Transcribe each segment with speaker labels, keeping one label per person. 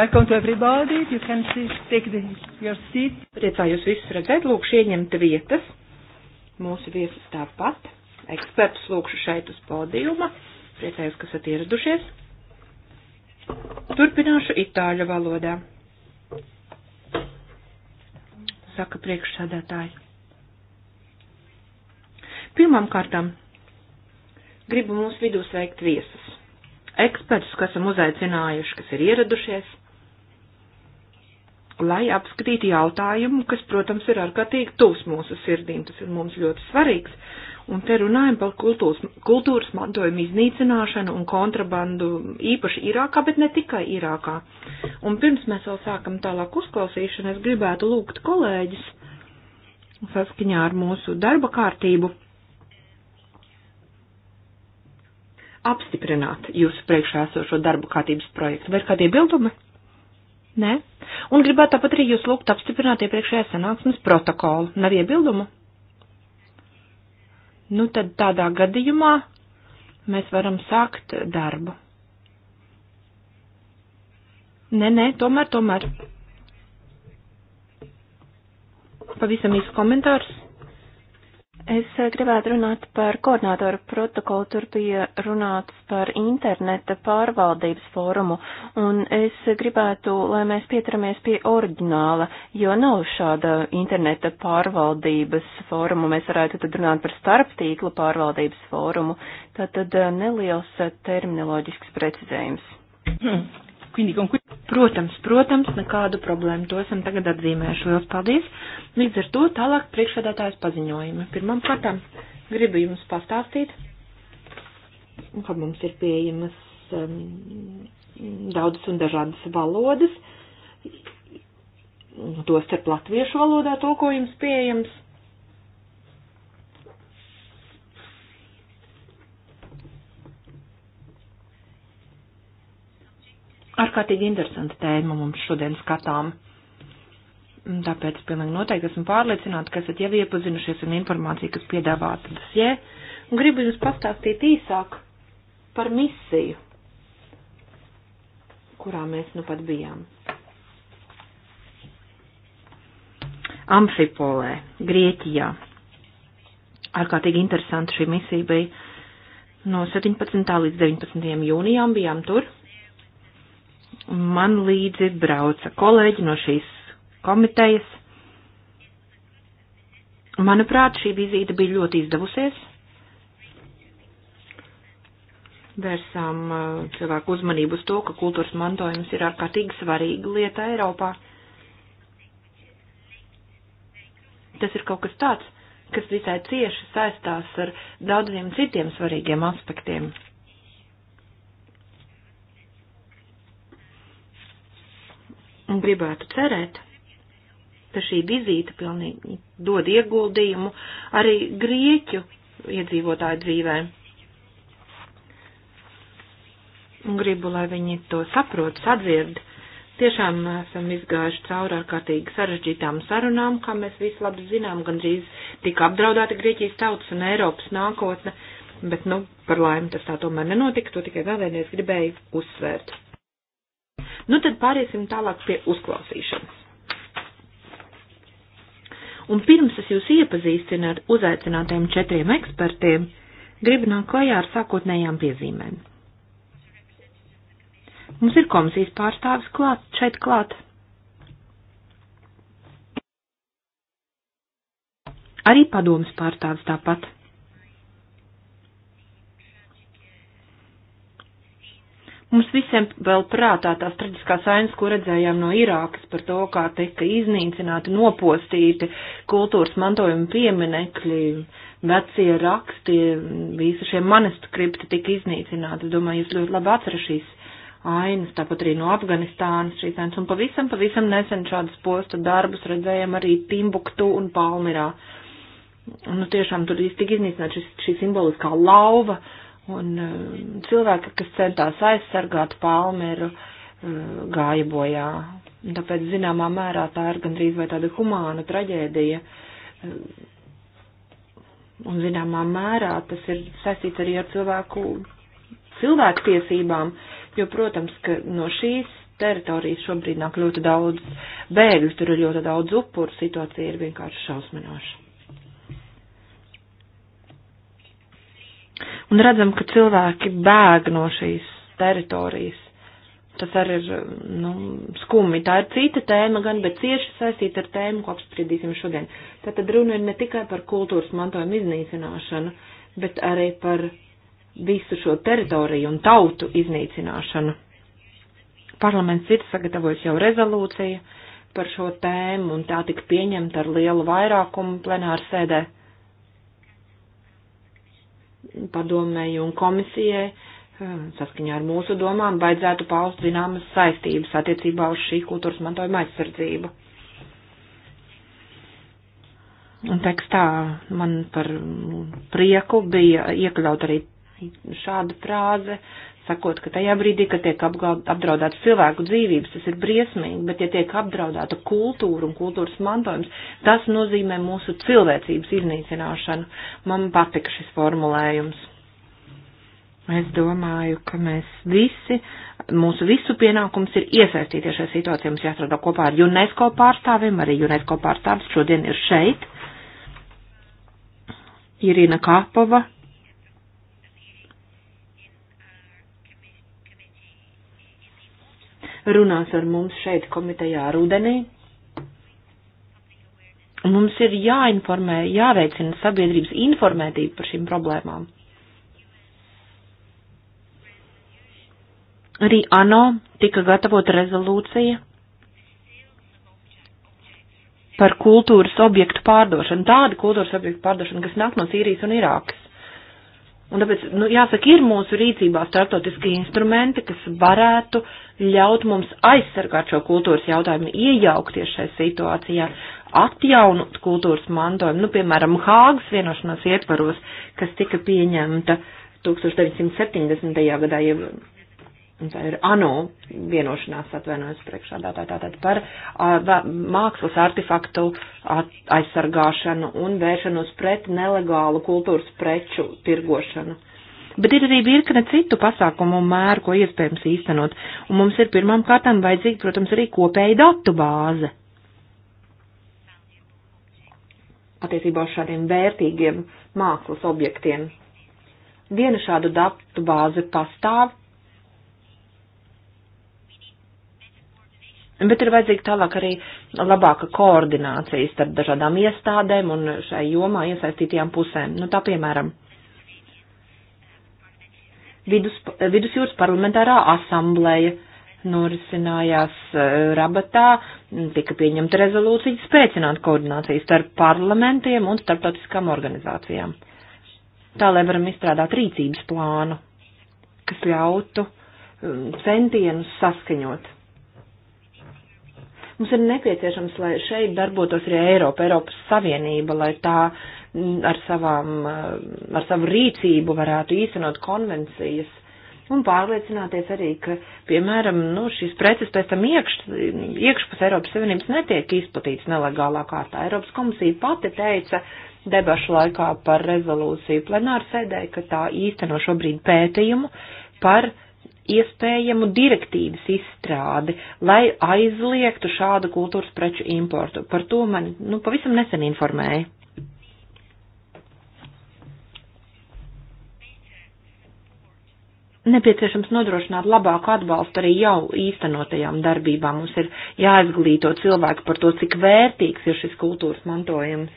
Speaker 1: Welcome to everybody. You can see, take the, your seat. Priecājos visus redzēt, lūkšu ieņemt vietas. Mūsu viesis tāpat. Ekspertus lūkšu šeit uz podījuma. Priecājos, ka esat ieradušies. Turpināšu itāļu valodā. Saka priekšsādātāji. Pirmām kārtām gribu mūsu vidū sveikt viesus ekspertus, kas esam uzaicinājuši, kas ir ieradušies lai apskatītu jautājumu, kas, protams, ir ārkārtīgi tūs mūsu sirdīm, tas ir mums ļoti svarīgs. Un te runājam par kultūras, kultūras mantojumu iznīcināšanu un kontrabandu īpaši Irākā, bet ne tikai Irākā. Un pirms mēs vēl sākam tālāk uzklausīšanu, es gribētu lūgt kolēģis saskaņā ar mūsu darba kārtību apstiprināt jūsu priekšā esošo darbu kārtības projektu. Vai ir kādi iebildumi? Nē. Un gribētu tāpat arī jūs lūgt apstiprināt iepriekšējā sanāksmes protokolu. Nav iebildumu? Nu tad tādā gadījumā mēs varam sākt darbu. Nē, nē, tomēr, tomēr. Pavisam īsts komentārs. Es eh, gribētu runāt par koordinātoru protokolu. Tur bija runāts par interneta pārvaldības fórumu, un es gribētu, lai mēs pieturamies pie oriģināla, jo nav šāda interneta pārvaldības fórumu. Mēs varētu tad runāt par starptīklu pārvaldības fórumu. Tātad eh, neliels eh, terminoloģisks precizējums. Hmm. Quindi con qui... Protams, protams, nekādu problēmu. To esam tagad atzīmējuši. Lielas paldies. Līdz ar to tālāk priekšsēdētājs paziņojumi. Pirmam kārtām gribu jums pastāstīt, ka mums ir pieejamas um, daudzas un dažādas valodas. Tostarp latviešu valodā tulkojums pieejams ārkārtīgi interesanta tēma mums šodien skatām. Tāpēc pilnīgi noteikti esmu pārliecināta, ka esat jau iepazinušies ar informāciju, kas piedāvāta dosjē. Un gribu jums pastāstīt īsāk par misiju, kurā mēs nu pat bijām. Amfipolē, Grieķijā. Ārkārtīgi interesanti šī misija bija. No 17. līdz 19. jūnijām bijām tur man līdzi brauca kolēģi no šīs komitejas. Manuprāt, šī vizīte bija ļoti izdevusies. Vērsām uh, cilvēku uzmanību uz to, ka kultūras mantojums ir ārkārtīgi svarīga lieta Eiropā. Tas ir kaut kas tāds, kas visai cieši saistās ar daudziem citiem svarīgiem aspektiem Un gribētu cerēt, ka šī vizīte pilnīgi dod ieguldījumu arī grieķu iedzīvotāju dzīvē. Un gribu, lai viņi to saprot, sadzird. Tiešām esam izgājuši cauri ārkārtīgi sarežģītām sarunām, kā mēs visi labi zinām, gandrīz tika apdraudēta Grieķijas tautas un Eiropas nākotne, bet, nu, par laimi tas tā tomēr nenotika, to tikai vēlēties gribēju uzsvērt. Nu tad pāriesim tālāk pie uzklausīšanas. Un pirms es jūs iepazīstinu ar uzaicinātajiem četriem ekspertiem, gribu nākt klajā ar sākotnējām piezīmēm. Mums ir komisijas pārstāvis klāt, šeit klāt. Arī padomas pārstāvis tāpat. Mums visiem vēl prātā tās traģiskās ainas, ko redzējām no Irākas par to, kā tika iznīcināti, nopostīti kultūras mantojuma pieminekļi, vecie raksti, visi šie manuskripti tika iznīcināti. Es domāju, jūs ļoti labi atcerat šīs ainas, tāpat arī no Afganistānas šīs ainas. Un pavisam, pavisam nesen šādas posta darbus redzējām arī Timbuktu un Palmirā. Nu, tiešām tur tika iznīcināta šī simboliskā lauva Un eh, cilvēki, kas centās aizsargāt Palmeru, eh, gāja bojā. Tāpēc, zināmā mērā, tā ir gandrīz vai tāda humāna traģēdija. Eh, un, zināmā mērā, tas ir saistīts arī ar cilvēku cilvēktiesībām, jo, protams, ka no šīs teritorijas šobrīd nāk ļoti daudz bēgļu, tur ir ļoti daudz upuru, situācija ir vienkārši šausminoša. un redzam, ka cilvēki bēg no šīs teritorijas. Tas arī ir nu, skumji. Tā ir cita tēma, gan, bet cieši saistīta ar tēmu, ko apspriedīsim šodien. Tātad runa ir ne tikai par kultūras mantojuma iznīcināšanu, bet arī par visu šo teritoriju un tautu iznīcināšanu. Parlaments ir sagatavojis jau rezolūciju par šo tēmu, un tā tika pieņemta ar lielu vairākumu plenāru sēdē padomēju un komisijai um, saskaņā ar mūsu domām baidzētu paust zināmas saistības attiecībā uz šī kultūras mantojuma aizsardzību. Un tekstā man par prieku bija iekļaut arī šāda frāze, sakot, ka tajā brīdī, kad tiek apdraudēts cilvēku dzīvības, tas ir briesmīgi, bet ja tiek apdraudēta kultūra un kultūras mantojums, tas nozīmē mūsu cilvēcības iznīcināšanu. Man patika šis formulējums. Es domāju, ka mēs visi, mūsu visu pienākums ir iesaistīties šajā situācijā. Mums jāstrādā kopā ar UNESCO pārstāvim, arī UNESCO pārstāvis šodien ir šeit. Irina Kāpova, runās ar mums šeit komitejā rudenī. Mums ir jāinformē, jāveicina sabiedrības informētība par šīm problēmām. Arī ANO tika gatavota rezolūcija par kultūras objektu pārdošanu, tādu kultūras objektu pārdošanu, kas nāk no Sīrijas un Irākas. Un tāpēc, nu, jāsaka, ir mūsu rīcībā starptautiski instrumenti, kas varētu uh, ļaut mums aizsargāt šo kultūras jautājumu, iejaukties šai situācijā, atjaunot kultūras mantojumu, nu, piemēram, Hāgas vienošanās ietvaros, kas tika pieņemta 1970. gadā, ja tā ir ANO vienošanās atvainojas priekšādātāji, tātad par a, mākslas artefaktu at, aizsargāšanu un vēršanos pret nelegālu kultūras preču tirgošanu. Uh, Bet ir arī virkne citu pasākumu un mēru, ko iespējams īstenot, un mums ir pirmām kārtām vajadzīga, protams, arī kopēja datu bāze. Attiecībā uz šādiem vērtīgiem mākslas objektiem. Viena šādu datu bāze pastāv, Bet ir vajadzīga tālāk arī labāka koordinācija starp dažādām iestādēm un šai jomā iesaistītajām pusēm. Nu, tā piemēram, vidus, Vidusjūras parlamentārā asambleja norisinājās e, Rabatā, tika pieņemta rezolūcija spēcināt koordināciju starp parlamentiem un starptautiskām organizācijām. Tā, lai varam izstrādāt rīcības plānu, kas ļautu e, centienus saskaņot. Mums ir nepieciešams, lai šeit darbotos arī Eiropa, Eiropas Savienība, lai tā ar, savām, eh, ar savu rīcību varētu īstenot konvencijas un pārliecināties arī, ka, piemēram, nu, šīs preces pēc tam iekš, iekšpus Eiropas Savienības netiek izplatīts nelegālā kārtā. Eiropas komisija pati teica debašu laikā par rezolūciju plenāru sēdē, ka tā īsteno šobrīd pētījumu par iespējamu direktīvas izstrādi, lai aizliegtu šādu kultūras preču importu. Par to man, nu, pavisam nesen informēja. nepieciešams nodrošināt labāku atbalstu arī jau īstenotajām darbībām. Mums ir jāizglīto cilvēki par to, cik vērtīgs ir šis kultūras mantojums.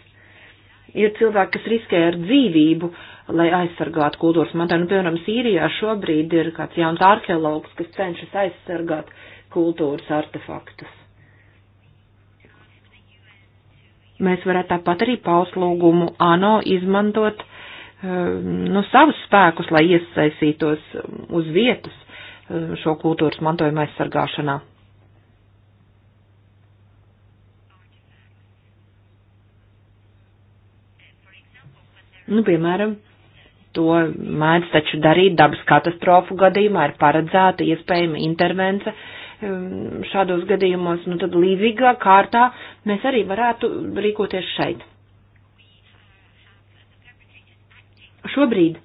Speaker 1: Ir cilvēki, kas riskē ar dzīvību, lai aizsargātu kultūras mantojumu. Nu, piemēram, Sīrijā šobrīd ir kāds jauns arheologs, kas cenšas aizsargāt kultūras artefaktus. Mēs varētu tāpat arī pauslūgumu ANO izmantot uh, Um, nu, savus spēkus, lai iesaistītos uz vietas um, šo kultūras mantojuma aizsargāšanā. Nu, piemēram, to mēdz taču darīt dabas katastrofu gadījumā, ir paredzēta iespējama intervence um, šādos gadījumos, nu tad līdzīgā kārtā mēs arī varētu rīkoties šeit. šobrīd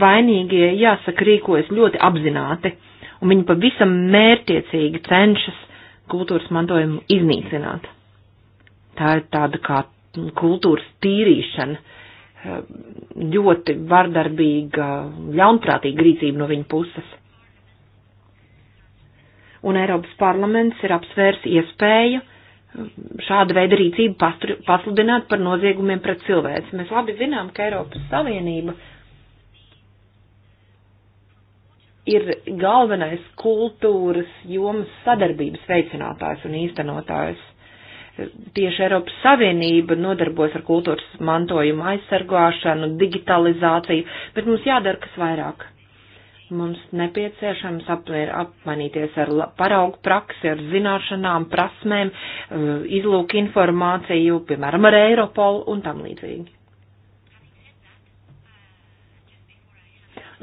Speaker 1: vainīgie, jāsaka, rīkojas ļoti apzināti, un viņi pavisam mērtiecīgi cenšas kultūras mantojumu iznīcināt. Tā ir tāda kā kultūras tīrīšana, eh, ļoti vardarbīga, ļaunprātīga rīcība no viņa puses. Un Eiropas parlaments ir apsvērs iespēju šādu veidu rīcību pastru, pasludināt par noziegumiem pret cilvēci. Mēs labi zinām, ka Eiropas Savienība ir galvenais kultūras jomas sadarbības veicinātājs un īstenotājs. Tieši Eiropas Savienība nodarbojas ar kultūras mantojumu aizsargāšanu, digitalizāciju, bet mums jādara kas vairāk. Mums nepieciešams aplier, apmainīties ar paraugu praksi, ar zināšanām, prasmēm, eh, izlūk informāciju, piemēram, ar Eiropolu un tam līdzīgi.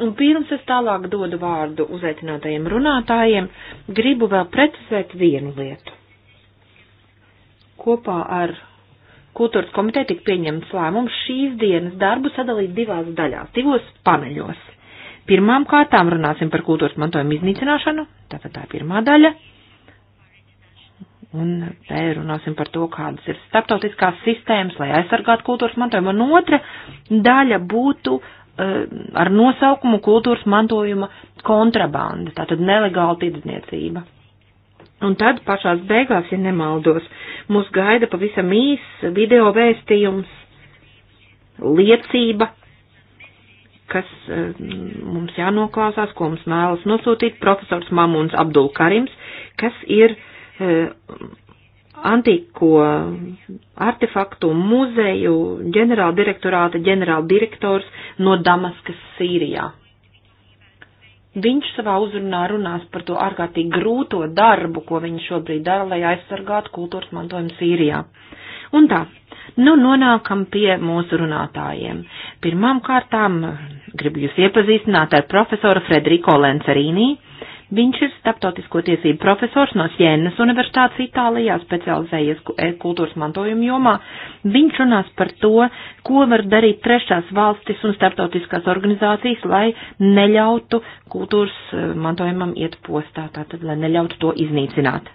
Speaker 1: Un pirms es tālāk dodu vārdu uzaicinātajiem runātājiem, gribu vēl precizēt vienu lietu. Kopā ar kultūras komiteju tika pieņemts lēmums šīs dienas darbu sadalīt divās daļās, divos paneļos. Pirmām kārtām runāsim par kultūras mantojuma iznīcināšanu, tātad tā ir pirmā daļa. Un te runāsim par to, kādas ir starptautiskās sistēmas, lai aizsargātu kultūras mantojumu. Un otra daļa būtu uh, ar nosaukumu kultūras mantojuma kontrabanda, tātad nelegāla tirdzniecība. Un tad pašās beigās, ja nemaldos, mūs gaida pavisam īs video vēstījums, liecība kas eh, mums jānoklāsās, ko mums mēlas nosūtīt, profesors Mamuns Abdul Karims, kas ir eh, antiko artefaktu muzeju ģenerāldirektorāta ģenerāldirektors no Damaskas, Sīrijā. Viņš savā uzrunā runās par to ārkārtīgi grūto darbu, ko viņi šobrīd dara, lai aizsargātu kultūras mantojumu Sīrijā. Un tā, Nu, nonākam pie mūsu runātājiem. Pirmām kārtām eh, gribu jūs iepazīstināt ar profesoru Frederico Lencerīnī. Viņš ir starptautisko tiesību profesors no Sienas Universitātes Itālijā, specializējies e, kultūras mantojuma jomā. Viņš runās par to, ko var darīt trešās valstis un starptautiskās organizācijas, lai neļautu kultūras eh, mantojumam iet postā, tātad, lai neļautu to iznīcināt.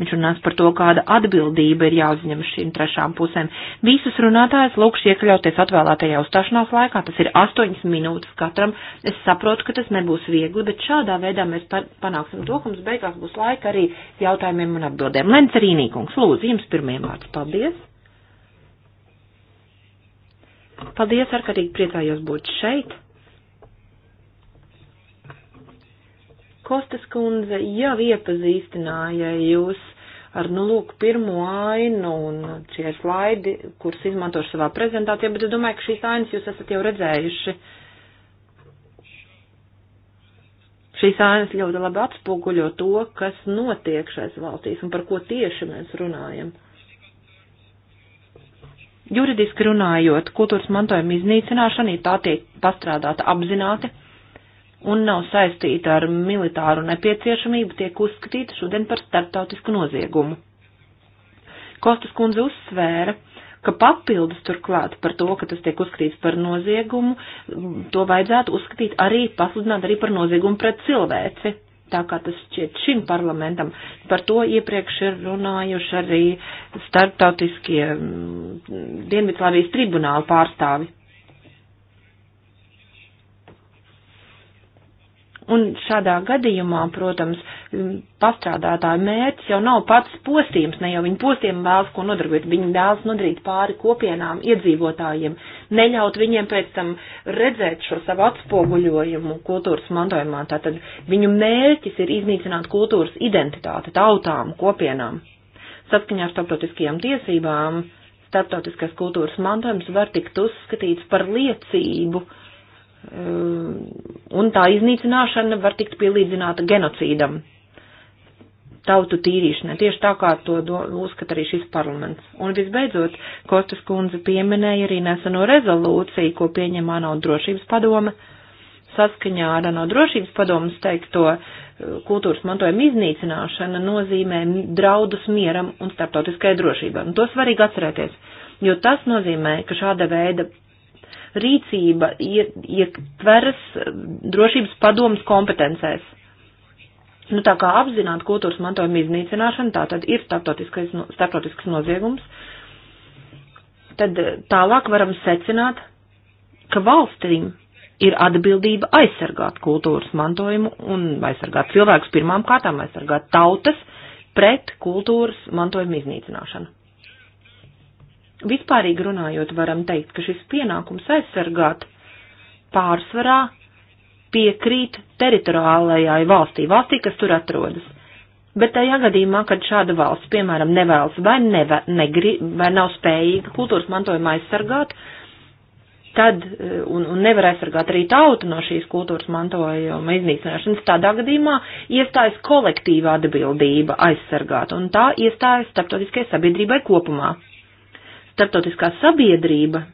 Speaker 1: Viņš runās par to, kāda atbildība ir jāuzņem šīm trešām pusēm. Visus runātājus lūkšu iekļauties atvēlētajā uzstāšanās laikā. Tas ir astoņas minūtes katram. Es saprotu, ka tas nebūs viegli, bet šādā veidā mēs panāksim to, ka mums beigās būs laika arī jautājumiem un atbildēm. Lenca Rīnīkungs, lūdzu, jums pirmiem vārds. Paldies! Paldies, ar karīgi priecājos būt šeit. Kostas kundze jau iepazīstināja jūs ar, nu, lūk, pirmo ainu un šie slaidi, kurus izmantošu savā prezentācijā, bet es domāju, ka šīs ainas jūs esat jau redzējuši. Šīs ainas ļoti labi atspoguļo to, kas notiek šais valstīs un par ko tieši mēs runājam. Juridiski runājot, kultūras mantojuma iznīcināšana, ja tā tiek pastrādāta apzināti, un nav saistīta ar militāru nepieciešamību, tiek uzskatīta šodien par starptautisku noziegumu. Kostas kundze uzsvēra, ka papildus turklāt par to, ka tas tiek uzskatīts par noziegumu, to vajadzētu uzskatīt arī, pasludināt arī par noziegumu pret cilvēci. Tā kā tas šķiet šim parlamentam. Par to iepriekš ir runājuši arī starptautiskie mm, Dienvidslāvijas tribunāla pārstāvi. Un šādā gadījumā, protams, pastrādātāja mērķis jau nav pats postījums, ne jau viņi postiem vēlas ko nodarbīt, viņi vēlas nodarīt pāri kopienām, iedzīvotājiem, neļaut viņiem pēc tam redzēt šo savu atspoguļojumu kultūras mantojumā. Tātad viņu mērķis ir iznīcināt kultūras identitāti tautām, kopienām. Saskaņā ar starptautiskajām tiesībām starptautiskais kultūras mantojums var tikt uzskatīts par liecību, uh, Ehm, un tā iznīcināšana var tikt pielīdzināta genocīdam, tautu tīrīšanai, tieši tā kā to uzskata arī šis parlaments. Un visbeidzot, Kostas kundze pieminēja arī neseno rezolūciju, ko pieņem ANO drošības padome, saskaņā ar ANO drošības padomas teikto e, kultūras mantojuma iznīcināšana nozīmē draudus mieram un starptautiskai drošībai. Un to svarīgi atcerēties, jo tas nozīmē, ka šāda veida rīcība ietveras eh, drošības padomas kompetencēs. Nu, tā kā apzināt kultūras mantojuma iznīcināšana, tā tad ir starptautisks noziegums. Tad eh, tālāk varam secināt, ka valstīm ir atbildība aizsargāt kultūras mantojumu un aizsargāt cilvēkus pirmām kārtām, aizsargāt tautas pret kultūras mantojuma iznīcināšanu. Vispārīgi runājot, varam teikt, ka šis pienākums aizsargāt pārsvarā piekrīt teritoriālajai valstī, valstī, kas tur atrodas. Bet tajā gadījumā, kad šāda valsts, piemēram, nevēlas vai, neve, negri, vai nav spējīga kultūras mantojuma aizsargāt, tad eh, un, un nevar aizsargāt arī tautu no šīs kultūras mantojuma iznīcināšanas, tādā gadījumā iestājas kolektīva atbildība aizsargāt, un tā iestājas starptautiskajai sabiedrībai kopumā starptautiskā sabiedrība,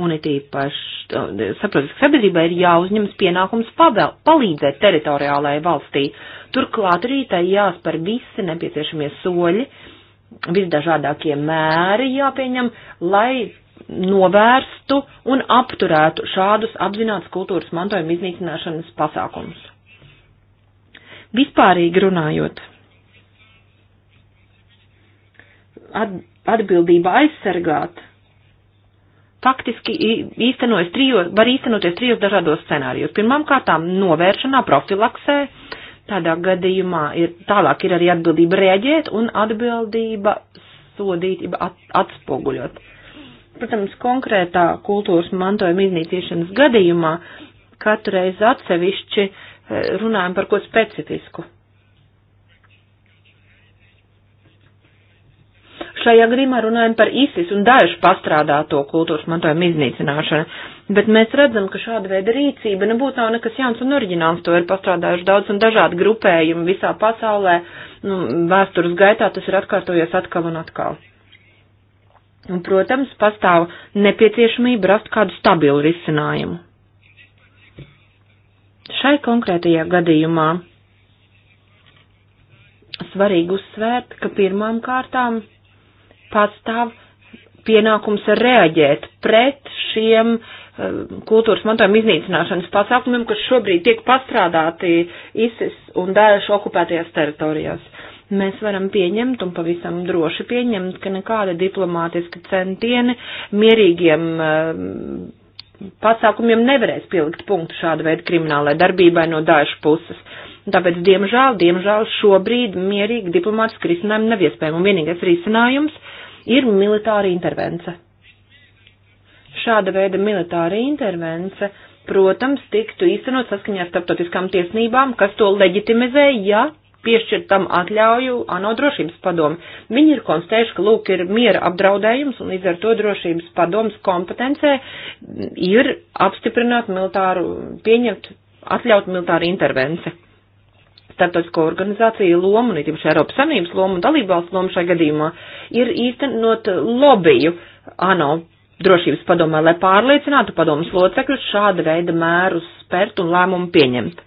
Speaker 1: un it īpaši starptautiskā sabiedrība ir jāuzņemas pienākums pavēl, palīdzēt teritoriālajai valstī. Turklāt arī tai jāspēr visi nepieciešamie soļi, visdažādākie mēri jāpieņem, lai novērstu un apturētu šādus apzināts kultūras mantojuma iznīcināšanas pasākumus. Vispārīgi runājot, at, atbildība aizsargāt faktiski īstenojas trijos, var īstenoties trijos dažādos scenārijos. Pirmām kārtām novēršanā, profilaksē, tādā gadījumā ir, tālāk ir arī atbildība rēģēt un atbildība sodītība at, atspoguļot. Protams, konkrētā kultūras mantojuma iznīcīšanas gadījumā katru reizi atsevišķi eh, runājam par ko specifisku. Šajā gadījumā runājam par ISIS un dažu pastrādāto kultūras mantojumu iznīcināšanu, bet mēs redzam, ka šāda veida rīcība nebūtu nu, nav nekas jauns un oriģināls. To ir pastrādājuši daudz un dažādi grupējumi visā pasaulē. Nu, vēstures gaitā tas ir atkārtojies atkal un atkal. Un, protams, pastāv nepieciešamība rast kādu stabilu risinājumu. Šai konkrētajā gadījumā svarīgi uzsvērt, ka pirmām kārtām pastāv pienākums reaģēt pret šiem eh, kultūras mantojuma iznīcināšanas pasākumiem, kas šobrīd tiek pastrādāti ISIS un Dēļšu okupētajās teritorijās. Mēs varam pieņemt un pavisam droši pieņemt, ka nekāda diplomātiska centieni mierīgiem eh, pasākumiem nevarēs pielikt punktu šāda veida kriminālai darbībai no Dēļšu puses. Tāpēc, diemžēl, diemžēl šobrīd mierīgi diplomātiski risinājumi nav iespējami. Un vienīgais risinājums ir ir militāra intervence. Šāda veida militāra intervence, protams, tiktu īstenot saskaņā ar starptautiskām tiesnībām, kas to leģitimizē, ja piešķirt tam atļauju ANO drošības padomu. Viņi ir konstatējuši, ka lūk ir miera apdraudējums un līdz ar to drošības padomas kompetencē ir apstiprināt militāru, pieņemt, atļaut militāru intervenci starptautisko organizāciju lomu, un īpaši Eiropas Savienības lomu un dalībvalstu lomu šajā gadījumā, ir īstenot lobiju ANO drošības padomē, lai pārliecinātu padomus locekļus šāda veida mērus spērt un lēmumu pieņemt.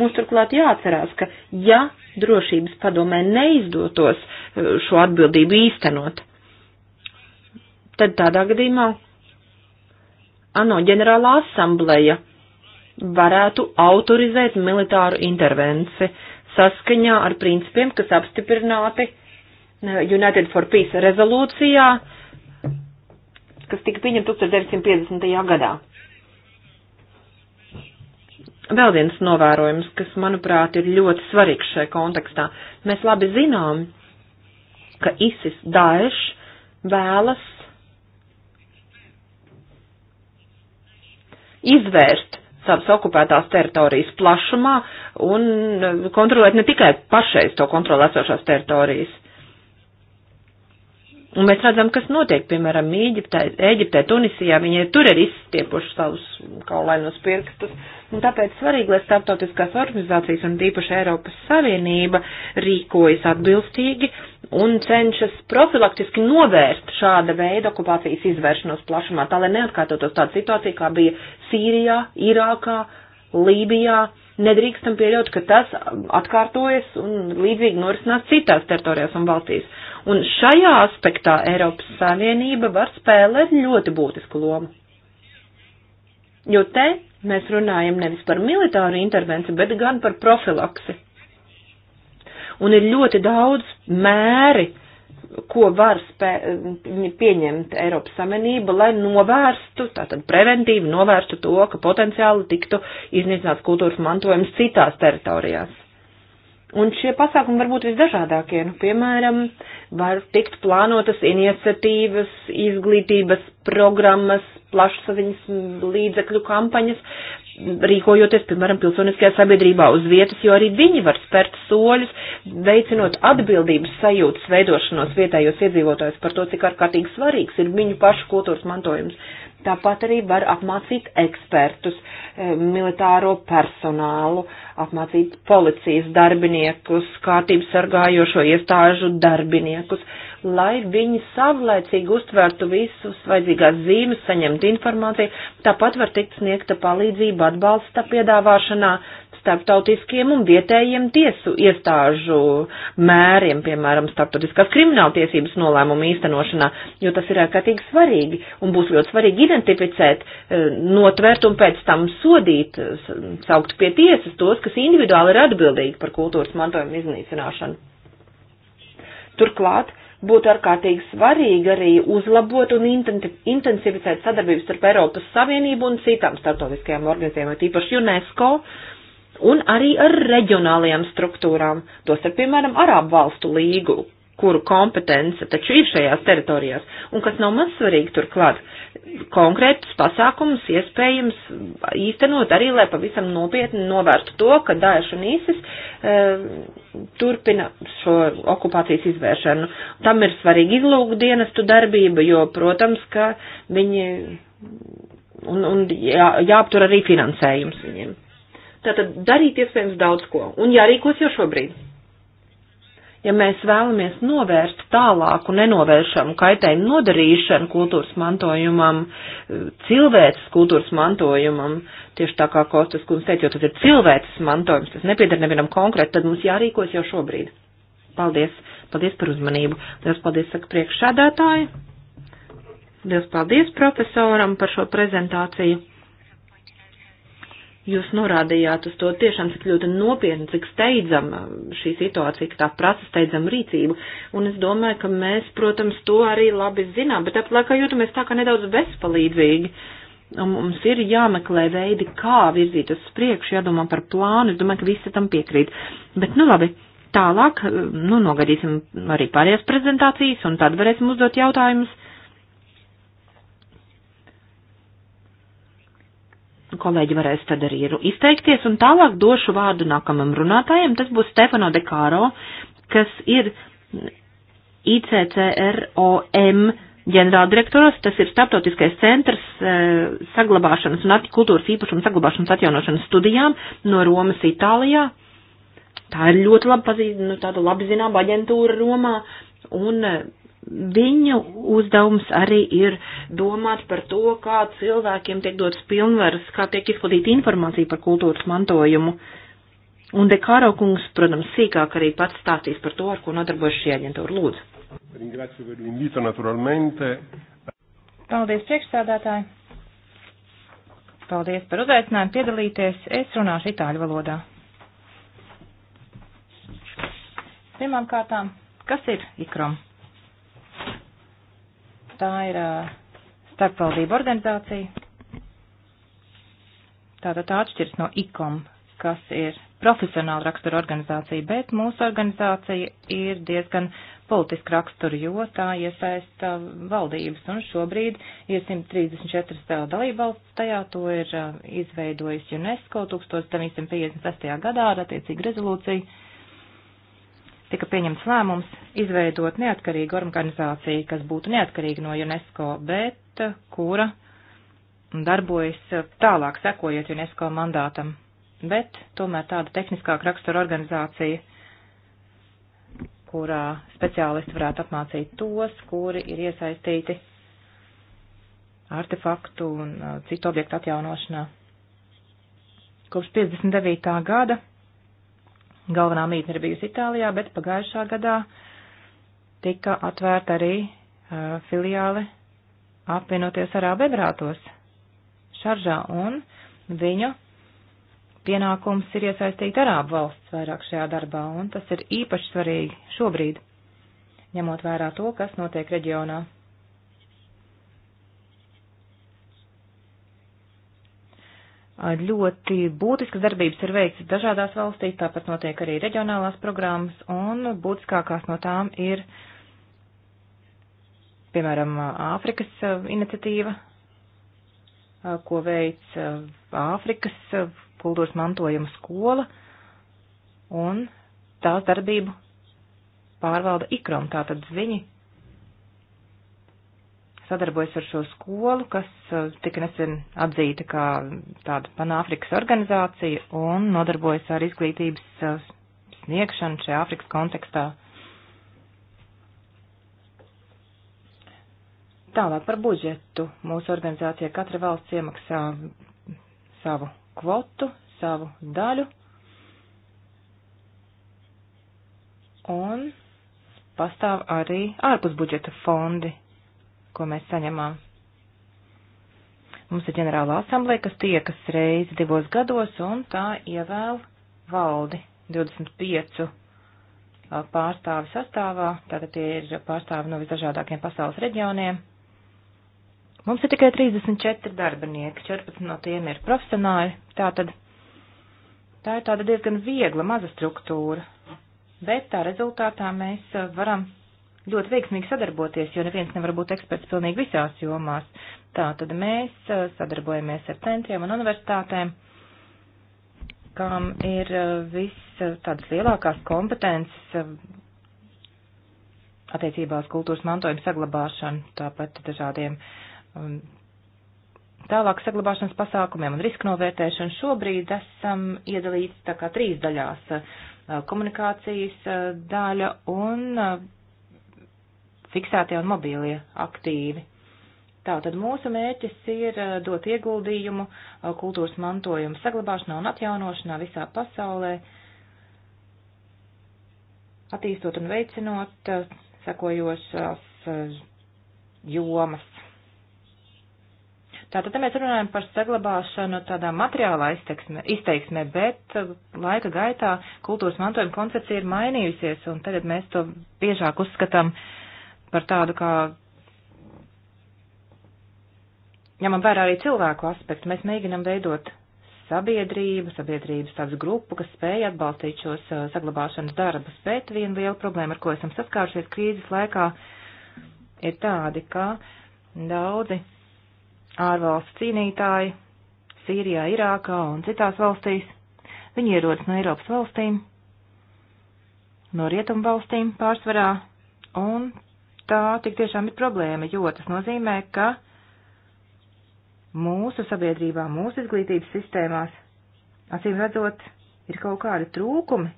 Speaker 1: Mums turklāt jāatcerās, ka ja drošības padomē neizdotos eh, šo atbildību īstenot, tad tādā gadījumā ANO ģenerālā asambleja varētu autorizēt militāru intervenci saskaņā ar principiem, kas apstiprināti e, United for Peace rezolūcijā, kas tika pieņemta 1950. gadā. Vēl viens novērojums, kas, manuprāt, ir ļoti svarīgs šajā kontekstā. Mēs labi zinām, ka ISIS Daesh vēlas izvērst savas okupētās teritorijas plašumā un eh, kontrolēt ne tikai pašreiz to kontrolēsošās teritorijas. Un mēs redzam, kas notiek, piemēram, Ēģiptē, Ēģiptē Tunisijā, viņi tur ir izstiepuši savus kaulainos pirkstus. Un tāpēc svarīgi, lai starptautiskās organizācijas un tīpaši Eiropas Savienība rīkojas atbilstīgi un cenšas profilaktiski novērst šāda veida okupācijas izvēršanos plašumā, tā lai neatkārtotos tāda situācija, kā bija Sīrijā, Irākā, Lībijā. Nedrīkstam pieļaut, ka tas atkārtojas un līdzīgi norisinās citās teritorijās un valstīs Un šajā aspektā Eiropas Savienība var spēlēt ļoti būtisku lomu. Jo te mēs runājam nevis par militāru intervenciju, bet gan par profilaksi. Un ir ļoti daudz mēri, ko var spē, pieņemt Eiropas Savienība, lai novērstu, tātad preventīvi novērstu to, ka potenciāli tiktu iznīcināts kultūras mantojums citās teritorijās. Un šie pasākumi var būt visdažādākie. Nu, piemēram, var tikt plānotas iniciatīvas, izglītības programmas, plašsaziņas līdzekļu kampaņas, rīkojoties, piemēram, pilsoniskajā sabiedrībā uz vietas, jo arī viņi var spērt soļus, veicinot atbildības sajūtas veidošanos vietējos iedzīvotājus par to, cik ārkārtīgi svarīgs ir viņu pašu kultūras mantojums. Uh, Tāpat arī var apmācīt ekspertus, eh, militāro personālu, apmācīt policijas darbiniekus, kārtības sargājošo iestāžu darbiniekus, lai viņi savlaicīgi uztvērtu visus vajadzīgās zīmes, saņemtu informāciju. Tāpat var tikt sniegta palīdzība atbalsta piedāvāšanā, starptautiskiem un vietējiem tiesu iestāžu mēriem, piemēram, starptautiskās krimināltiesības nolēmumu īstenošanā, jo tas ir ārkārtīgi svarīgi un būs ļoti svarīgi identificēt, eh, notvērt un pēc tam sodīt, saukt pie tiesas tos, kas individuāli ir atbildīgi par kultūras mantojumu iznīcināšanu. Turklāt, būtu ārkārtīgi svarīgi arī uzlabot un intensificēt sadarbības starp Eiropas Savienību un citām starptautiskajām organizācijām, tīpaši UNESCO, un arī ar reģionālajām struktūrām, tos ar, piemēram, Arābu valstu līgu, kuru kompetence taču ir šajās teritorijās, un kas nav maz svarīgi turklāt, konkrētus pasākumus iespējams īstenot arī, lai pavisam nopietni novērtu to, ka Daesh un ISIS e, turpina šo okupācijas izvēršanu. Tam ir svarīgi izlūgu dienestu darbība, jo, protams, ka viņi un, un jā, jāaptur arī finansējums viņiem. Tātad darīt iespējams daudz ko un jārīkos jau šobrīd. Ja mēs vēlamies novērst tālāku nenovēršamu kaitējumu nodarīšanu kultūras mantojumam, cilvēces kultūras mantojumam, tieši tā kā Kostas kundze teica, jo tas ir cilvēces mantojums, tas nepieder nevienam konkrēti, tad mums jārīkos jau šobrīd. Paldies! Paldies par uzmanību! Lielas paldies, saka priekšsēdētāji! Lielas paldies profesoram par šo prezentāciju! Jūs norādījāt uz to tiešām, cik ļoti nopietni, cik steidzama uh, šī situācija, ka tā prasa steidzama rīcību. Un es domāju, ka mēs, protams, to arī labi zinām, bet tāpat laikā jūtamies tā kā nedaudz bezpalīdzīgi. Un mums ir jāmeklē veidi, kā virzīt uz priekšu, jādomā par plānu. Es domāju, ka visi tam piekrīt. Bet, nu labi, tālāk, uh, nu, nogadīsim arī pārējās prezentācijas, un tad varēsim uzdot jautājumus. kolēģi varēs tad arī izteikties, un tālāk došu vārdu nākamam runātājiem. Tas būs Stefano De Kāro, kas ir ICCROM ģenerāldirektors, tas ir starptautiskais centrs e, saglabāšanas un kultūras īpašuma saglabāšanas atjaunošanas studijām no Romas, Itālijā. Tā ir ļoti labi pazīstama, nu, tāda labi zināma aģentūra Romā, un eh, viņu uzdevums arī ir domāt par to, kā cilvēkiem tiek dotas pilnvaras, kā tiek izplatīta informācija par kultūras mantojumu. Un Dekāro kungs, protams, sīkāk arī pats stāstīs par to, ar ko nodarbojas šī aģentūra. Lūdzu. Paldies, priekšstādātāji. Paldies par uzaicinājumu piedalīties. Es runāšu itāļu valodā. Pirmām kārtām, kas ir ikrom? Tā ir starpvaldība organizācija. Tātad tā atšķirs no ICOM, kas ir profesionāla rakstura organizācija, bet mūsu organizācija ir diezgan politiska rakstura, jo tā iesaista valdības, un šobrīd ir 134 dalībvalsts, tajā to ir izveidojis UNESCO 1956. gadā ar attiecīgu rezolūciju tika pieņemts lēmums izveidot neatkarīgu organizāciju, kas būtu neatkarīga no UNESCO, bet eh, kura darbojas eh, tālāk sekojot UNESCO mandātam. Bet tomēr tāda tehniskāka rakstura organizācija, kurā speciālisti varētu apmācīt tos, kuri ir iesaistīti artefaktu un eh, citu objektu atjaunošanā. Kopš 59. gada Galvenā mītne ir bijusi Itālijā, bet pagājušā gadā tika atvērta arī uh, filiāle apvienoties Arābu Emirātos, Šaržā, un viņu pienākums ir iesaistīt Arābu valsts vairāk šajā darbā, un tas ir īpaši svarīgi šobrīd, ņemot vērā to, kas notiek reģionā. Ļoti būtiskas darbības ir veikts dažādās valstīs, tāpat notiek arī reģionālās programmas, un būtiskākās no tām ir, piemēram, Āfrikas eh, iniciatīva, eh, ko veic eh, Āfrikas kultūras mantojuma skola, un tās darbību pārvalda ikrom, tātad viņi sadarbojas ar šo skolu, kas eh, tika nesen atzīta kā tāda panāfrikas organizācija un nodarbojas ar izglītības eh, sniegšanu šajā Āfrikas kontekstā. Tālāk par budžetu. Mūsu organizācija katra valsts iemaksā savu kvotu, savu daļu. Un pastāv arī ārpus budžeta fondi, ko mēs saņemam. Mums ir ģenerāla asambleja, kas tiekas reizi divos gados, un tā ievēl valdi 25 pārstāvi sastāvā, tātad tie ir pārstāvi no visdažādākiem pasaules reģioniem. Mums ir tikai 34 darbinieki, 14 no tiem ir profesionāļi, tātad tā ir tāda diezgan viegla, maza struktūra, bet tā rezultātā mēs varam ļoti veiksmīgi sadarboties, jo neviens nevar būt eksperts pilnīgi visās jomās. Tā tad mēs uh, sadarbojamies ar centriem un universitātēm, kam ir uh, viss uh, tādas lielākās kompetences attiecībā uz kultūras mantojuma saglabāšanu, tāpat dažādiem um, tālāk saglabāšanas pasākumiem un riska novērtēšanu. Šobrīd esam iedalīts tā kā trīs daļās - komunikācijas daļa un fiksētie un mobīlie aktīvi. Tātad mūsu mērķis ir eh, dot ieguldījumu eh, kultūras mantojuma saglabāšanā un atjaunošanā visā pasaulē, attīstot un veicinot eh, sekojošās jomas. Tātad te mēs runājam par saglabāšanu tādā materiālā izteiksmē, izteiksmē, bet laika gaitā kultūras mantojuma koncepcija ir mainījusies, un tagad mēs to biežāk uzskatām uh, par tādu kā ņemam ja vērā arī cilvēku aspektu. Mēs mēģinam veidot sabiedrību, sabiedrības tādu grupu, kas spēja atbalstīt šos uh, saglabāšanas darbus, bet viena liela problēma, ar ko esam saskārušies krīzes laikā, ir tādi, ka daudzi ārvalstu cīnītāji Sīrijā, Irākā un citās valstīs, viņi ierodas no Eiropas valstīm, no rietumu valstīm pārsvarā, un tā tik tiešām ir problēma, jo tas nozīmē, ka mūsu sabiedrībā, mūsu izglītības sistēmās, acīm redzot, ir kaut kādi trūkumi,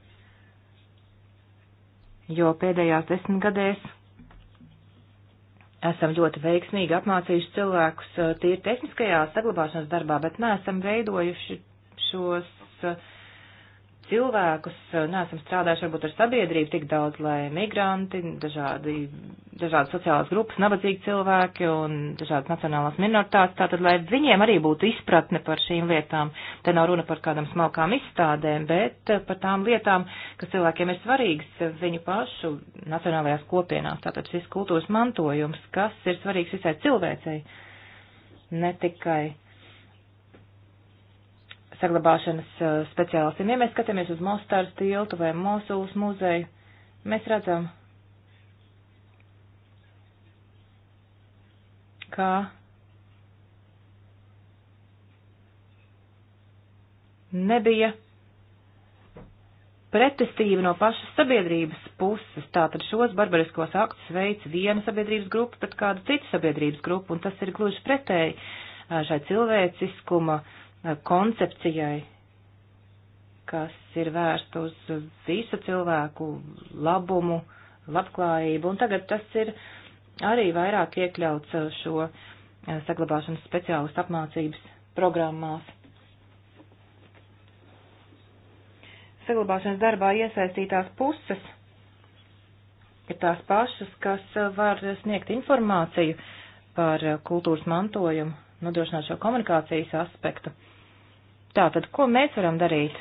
Speaker 1: jo pēdējās desmitgadēs esam ļoti veiksmīgi apmācījuši cilvēkus eh, tīri tehniskajā saglabāšanas darbā, bet neesam veidojuši šos uh, cilvēkus, eh, neesam strādājuši varbūt ar sabiedrību tik daudz, lai migranti, dažādi, dažādas sociālās grupas, nabadzīgi cilvēki un dažādas nacionālās minoritātes, tātad, lai viņiem arī būtu izpratne par šīm lietām. Te nav runa par kādām smalkām izstādēm, bet eh, par tām lietām, kas cilvēkiem ir svarīgas viņu pašu nacionālajās kopienās, tātad šis kultūras mantojums, kas ir svarīgs visai cilvēcei, ne tikai saglabāšanas speciālistiem. Ja mēs skatāmies uz Mostāras tiltu vai Mosulas muzeju, mēs redzam, ka nebija pretestība no pašas sabiedrības puses. Tātad šos barbariskos aktus veic viena sabiedrības grupa pret kādu citu sabiedrības grupu, un tas ir gluži pretēji šai cilvēciskuma uh, koncepcijai, kas ir vērsta uz visu cilvēku labumu, labklājību, un tagad tas ir arī vairāk iekļauts šo eh, saglabāšanas speciālistu apmācības programmās. Saglabāšanas darbā iesaistītās puses ir tās pašas, kas var sniegt informāciju par kultūras mantojumu, nodrošināt šo komunikācijas aspektu. Uh, Tātad, ko mēs varam darīt?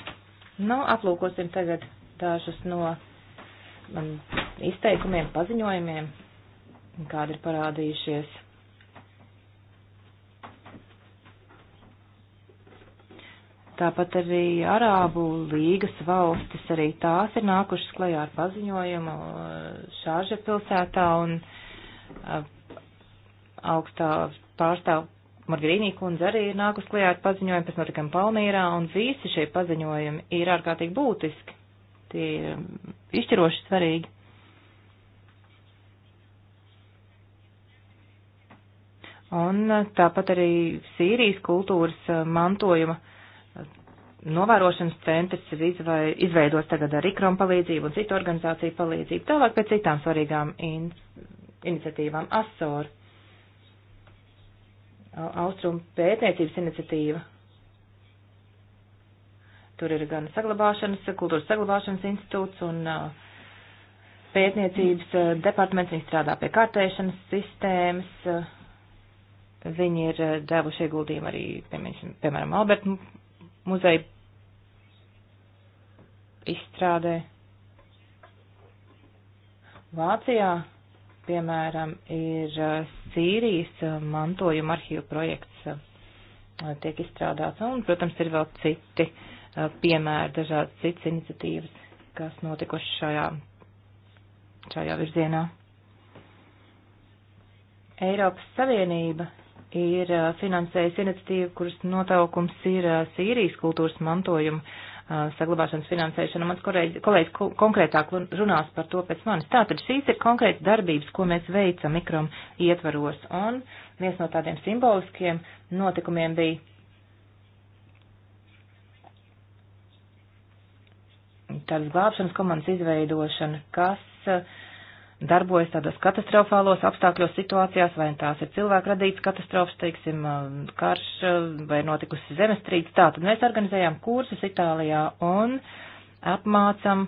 Speaker 1: Nu, aplūkosim tagad dažus no man, mm, izteikumiem, paziņojumiem, kādi ir parādījušies. Tāpat arī Arābu līgas valstis, arī tās ir nākušas klajā ar paziņojumu uh, šāža pilsētā un uh, augstā pārstāv Margarīnī kundze arī ir nākus klajā ar paziņojumu pēc notikam Palmīrā, un visi šie paziņojumi ir ārkārtīgi būtiski. Tie ir um, izšķiroši svarīgi. Un uh, tāpat arī Sīrijas kultūras uh, mantojuma uh, novērošanas centrs ir izveidots tagad ar IKROM palīdzību un citu organizāciju palīdzību, tālāk pēc citām svarīgām in iniciatīvām ASOR. Austrum pētniecības iniciatīva. Tur ir gan saglabāšanas, kultūras saglabāšanas institūts un uh, pētniecības uh, departaments. Viņi strādā pie kārtēšanas sistēmas. Viņi ir uh, devuši ieguldījumu arī, piemēram, Alberta muzeja izstrādē. Vācijā piemēram, ir eh, Sīrijas eh, mantojuma arhīvu projekts eh, tiek izstrādāts, un, protams, ir vēl citi piemēri, dažādas citas iniciatīvas, kas notikušas šajā, šajā virzienā. Eiropas Savienība ir finansējusi iniciatīvu, kuras notaukums ir Sīrijas kultūras mantojuma Uh, saglabāšanas finansēšanu. Mans kolēģis, kolēģis konkrētāk runās par to pēc manis. Tātad šīs ir konkrētas darbības, ko mēs veicam mikrom ietvaros. Un viens no tādiem simboliskiem notikumiem bija. Tādas glābšanas komandas izveidošana, kas uh, darbojas tādos katastrofālos apstākļos situācijās, vai tās ir cilvēku radīts katastrofas, teiksim, um, karš uh, vai notikusi zemestrīce. Tā tad mēs organizējām kursus Itālijā un apmācam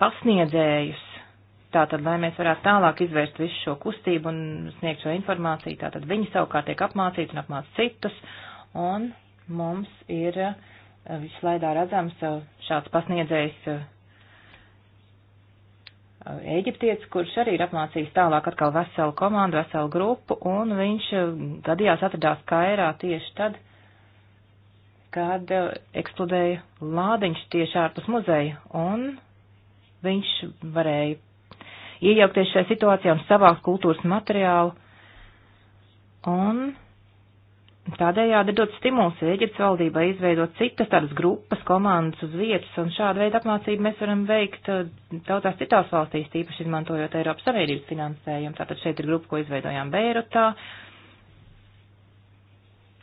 Speaker 1: pasniedzējus. Tātad, lai mēs varētu tālāk izvērst visu šo kustību un sniegt šo informāciju, tātad viņi savukārt tiek apmācīti un apmāc citus, un mums ir uh, vislaidā redzams uh, šāds pasniedzējs Ēģiptietis, kurš arī ir apmācījis tālāk atkal veselu komandu, veselu grupu, un viņš eh, gadījās atradās Kairā tieši tad, kad eh, eksplodēja lādiņš tieši ārpus muzeja, un viņš varēja iejaukties šajā situācijā un savākt kultūras materiālu, un Tādējādi dot stimuls Eģiptes valdībai izveidot citas tādas grupas, komandas uz vietas, un šādu veidu apmācību mēs varam veikt uh, daudzās citās valstīs, tīpaši izmantojot Eiropas Savienības finansējumu. Tātad šeit ir grupa, ko izveidojām Beirutā,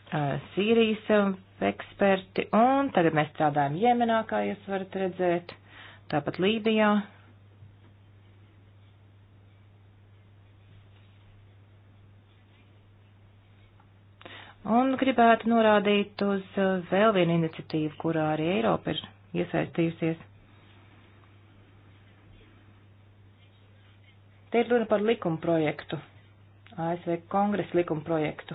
Speaker 1: uh, Sīrijas uh, eksperti, un tagad mēs strādājam Jemenā, kā jūs varat redzēt, tāpat Lībijā, Un gribētu norādīt uz uh, vēl vienu iniciatīvu, kurā arī Eiropa ir iesaistījusies. Te ir runa par likuma projektu, ASV kongresa likuma projektu,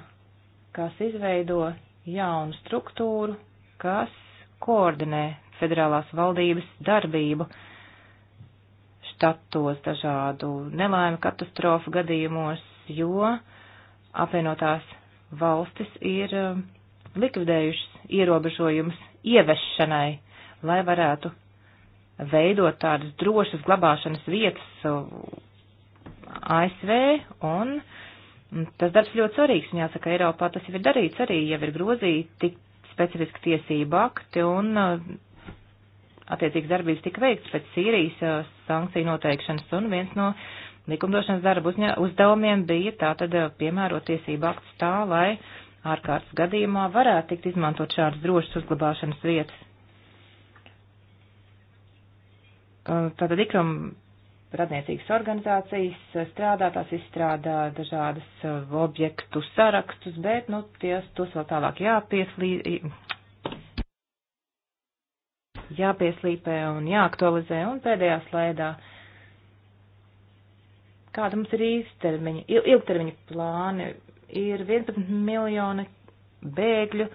Speaker 1: kas izveido jaunu struktūru, kas koordinē federālās valdības darbību štatos dažādu nelaimu katastrofu gadījumos, jo apvienotās valstis ir um, likvidējušas ierobežojumus ieviešanai, lai varētu veidot tādas drošas glabāšanas vietas uh, ASV, un tas darbs ļoti svarīgs, un jāsaka, Eiropā tas jau ir darīts arī, jau ir grozīti specifiski tiesību akti, un uh, attiecīgas darbības tika veikts pēc Sīrijas uh, sankciju noteikšanas, un viens no uh, likumdošanas darba uzņa, uzdevumiem bija tātad eh, piemērot tiesību aktus tā, lai ārkārtas gadījumā varētu tikt izmantot šādas drošas uzglabāšanas vietas. Eh, tātad ikram radniecīgas organizācijas eh, strādā, tās izstrādā dažādas objektu sarakstus, bet, nu, ties, tos vēl tālāk jāpieslī, jāpieslīpē un jāaktualizē. Un pēdējā slaidā kāda mums ir īstermiņa, ilgtermiņa plāni. Ir 11 miljoni bēgļu,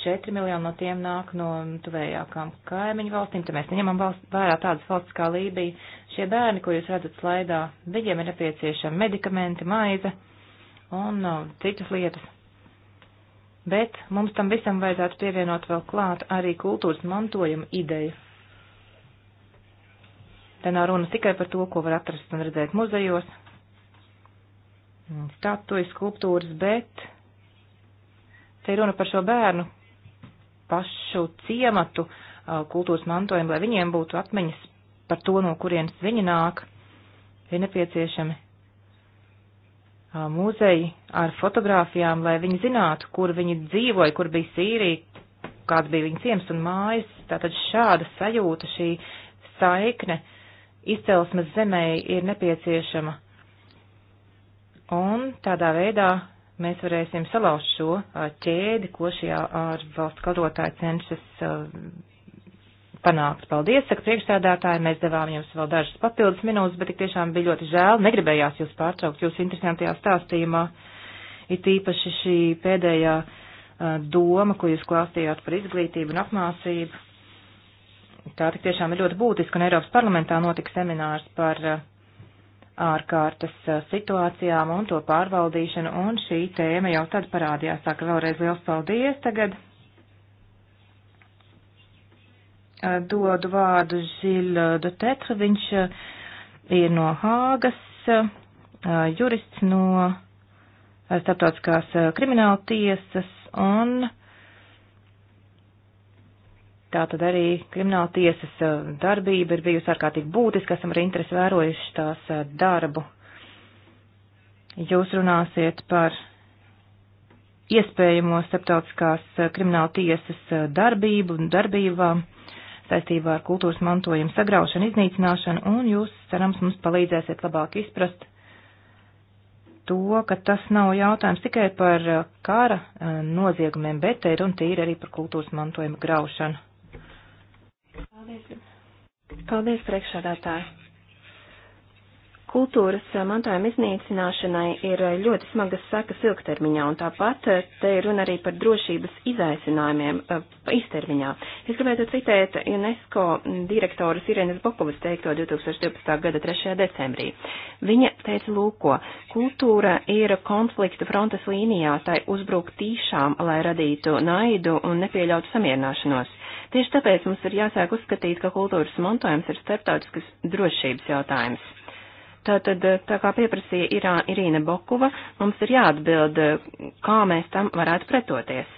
Speaker 1: 4 miljoni no tiem nāk no tuvējākām kaimiņu valstīm, tad mēs neņemam valsts, vērā tādas valsts kā Lībija. Šie bērni, ko jūs redzat slaidā, viņiem ir nepieciešami medikamenti, maize un citas lietas. Bet mums tam visam vajadzētu pievienot vēl klāt arī kultūras mantojuma ideju Te nav runa tikai par to, ko var atrast un redzēt muzejos, statujas, skulptūras, bet te ir runa par šo bērnu pašu ciematu kultūras mantojumu, lai viņiem būtu atmiņas par to, no kurienes viņi nāk. Ir nepieciešami muzeji ar fotografijām, lai viņi zinātu, kur viņi dzīvoja, kur bija Sīrija, kāds bija viņa ciems un mājas. Tātad šāda sajūta, šī saikne uh, izcelsmes zemē ir nepieciešama. Un tādā veidā mēs varēsim salauzt šo ķēdi, ko šī ārvalstu kalrotāja cenšas panākt. Paldies, saka priekšstādātāji, mēs devām jums vēl dažas papildus minūtes, bet tik tiešām bija ļoti žēl, negribējās jūs pārtraukt jūsu interesantajā stāstījumā, it īpaši šī pēdējā doma, ko jūs klāstījāt par izglītību un apmācību tā tik tiešām ir ļoti būtiska, un Eiropas parlamentā notika seminārs par uh, ārkārtas uh, situācijām un to pārvaldīšanu, un šī tēma jau tad parādījās. Tā ka vēlreiz liels paldies tagad. Uh, dodu vārdu Žilu Dotetru, viņš ir no Hāgas, jurists no Startautiskās krimināla tiesas, un Tātad arī krimināla tiesas eh, darbība ir bijusi ārkārtīgi būtiska, esam arī interesi vērojuši tās eh, darbu. Jūs runāsiet par iespējamo starptautiskās eh, krimināla tiesas darbību un darbībām saistībā ar kultūras mantojumu sagraušanu, iznīcināšanu, un jūs, cerams, mums palīdzēsiet labāk izprast to, ka tas nav jautājums tikai par kara noziegumiem, bet te ir un tīri arī par kultūras mantojuma graušanu.
Speaker 2: Paldies,
Speaker 1: Paldies priekšādātāji. Kultūras mantojuma iznīcināšanai ir ļoti smagas sekas ilgtermiņā, un tāpat eh, te ir runa arī par drošības izaicinājumiem īstermiņā. Eh, es gribētu citēt UNESCO direktoras Irēnas Bokovas teikto 2012. gada 3. decembrī. Viņa teica lūko, kultūra ir konflikta frontes līnijā, tai uzbruk tīšām, lai radītu naidu un nepieļautu samierināšanos. Tieši tāpēc mums ir jāsāk uzskatīt, ka kultūras mantojums ir starptautiskas drošības jautājums. Tātad, tā kā pieprasīja Irā, Irīna Bokuva, mums ir jāatbild, kā mēs tam varētu pretoties.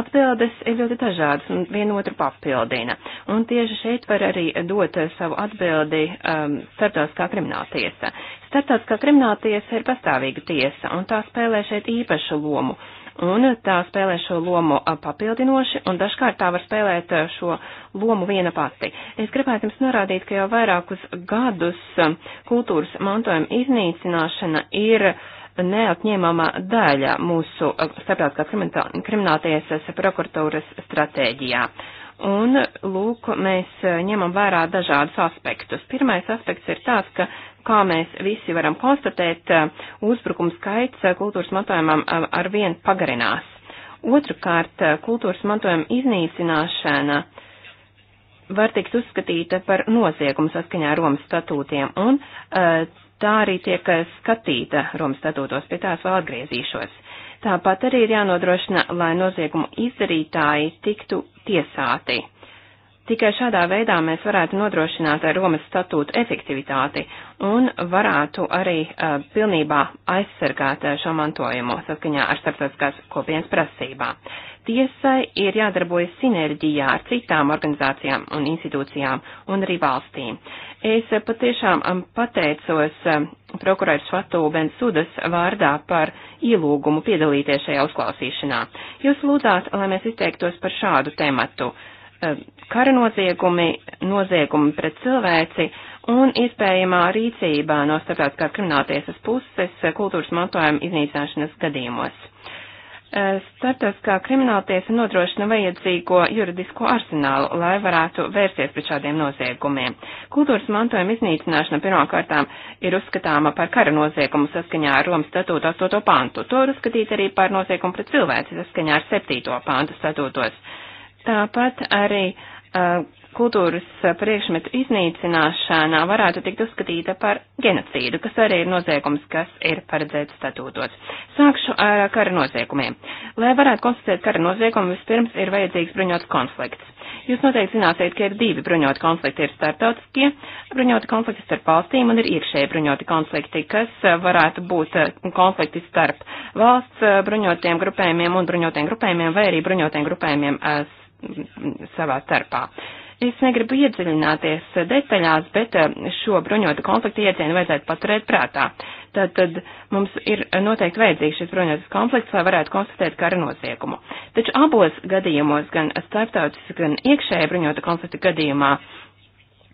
Speaker 1: Atbildes ir ļoti dažādas un vienotru papildina. Un tieši šeit var arī dot savu atbildi um, starptautiskā krimināla tiesa. Starptautiskā krimināla tiesa ir pastāvīga tiesa, un tā spēlē šeit īpašu lomu, un tā spēlē šo lomu papildinoši, un dažkārt tā var spēlēt šo lomu viena pati. Es gribētu jums norādīt, ka jau vairākus gadus kultūras mantojuma iznīcināšana ir neatņēmama daļa mūsu starptautiskās krimināltiesas prokuratūras stratēģijā. Un, lūk, mēs ņemam vērā dažādus aspektus. Pirmais aspekts ir tāds, ka kā mēs visi varam konstatēt, eh, uzbrukumu skaits eh, kultūras mantojumam eh, ar vien pagarinās. Otrakārt, kultūras mantojuma iznīcināšana var tikt uzskatīta par noziegumu saskaņā Romas statūtiem, un tā arī tiek skatīta Romas statūtos, pie tās vēl atgriezīšos. Tāpat arī ir jānodrošina, lai noziegumu izdarītāji tiktu tiesāti. Tikai šādā veidā mēs varētu nodrošināt eh, Romas statūtu efektivitāti un varētu arī uh, pilnībā aizsargāt uh, šo mantojumu saskaņā ar starptautiskās kopienas prasībām. Tiesai ir jādarbojas sinerģijā ar citām organizācijām un institūcijām un arī valstīm. Es uh, patiešām um, pateicos uh, prokuroru Švatu Bensudas vārdā par ielūgumu piedalīties šajā uzklausīšanā. Jūs lūdzāt, lai mēs izteiktos par šādu tematu. Uh, Eh, kara noziegumi, noziegumi pret cilvēci un iespējamā rīcībā no starptautiskās krimināltiesas puses eh, kultūras mantojuma iznīcināšanas gadījumos. Eh, Startautiskā krimināltiesa nodrošina vajadzīgo juridisko arsenālu, lai varētu vērsties pret šādiem noziegumiem. Kultūras mantojuma iznīcināšana pirmkārtām ir uzskatāma par kara noziegumu saskaņā ar Romas statūtu 8. pantu. To ir uzskatīts arī par noziegumu pret cilvēci saskaņā ar 7. pantu statūtos. Tāpat arī uh, kultūras priekšmetu iznīcināšana varētu tikt uzskatīta par genocīdu, kas arī ir noziegums, kas ir paredzēts statūtos. Sākšu ar kara noziegumiem. Lai varētu konstatēt kara noziegumu, vispirms ir vajadzīgs bruņots konflikts. Jūs noteikti zināsiet, ka ir divi bruņoti konflikti - ir startautiskie bruņoti konflikti starp valstīm un ir iekšēji bruņoti konflikti, kas varētu būt uh, konflikti starp valsts uh, bruņotiem grupējumiem un bruņotiem grupējumiem vai arī bruņotiem grupējumiem uh, savā starpā. Es negribu iedziļināties detaļās, bet eh, šo bruņotu konfliktu iecienu vajadzētu paturēt prātā. Tātad mums ir noteikti vajadzīgs šis bruņotas konflikts, lai varētu konstatēt kara noziegumu. Taču abos gadījumos, gan starptautis, gan iekšējā bruņota konflikta gadījumā,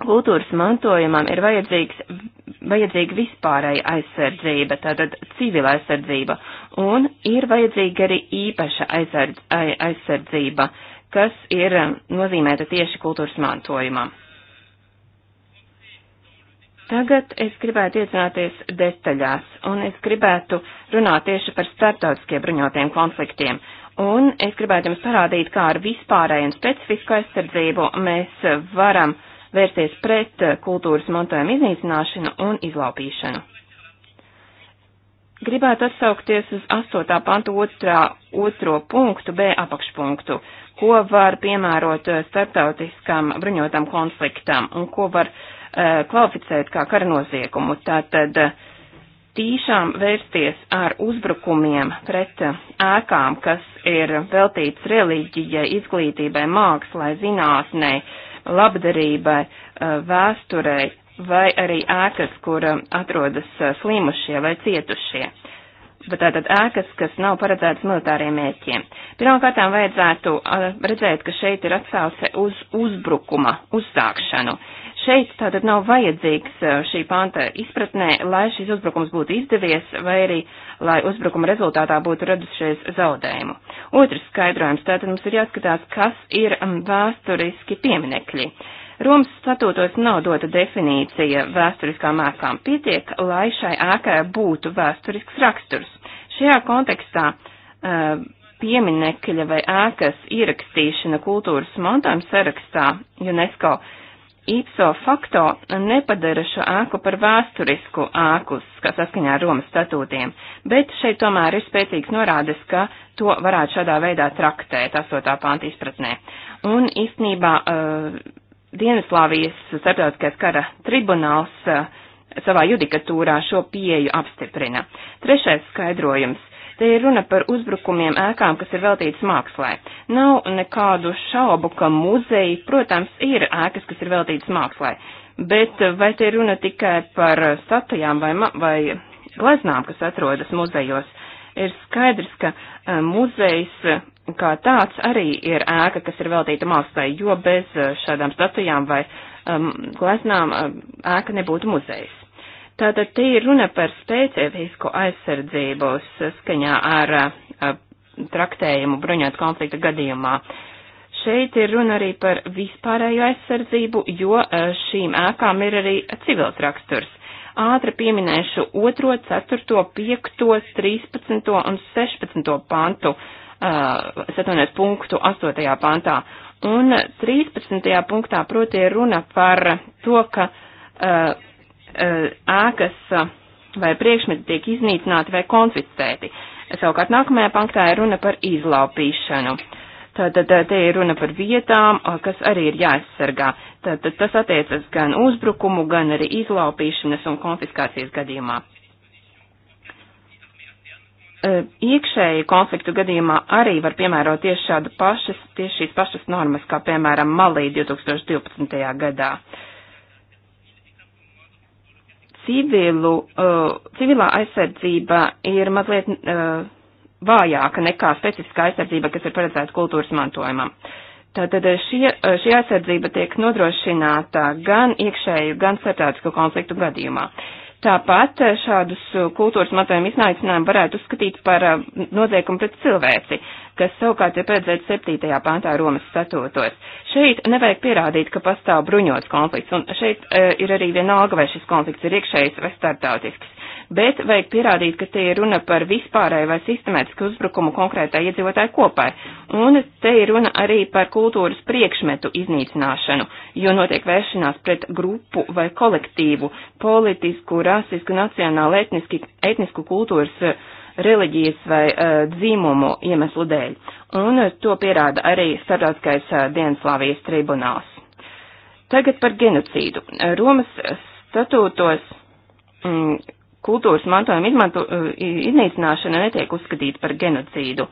Speaker 1: kultūras mantojumam ir vajadzīga vispārēja aizsardzība, tātad civila aizsardzība, un ir vajadzīga arī īpaša aizsardz, aizsardzība kas ir um, nozīmēta tieši kultūras mantojumam. Tagad es gribētu iedzināties detaļās, un es gribētu runāt tieši par starptautiskiem bruņotiem konfliktiem. Un es gribētu jums parādīt, kā ar vispārēju un specifisku aizsardzību mēs varam vērsties pret uh, kultūras mantojuma iznīcināšanu un izlaupīšanu. Gribētu atsaukties uz 8. pantu 2. punktu B apakšpunktu, ko var piemērot eh, starptautiskam bruņotam konfliktam un ko var uh, kvalificēt kā karanoziegumu. Tātad eh, tīšām vērsties ar uzbrukumiem pret ēkām, kas ir veltīts reliģijai, izglītībai, mākslai, zinātnē, labdarībai, uh, vēsturei vai arī ēkas, kur atrodas slimušie vai cietušie bet tātad ēkas, kas nav paredzētas militāriem mērķiem. Pirmkārtām vajadzētu uh, redzēt, ka šeit ir atsauce uz uzbrukuma uzsākšanu. Šeit tātad nav vajadzīgs uh, šī panta izpratnē, lai šis uzbrukums būtu izdevies vai arī, lai uzbrukuma rezultātā būtu radušies zaudējumu. Otrs skaidrojums, tātad mums ir jāskatās, kas ir um, vēsturiski pieminekļi. Uh, Romas statūtos nav dota definīcija vēsturiskām ēkām. Pietiek, lai šai ēkai būtu vēsturisks raksturs. Šajā kontekstā uh, pieminekļa vai ēkas ierakstīšana kultūras mantojuma sarakstā UNESCO ipso facto nepadara šo ēku par vēsturisku ēku, kas saskaņā ar Romas statūtiem, bet šeit tomēr ir spēcīgs norādes, ka to varētu šādā veidā traktēt, asotā pānta izpratnē. Un īstenībā uh, Dienvidslāvijas starptautiskais kara tribunāls eh, savā judikatūrā šo pieju apstiprina. Trešais skaidrojums. Te ir runa par uzbrukumiem ēkām, kas ir veltītas mākslē. Nav nekādu šaubu, ka muzeji, protams, ir ēkas, kas ir veltītas mākslē, bet eh, vai te ir runa tikai par statujām vai, vai gleznām, kas atrodas muzejos? Ir skaidrs, ka eh, muzejs kā tāds arī ir ēka, kas ir veltīta mākslai, jo bez eh, šādām statujām vai um, gleznām um, ēka nebūtu muzejs. Tātad te ir runa par specifisku aizsardzību saskaņā ar uh, traktējumu bruņot konflikta gadījumā. Šeit ir runa arī par vispārējo aizsardzību, jo uh, šīm ēkām ir arī civils raksturs. Ātri pieminēšu 2, 4, 5, 13 un 16 pantu uh, satuniet punktu 8. pantā. Un 13. punktā, proti, ir runa par to, ka ēkas vai priekšmeti tiek iznīcināti vai konfiscēti. Savukārt nākamajā punktā ir runa par izlaupīšanu. Tātad te ir runa par vietām, kas arī ir jāaizsargā. Tātad tas attiecas gan uzbrukumu, gan arī izlaupīšanas un konfiskācijas gadījumā. E, iekšēju konfliktu gadījumā arī var piemērot tieši, šādu pašas, tieši šīs pašas normas, kā piemēram Malī 2012. gadā. Civilu, uh, civilā aizsardzība ir mazliet uh, vājāka nekā specifiskā aizsardzība, kas ir paredzēta kultūras mantojumam. Tātad šie, šī aizsardzība tiek nodrošināta gan iekšēju, gan starptautisku konfliktu gadījumā. Uh, Tāpat šādus kultūras mantojuma iznaicinājumu varētu uzskatīt par uh, noziegumu pret cilvēci, kas savukārt ir paredzēts 7. pāntā Romas statūtos. Šeit nevajag pierādīt, ka pastāv bruņots konflikts, un šeit e, ir arī vienalga, vai šis konflikts ir iekšējs vai startautisks bet vajag pierādīt, ka te ir runa par vispārēju vai sistemētisku uzbrukumu konkrētai iedzīvotāju kopai. Un te ir runa arī par kultūras priekšmetu iznīcināšanu, jo notiek vēršanās pret grupu vai kolektīvu, politisku, rasisku, nacionālu, etniski, etnisku kultūras eh, reliģijas vai uh, eh, dzīmumu iemeslu dēļ. Un uh, to pierāda arī starptautiskais uh, eh, Dienaslāvijas tribunāls. Tagad par genocīdu. Romas statūtos mm, kultūras mantojuma izmanto, e, iznīcināšana netiek uzskatīta par genocīdu,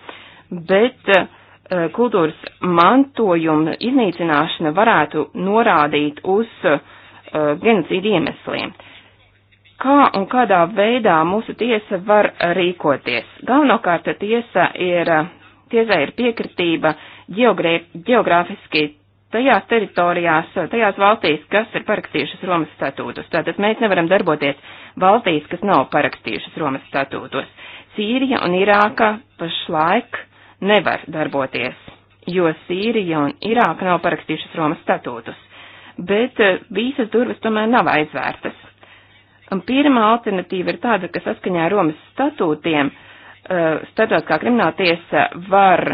Speaker 1: bet e, kultūras mantojuma iznīcināšana varētu norādīt uz e, genocīdu iemesliem. Kā un kādā veidā mūsu tiesa var rīkoties? Galvenokārt tiesa ir, tiesai ir piekritība geogrāfiski tajās teritorijās, tajās valstīs, kas ir parakstījušas Romas statūtus. Tātad mēs nevaram darboties valstīs, kas nav parakstījušas Romas statūtos. Sīrija un Irāka pašlaik nevar darboties, jo Sīrija un Irāka nav parakstījušas Romas statūtus. Bet eh, visas durvis tomēr nav aizvērtas. Un pirmā alternatīva ir tāda, ka saskaņā ar Romas statūtiem eh, starptautiskā krimināla tiesa var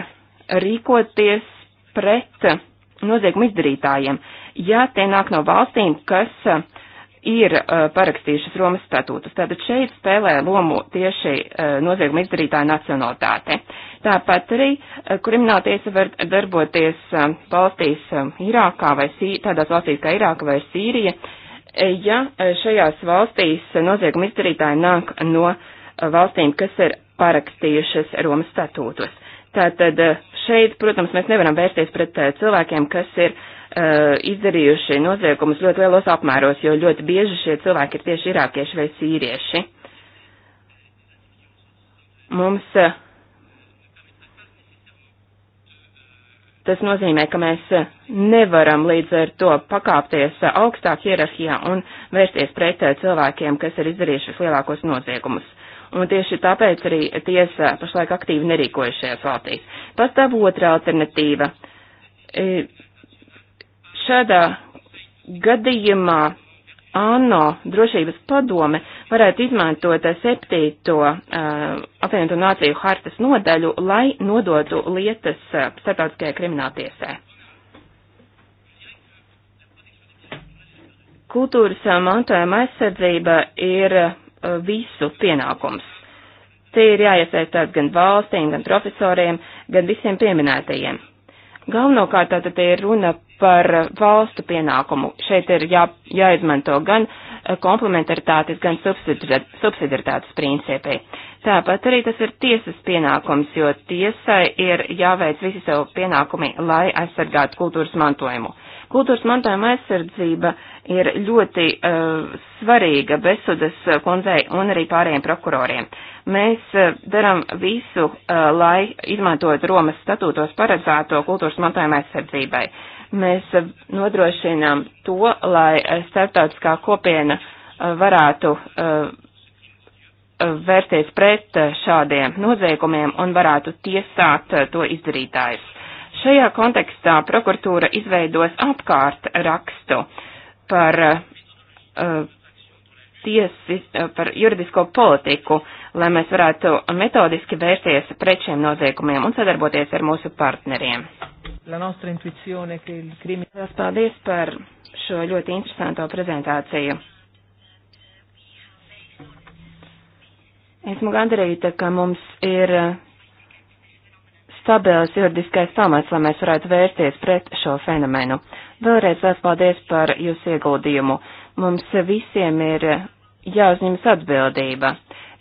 Speaker 1: rīkoties pret noziegumu izdarītājiem, ja tie nāk no valstīm, kas e, ir e, parakstījušas Romas statūtus. Tātad šeit spēlē lomu tieši e, noziegumu izdarītāja nacionalitāte. Tāpat arī krimināla tiesa var darboties valstīs Irākā vai Sī, tādās valstīs kā Irāka vai Sīrija, ja šajās valstīs noziegumu izdarītāji nāk no valstīm, kas ir parakstījušas Romas statūtus. Tātad Šeit, protams, mēs nevaram vērsties pret eh, cilvēkiem, kas ir uh, izdarījuši noziegumus ļoti lielos apmēros, jo ļoti bieži šie cilvēki ir tieši irākieši vai sīrieši. Mums uh, Tas nozīmē, ka mēs nevaram līdz ar to pakāpties augstāk hierarhijā un vērsties pret cilvēkiem, kas ir izdarījuši vislielākos noziegumus un tieši tāpēc arī tiesa pašlaik aktīvi nerīkojas šajās valstīs. Pastāv otra alternatīva. E, šādā gadījumā ANO drošības padome varētu izmantot septīto uh, apvienoto nāciju hartas nodaļu, lai nodotu lietas uh, e, starptautiskajā krimināltiesē. Kultūras e, mantojuma aizsardzība ir Uh, visu pienākums. Te ir jāiesaistās gan valstīm, gan profesoriem, gan visiem pieminētajiem. Galvenokārt tātad te ir runa par uh, valstu pienākumu. Šeit ir jā, jāizmanto gan uh, komplementaritātes, gan subsidiaritātes principi. Tāpat arī tas ir tiesas pienākums, jo tiesai ir jāveic visi savu pienākumi, lai aizsargātu kultūras mantojumu. Kultūras mantojuma aizsardzība ir ļoti uh, svarīga Besudas kundzei un arī pārējiem prokuroriem. Mēs uh, eh, daram visu, uh, lai izmantot Romas statūtos paredzēto kultūras mantojuma aizsardzībai. Mēs uh, nodrošinām to, lai uh, starptautiskā kopiena uh, varētu uh, vērsties pret šādiem noziegumiem un varētu tiesāt to izdarītājus. Šajā kontekstā prokuratūra izveidos apkārt rakstu par uh, tiesi, uh, par juridisko politiku, lai mēs varētu metodiski vērsties pret šiem noziegumiem un sadarboties ar mūsu partneriem. Lielas paldies par šo ļoti interesanto prezentāciju. Esmu gandarīta, ka mums ir stabils juridiskais pamats, lai mēs varētu vērsties pret šo fenomenu. Vēlreiz liels paldies par jūsu ieguldījumu. Mums visiem ir jāuzņemas atbildība.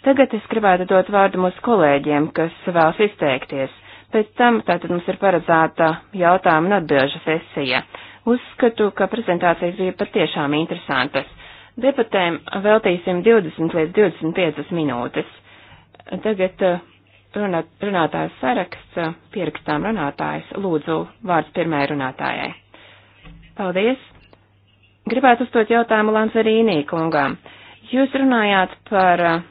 Speaker 1: Tagad es gribētu dot vārdu mūsu kolēģiem, kas vēlas izteikties. Pēc tam tātad mums ir paredzēta jautājuma un atbilžu sesija. Uzskatu, ka prezentācijas bija patiešām interesantas. Debatēm veltīsim 20 līdz 25 minūtes. Tagad uh, runāt, runātājs saraksts, pierakstām runātājs. Lūdzu, vārds pirmajai runātājai. Paldies! Gribētu uzdot jautājumu Lanzarīnī kungām. Jūs runājāt par uh,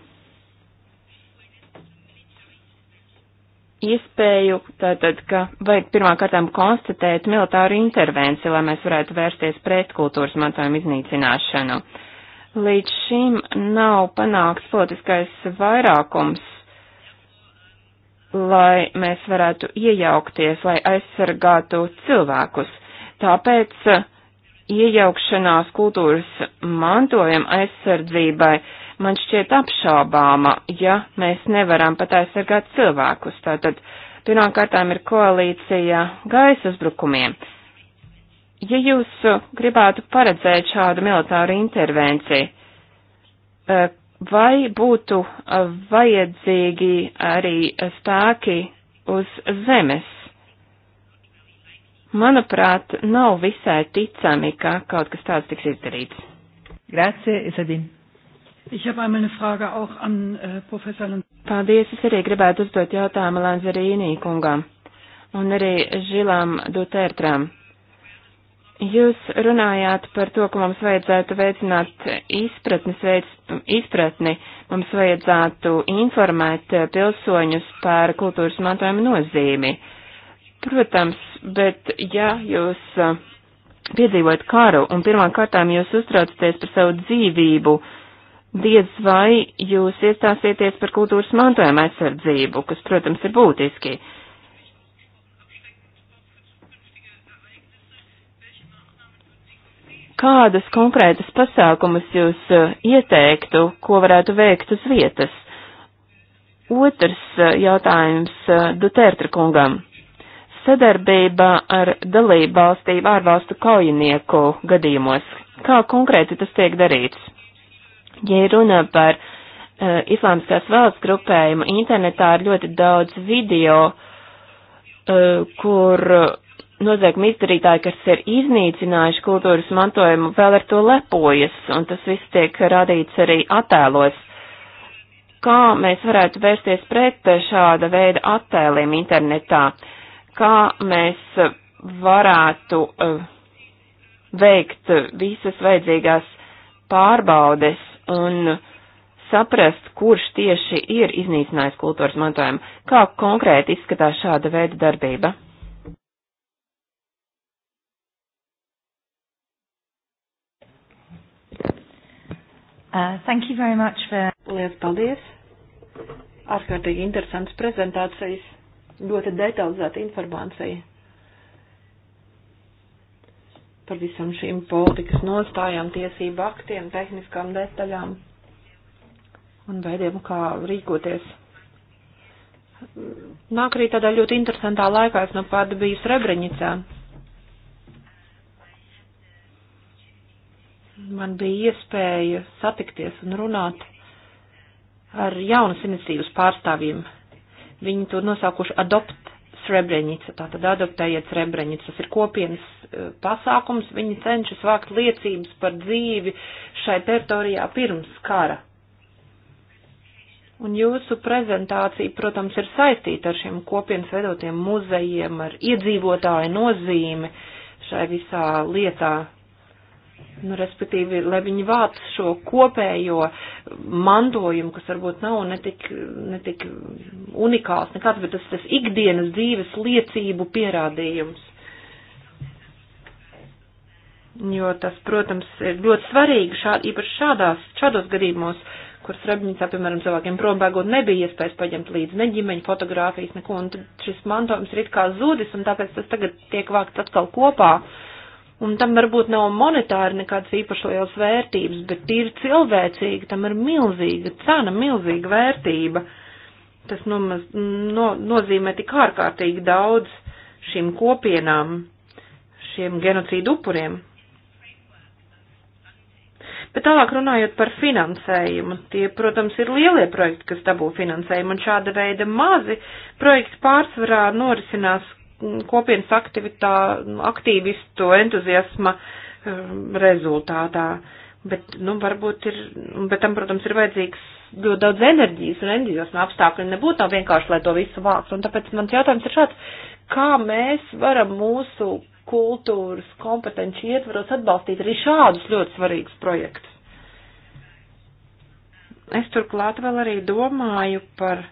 Speaker 1: iespēju, tātad, ka vajag pirmā kārtām konstatēt militāru intervenciju, lai mēs varētu vērsties pret kultūras mantojuma iznīcināšanu. Līdz šim nav panākts politiskais vairākums lai mēs varētu iejaukties, lai aizsargātu cilvēkus. Tāpēc uh, iejaukšanās kultūras mantojuma aizsardzībai man šķiet apšaubāma, ja mēs nevaram pat aizsargāt cilvēkus. Tātad pirmkārtām ir koalīcija gaisa uzbrukumiem. Ja jūs uh, gribētu paredzēt šādu militāru intervenciju, uh, Vai būtu vajadzīgi arī spēki uz zemes? Manuprāt, nav visai ticami, ka kaut kas tāds tiks izdarīts. Grazie, Isadīna. Ich habe einmal eine Frage auch an äh, Professor Lanzarini. Paldies, es arī gribētu uzdot jautājumu Lanzarīnī kungam un arī Žilam Dutertram. Jūs runājāt par to, ka mums vajadzētu veicināt izpratnes, veic, izpratni, mums vajadzētu informēt pilsoņus par kultūras mantojuma nozīmi. Protams, bet ja jūs uh, piedzīvojat karu un pirmām kārtām jūs uztraucaties par savu dzīvību, diez vai jūs iestāsieties par kultūras mantojuma aizsardzību, kas, protams, ir būtiski. Uh, kādas konkrētas pasākumas jūs eh, ieteiktu, ko varētu veikt uz vietas? Otrs eh, jautājums eh, Duterte kungam. Sadarbība ar dalību valstīm ārvalstu kaujinieku gadījumos. Kā konkrēti tas tiek darīts? Ja runa par uh, islāmskās valsts grupējumu, internetā ir ļoti daudz video, uh, kur uh, noziegumu izdarītāji, kas ir iznīcinājuši kultūras mantojumu, vēl ar to lepojas, un tas viss tiek radīts arī attēlos. Kā mēs varētu vērsties pret šāda veida attēliem internetā? Kā mēs varētu uh, veikt visas vajadzīgās pārbaudes un saprast, kurš tieši ir iznīcinājis kultūras mantojumu? Kā konkrēti izskatās šāda veida darbība? Uh, thank you very much for. Lielas paldies! Ārkārtīgi interesants prezentācijas, ļoti detalizēta informācija par visam šīm politikas nostājām, tiesību aktiem, tehniskām detaļām un veidiem, kā rīkoties. Nāk arī tādā ļoti interesantā laikā, es nu pat biju Srebrenicā. man bija iespēja satikties un runāt ar jaunas iniciatīvas pārstāvjiem. Viņi to nosaukuši Adopt Srebrenica, tātad adoptējiet Srebrenica. Tas ir kopienas e, pasākums, viņi cenšas vākt liecības par dzīvi šai teritorijā pirms kara. Un jūsu prezentācija, protams, ir saistīta ar šiem kopienas vedotiem muzejiem, ar iedzīvotāju nozīmi šai visā lietā, nu, respektīvi, lai viņi vāc šo kopējo mantojumu, kas varbūt nav netik, netik unikāls nekāds, bet tas, tas ikdienas dzīves liecību pierādījums. Jo tas, protams, ir ļoti svarīgi, šā, īpaši šādās, šādos gadījumos, kur srebņicā, piemēram, cilvēkiem prombēgot nebija iespējas paņemt līdz ne ģimeņa fotogrāfijas, neko, un šis mantojums ir it kā zudis, un tāpēc tas tagad tiek vākts atkal kopā. Uh, un tam varbūt nav monetāri nekāds īpaši liels vērtības, bet tīri cilvēcīgi, tam ir milzīga cena, milzīga vērtība. Tas nomaz, no, nozīmē tik ārkārtīgi daudz šīm kopienām, šiem genocīdu upuriem. Bet tālāk runājot par finansējumu, tie, protams, ir lielie projekti, kas dabū finansējumu, un šāda veida mazi projekti pārsvarā norisinās kopienas aktivitā, aktīvistu entuziasma um, rezultātā. Bet, nu, varbūt ir, bet tam, protams, ir vajadzīgs ļoti daudz enerģijas un entuziasma apstākļi. Nebūtu nav vienkārši, lai to visu vāks. Un tāpēc mans jautājums ir šāds, kā mēs varam mūsu kultūras kompetenci ietvaros atbalstīt arī šādus ļoti svarīgus projektus. Es turklāt vēl arī domāju par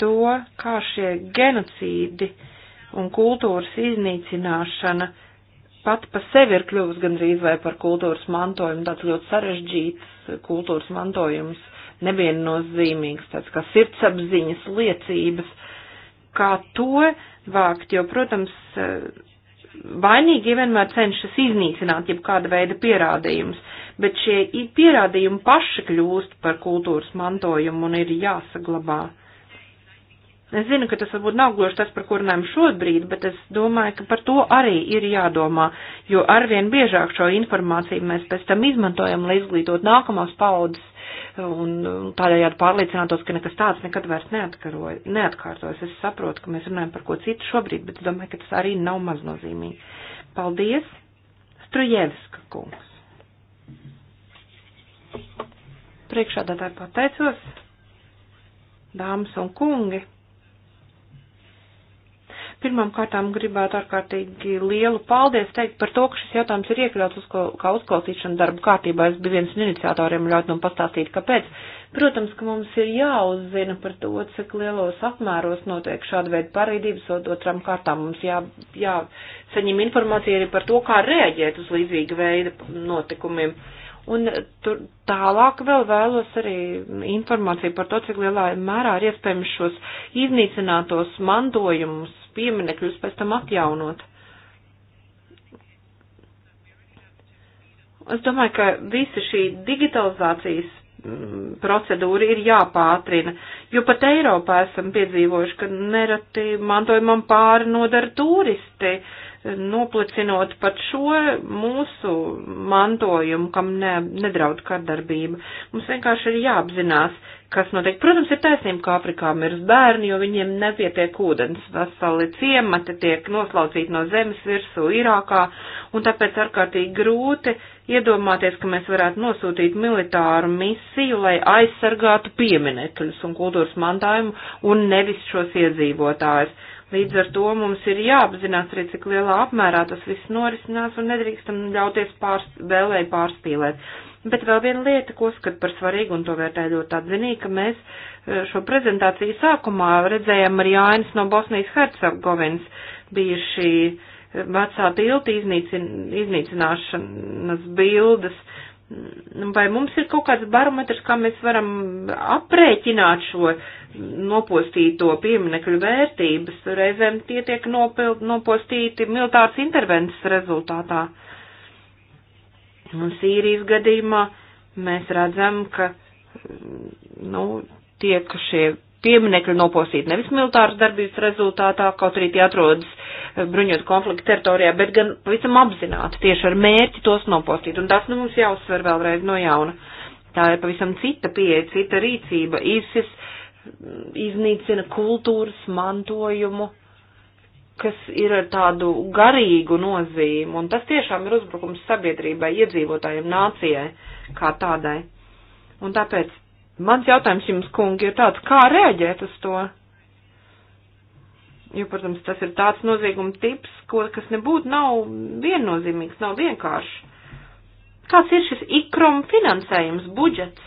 Speaker 1: to, kā šie genocīdi un kultūras iznīcināšana pat pa sevi ir kļuvusi gandrīz vai par kultūras mantojumu, tāds ļoti sarežģīts kultūras mantojums, neviennozīmīgs, tāds kā sirdsapziņas liecības, kā to vākt, jo, protams, vainīgi vienmēr cenšas iznīcināt jau kāda veida pierādījumus, bet šie pierādījumi paši kļūst par kultūras mantojumu un ir jāsaglabā. Es zinu, ka tas varbūt nav gluži tas, par ko runājam šobrīd, bet es domāju, ka par to arī ir jādomā, jo arvien biežāk šo informāciju mēs pēc tam izmantojam, lai izglītot nākamās paudzes un tādējādi pārliecinātos, ka nekas tāds nekad vairs neatkārtojas. Es saprotu, ka mēs runājam par ko citu šobrīd, bet es domāju, ka tas arī nav maznozīmīgi. Paldies, Strujevska kungs. Priekšādātāji pateicos, dāmas un kungi. Pirmām kārtām gribētu ārkārtīgi lielu paldies teikt par to, ka šis jautājums ir iekļauts uz ko, kā uzklausīšana darba kārtībā. Es biju viens no iniciatoriem un ļaut man pastāstīt, kāpēc. Protams, ka mums ir jāuzzina par to, cik lielos apmēros notiek šāda veida parīdības, otram kārtām mums jā, jāsaņem informācija arī par to, kā reaģēt uz līdzīga veida notikumiem. Un tur tālāk vēl vēlos arī informāciju par to, cik lielā mērā ir iespējams šos iznīcinātos mantojumus pieminekļus pēc tam atjaunot. Es domāju, ka visa šī digitalizācijas mm, procedūra ir jāpātrina, jo pat Eiropā esam piedzīvojuši, ka nereti mantojumam pāri nodara turisti, noplicinot pat šo mūsu mantojumu, kam ne, nedraud kardarbība. Mums vienkārši ir jāapzinās, kas notiek. Protams, ir taisnība, ka Āfrikā mirst bērni, jo viņiem nepietiek ūdens. Veseli ciemati tiek noslaucīti no zemes virsū Irākā, un tāpēc ārkārtīgi grūti iedomāties, ka mēs varētu nosūtīt militāru misiju, lai aizsargātu pieminekļus un kultūras mantājumu un nevis šos iedzīvotājus. Līdz ar to mums ir jāapzinās arī, cik lielā apmērā tas viss norisinās un nedrīkstam ļauties pārs, vēlēji pārspīlēt. Bet vēl viena lieta, ko skat par svarīgu un to vērtē ļoti atzinīgi, ka mēs e, šo prezentāciju sākumā redzējām arī Jānis no Bosnijas Hercegovinas bija šī e, vecā tilta iznīcin, iznīcināšanas bildes. Mm, vai mums ir kaut kāds barometrs, kā mēs varam aprēķināt šo nopostīto pieminekļu vērtības? Reizēm tie tiek nopild, nopostīti militāras intervences rezultātā. Uh, Un Sīrijas gadījumā mēs redzam, ka, nu, tiek šie pieminekļi noposīti nevis militāras darbības rezultātā, kaut arī tie atrodas eh, bruņot konflikta teritorijā, bet gan pavisam apzināti tieši ar mērķi tos noposīt. Un tas nu mums jāuzsver vēlreiz no jauna. Tā ir pavisam cita pieeja, cita rīcība. ISIS iznīcina kultūras mantojumu, kas ir ar tādu garīgu nozīmi, un tas tiešām ir uzbrukums sabiedrībai, iedzīvotājiem, nācijai kā tādai. Un tāpēc mans jautājums jums, kungi, ir tāds, kā reaģēt uz to? Jo, protams, tas ir tāds nozieguma tips, ko, kas nebūtu nav viennozīmīgs, nav vienkāršs. Kāds ir šis ikrom finansējums, budžets?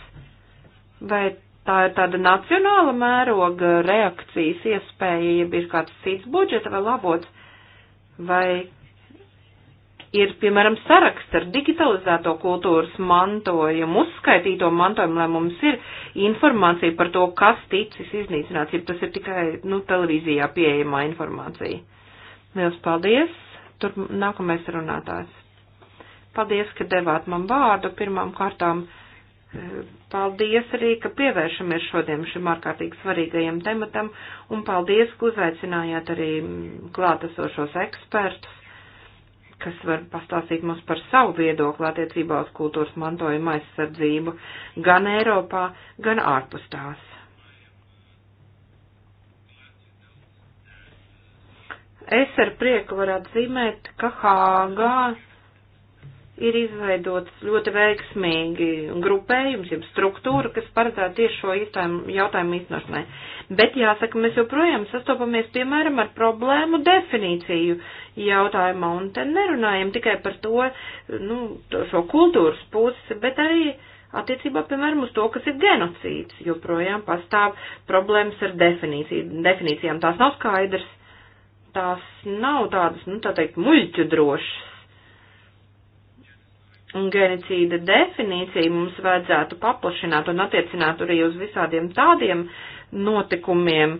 Speaker 1: Vai tā ir tāda nacionāla mēroga reakcijas iespēja, ja ir kāds cits budžeta vai labots, vai ir, piemēram, saraksts ar digitalizēto kultūras mantojumu, uzskaitīto mantojumu, lai mums ir informācija par to, kas ticis iznīcināts, ja tas ir tikai, nu, televīzijā pieejamā informācija. Liels paldies! Tur nākamais runātājs. Paldies, ka devāt man vārdu pirmām kārtām. Paldies arī, ka pievēršamies šodien šim ārkārtīgi svarīgajam tematam, un paldies, ka uzaicinājāt arī klātesošos ekspertus, kas var pastāstīt mums par savu viedokli attiecībā uz kultūras mantojuma aizsardzību gan Eiropā, gan ārpus tās. Es ar prieku varu atzīmēt, ka Hāgā ir izveidots ļoti veiksmīgi grupējums, jeb struktūra, kas paredzēta tieši šo jautājumu īstenošanai. Bet jāsaka, mēs joprojām sastopamies, piemēram, ar problēmu definīciju jautājumā, un te nerunājam tikai par to, nu, to, šo kultūras pusi, bet arī attiecībā, piemēram, uz to, kas ir genocīds. Joprojām pastāv problēmas ar definīciju. definīcijām. Tās nav skaidrs, tās nav tādas, nu, tā teikt, muļķu drošas genocīda definīciju mums vajadzētu paplašināt un attiecināt arī uz visādiem tādiem notikumiem,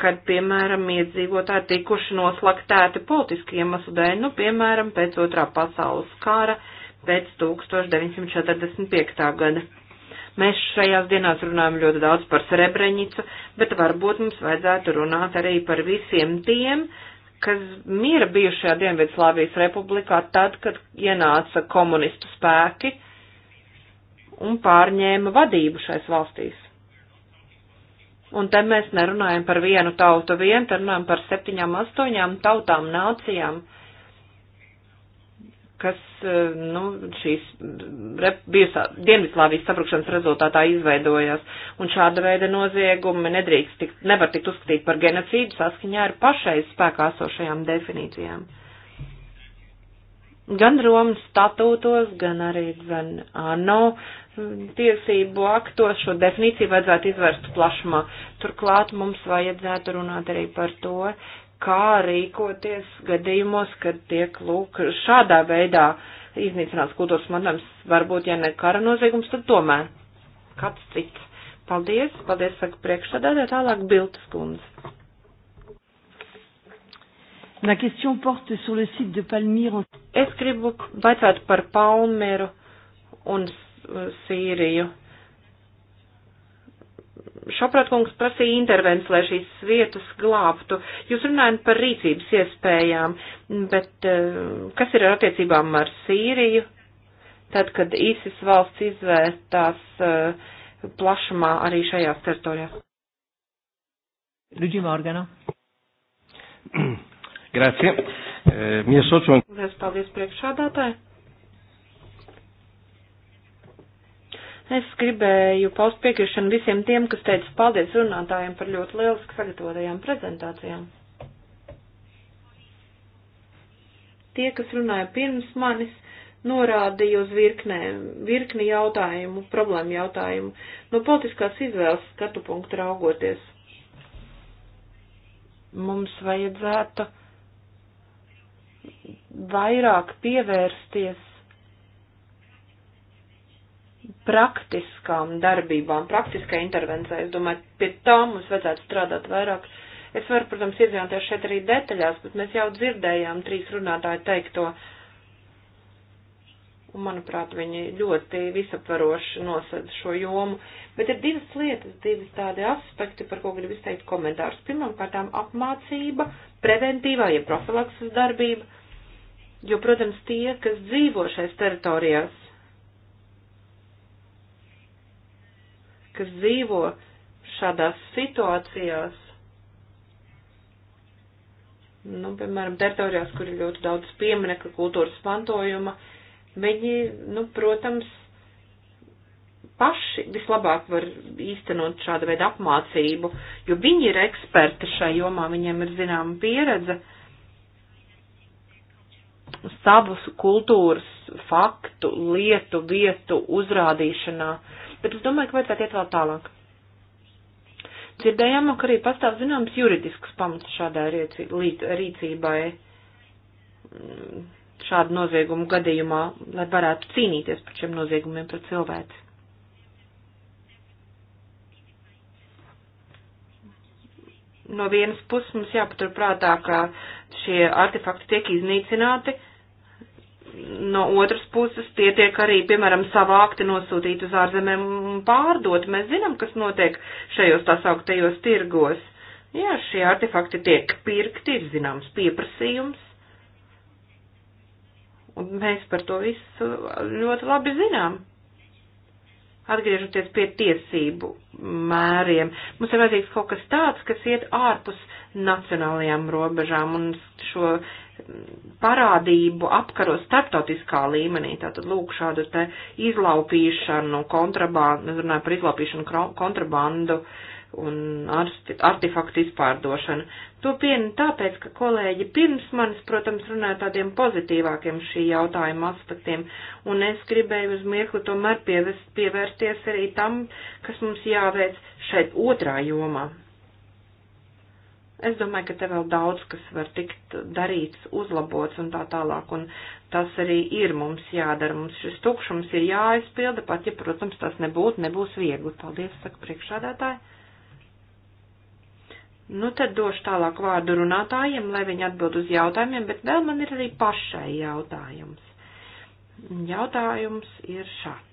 Speaker 1: kad, piemēram, iedzīvotāji tikuši noslaktēti politiski iemeslu dēļ, nu, piemēram, pēc otrā pasaules kara, pēc 1945. gada. Mēs šajās dienās runājam ļoti daudz par Srebrenicu, bet varbūt mums vajadzētu runāt arī par visiem tiem, uh, kas mira bijušajā Dienvidslāvijas republikā tad, kad ienāca komunistu spēki un pārņēma vadību šais valstīs. Un te mēs nerunājam par vienu tautu vien, te runājam par septiņām, astoņām tautām, nācijām. Uh, kas, e, nu, šīs Dienvidslāvijas sabrukšanas rezultātā izveidojās, un šāda veida noziegumi nedrīkst tikt, nevar tikt uzskatīt par genocīdu saskaņā ar pašreiz spēkā esošajām definīcijām. Gan Romas statūtos, gan arī gan ANO tiesību aktos šo definīciju vajadzētu izvērst plašumā. Turklāt mums vajadzētu runāt arī par to, kā rīkoties gadījumos, kad tiek lūk šādā veidā iznīcināts kultūras mantojums, varbūt, ja ne kara noziegums, tad tomēr kāds cits. Paldies, paldies, saka priekšsādātā, tālāk Biltas kundze. Ma question porte sur le site de Palmyre. Es gribu vaicāt par Palmeru un Sīriju. Šaprātkungs prasīja intervences, lai šīs vietas glābtu. Jūs runājat par rīcības iespējām, bet eh, kas ir ar attiecībām ar Sīriju? Tad, kad ISIS valsts izvērtās eh, plašumā arī šajās teritorijās. Luigi Morgana.
Speaker 2: Grazie. Eh, Mi asocio.
Speaker 1: Paldies priekšādātāji. Es gribēju paust piekrišanu visiem tiem, kas teica paldies runātājiem par ļoti lieliski sagatavotajām prezentācijām. Tie, kas runāja pirms manis, norādīja uz virknē, virkni jautājumu, problēmu jautājumu, no politiskās izvēles skatu punktu raugoties. Mums vajadzētu vairāk pievērsties praktiskām darbībām, praktiskai intervencijai. Es domāju, pie tā mums vajadzētu strādāt vairāk. Es varu, protams, iedzināties šeit arī detaļās, bet mēs jau dzirdējām trīs runātāju teikto. Un, manuprāt, viņi ļoti visaptvaroši nosedz šo jomu. Bet ir divas lietas, divi tādi aspekti, par ko gribu izteikt komentārus. Pirmkārt, apmācība, preventīvā, ja profilakses darbība. Jo, protams, tie, kas dzīvo šais teritorijās, kas dzīvo šādās situācijās, nu, piemēram, teritorijās, kur ir ļoti daudz pieminekļu kultūras mantojuma, viņi, nu, protams, paši vislabāk var īstenot šādu veidu apmācību, jo viņi ir eksperti šai jomā, viņiem ir zināma pieredze savus kultūras faktu, lietu, vietu uzrādīšanā. Uh, bet es domāju, ka vajadzētu iet vēl tālāk. Dzirdējām, ka arī pastāv zināms juridisks pamats šādai rīcībai mm, šādu noziegumu gadījumā, lai varētu cīnīties par šiem noziegumiem pret cilvēci. No vienas puses mums jāpaturprātā, ka šie artefakti tiek iznīcināti, no otras puses tie tiek arī, piemēram, savākti, nosūtīti uz ārzemēm un pārdot. Mēs zinām, kas notiek šajos tā sauktajos tirgos. Jā, šie artefakti tiek pirkti, ir zināms pieprasījums. Un mēs par to visu ļoti labi zinām atgriežoties pie tiesību mēriem. Mums ir vajadzīgs kaut kas tāds, kas iet ārpus nacionālajām robežām un šo mm, parādību apkaro starptautiskā līmenī. Tātad lūk šādu te izlaupīšanu, kontrabandu, runāju par izlaupīšanu, kontrabandu. Uh, un artefaktu izpārdošana. To pienu tāpēc, ka kolēģi pirms manis, protams, runāja tādiem pozitīvākiem šī jautājuma aspektiem, un es gribēju uz mirkli tomēr pievest, pievērsties arī tam, kas mums jāveic šeit otrā jomā. Es domāju, ka te vēl daudz, kas var tikt darīts, uzlabots un tā tālāk, un tas arī ir mums jādara. Mums šis tukšums ir jāaizpilda, pat ja, protams, tas nebūtu, nebūs viegli. Paldies, saka priekšādātāji. Nu, tad došu tālāk vārdu runātājiem, lai viņi atbild uz jautājumiem, bet vēl man ir arī pašai jautājums. Jautājums ir šāds.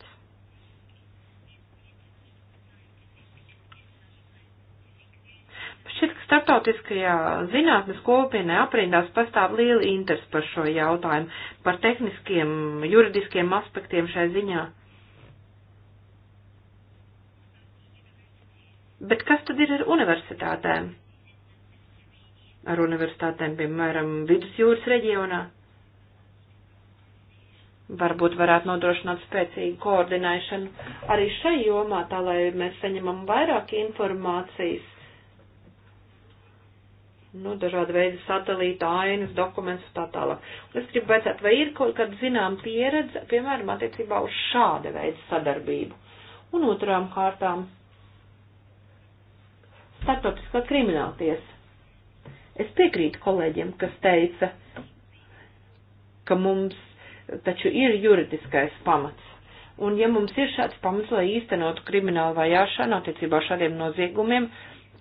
Speaker 1: Šķiet, ka starptautiskajā zinātnes kopienē aprindās pastāv liela interesi par šo jautājumu, par tehniskiem, juridiskiem aspektiem šai ziņā. Bet kas tad ir ar universitātēm? ar universitātēm, piemēram, vidusjūras reģionā. Varbūt varētu nodrošināt spēcīgu koordinēšanu arī šai jomā, tā lai mēs saņemam vairāk informācijas nu, dažādi veidi satelīta ainas, dokumentus un tā tālāk. Un es gribu vaicāt, vai ir kaut kāda zinām pieredze, piemēram, attiecībā uz šāda veida sadarbību. Un otrām kārtām, starptautiskā krimināltiesa. Es piekrītu kolēģiem, kas teica, ka mums taču ir juridiskais pamats. Un ja mums ir šāds pamats, lai īstenotu kriminālu vajāšanu attiecībā šādiem noziegumiem,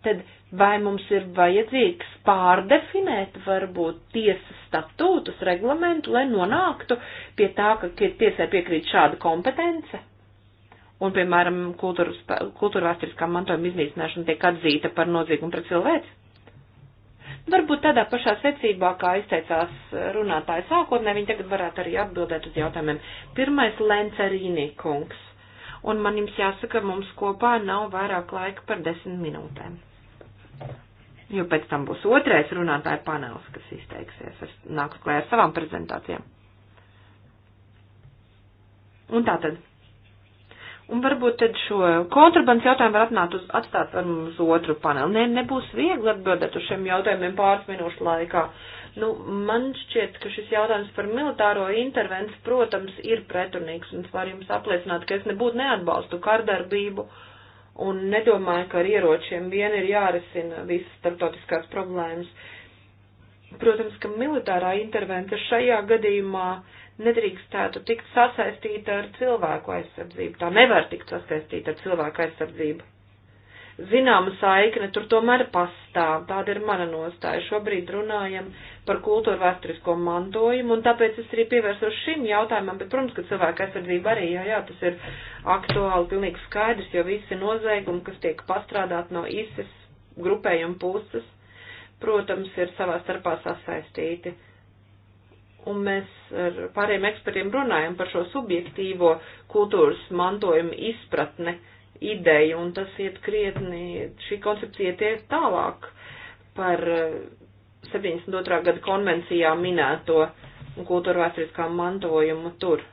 Speaker 1: tad vai mums ir vajadzīgs pārdefinēt varbūt tiesas statūtus, reglamentu, lai nonāktu pie tā, ka tiesai piekrīt šāda kompetence? Un, piemēram, kultūras, kultūra vēsturiskā mantojuma iznīcināšana tiek atzīta par noziegumu pret cilvēci? Varbūt tādā pašā secībā, kā izteicās eh, runātāja sākotnē, viņi tagad varētu arī atbildēt uz jautājumiem. Pirmais - Lencerīnī kungs. Un man jums jāsaka, mums kopā nav vairāk laika par desmit minūtēm. Jo pēc tam būs otrais runātāja panels, kas izteiksies, ar, nāks klē ar savām prezentācijām. Un tātad Un varbūt tad šo kontrabandas jautājumu var atnāt uz, atstāt ar mums otru paneli. Ne, nebūs viegli atbildēt uz šiem jautājumiem pāris minūšu laikā. Nu, man šķiet, ka šis jautājums par militāro intervenciju, protams, ir pretrunīgs, un es varu jums apliecināt, ka es nebūtu neatbalstu kardarbību, un nedomāju, ka ar ieročiem vien ir jārisina visas starptautiskās problēmas. Protams, ka militārā intervence šajā gadījumā uh, nedrīkstētu tikt sasaistīta ar cilvēku aizsardzību. Tā nevar tikt sasaistīta ar cilvēku aizsardzību. Zināma saikne tur tomēr pastāv, tāda ir mana nostāja. Šobrīd runājam par kultūru vēsturisko mantojumu, un tāpēc es arī pievērsos šim jautājumam, bet, protams, ka cilvēka aizsardzība arī, jā, jā, tas ir aktuāli, pilnīgi skaidrs, jo visi noziegumi, kas tiek pastrādāt no ISIS grupējuma puses, protams, ir savā starpā sasaistīti un mēs ar pārējiem ekspertiem runājam par šo subjektīvo kultūras mantojumu izpratne, ideju, un tas iet krietni, šī koncepcija tiek tālāk par 72. Eh, gada konvencijā minēto un kultūra vēsturiskā mantojumu tur.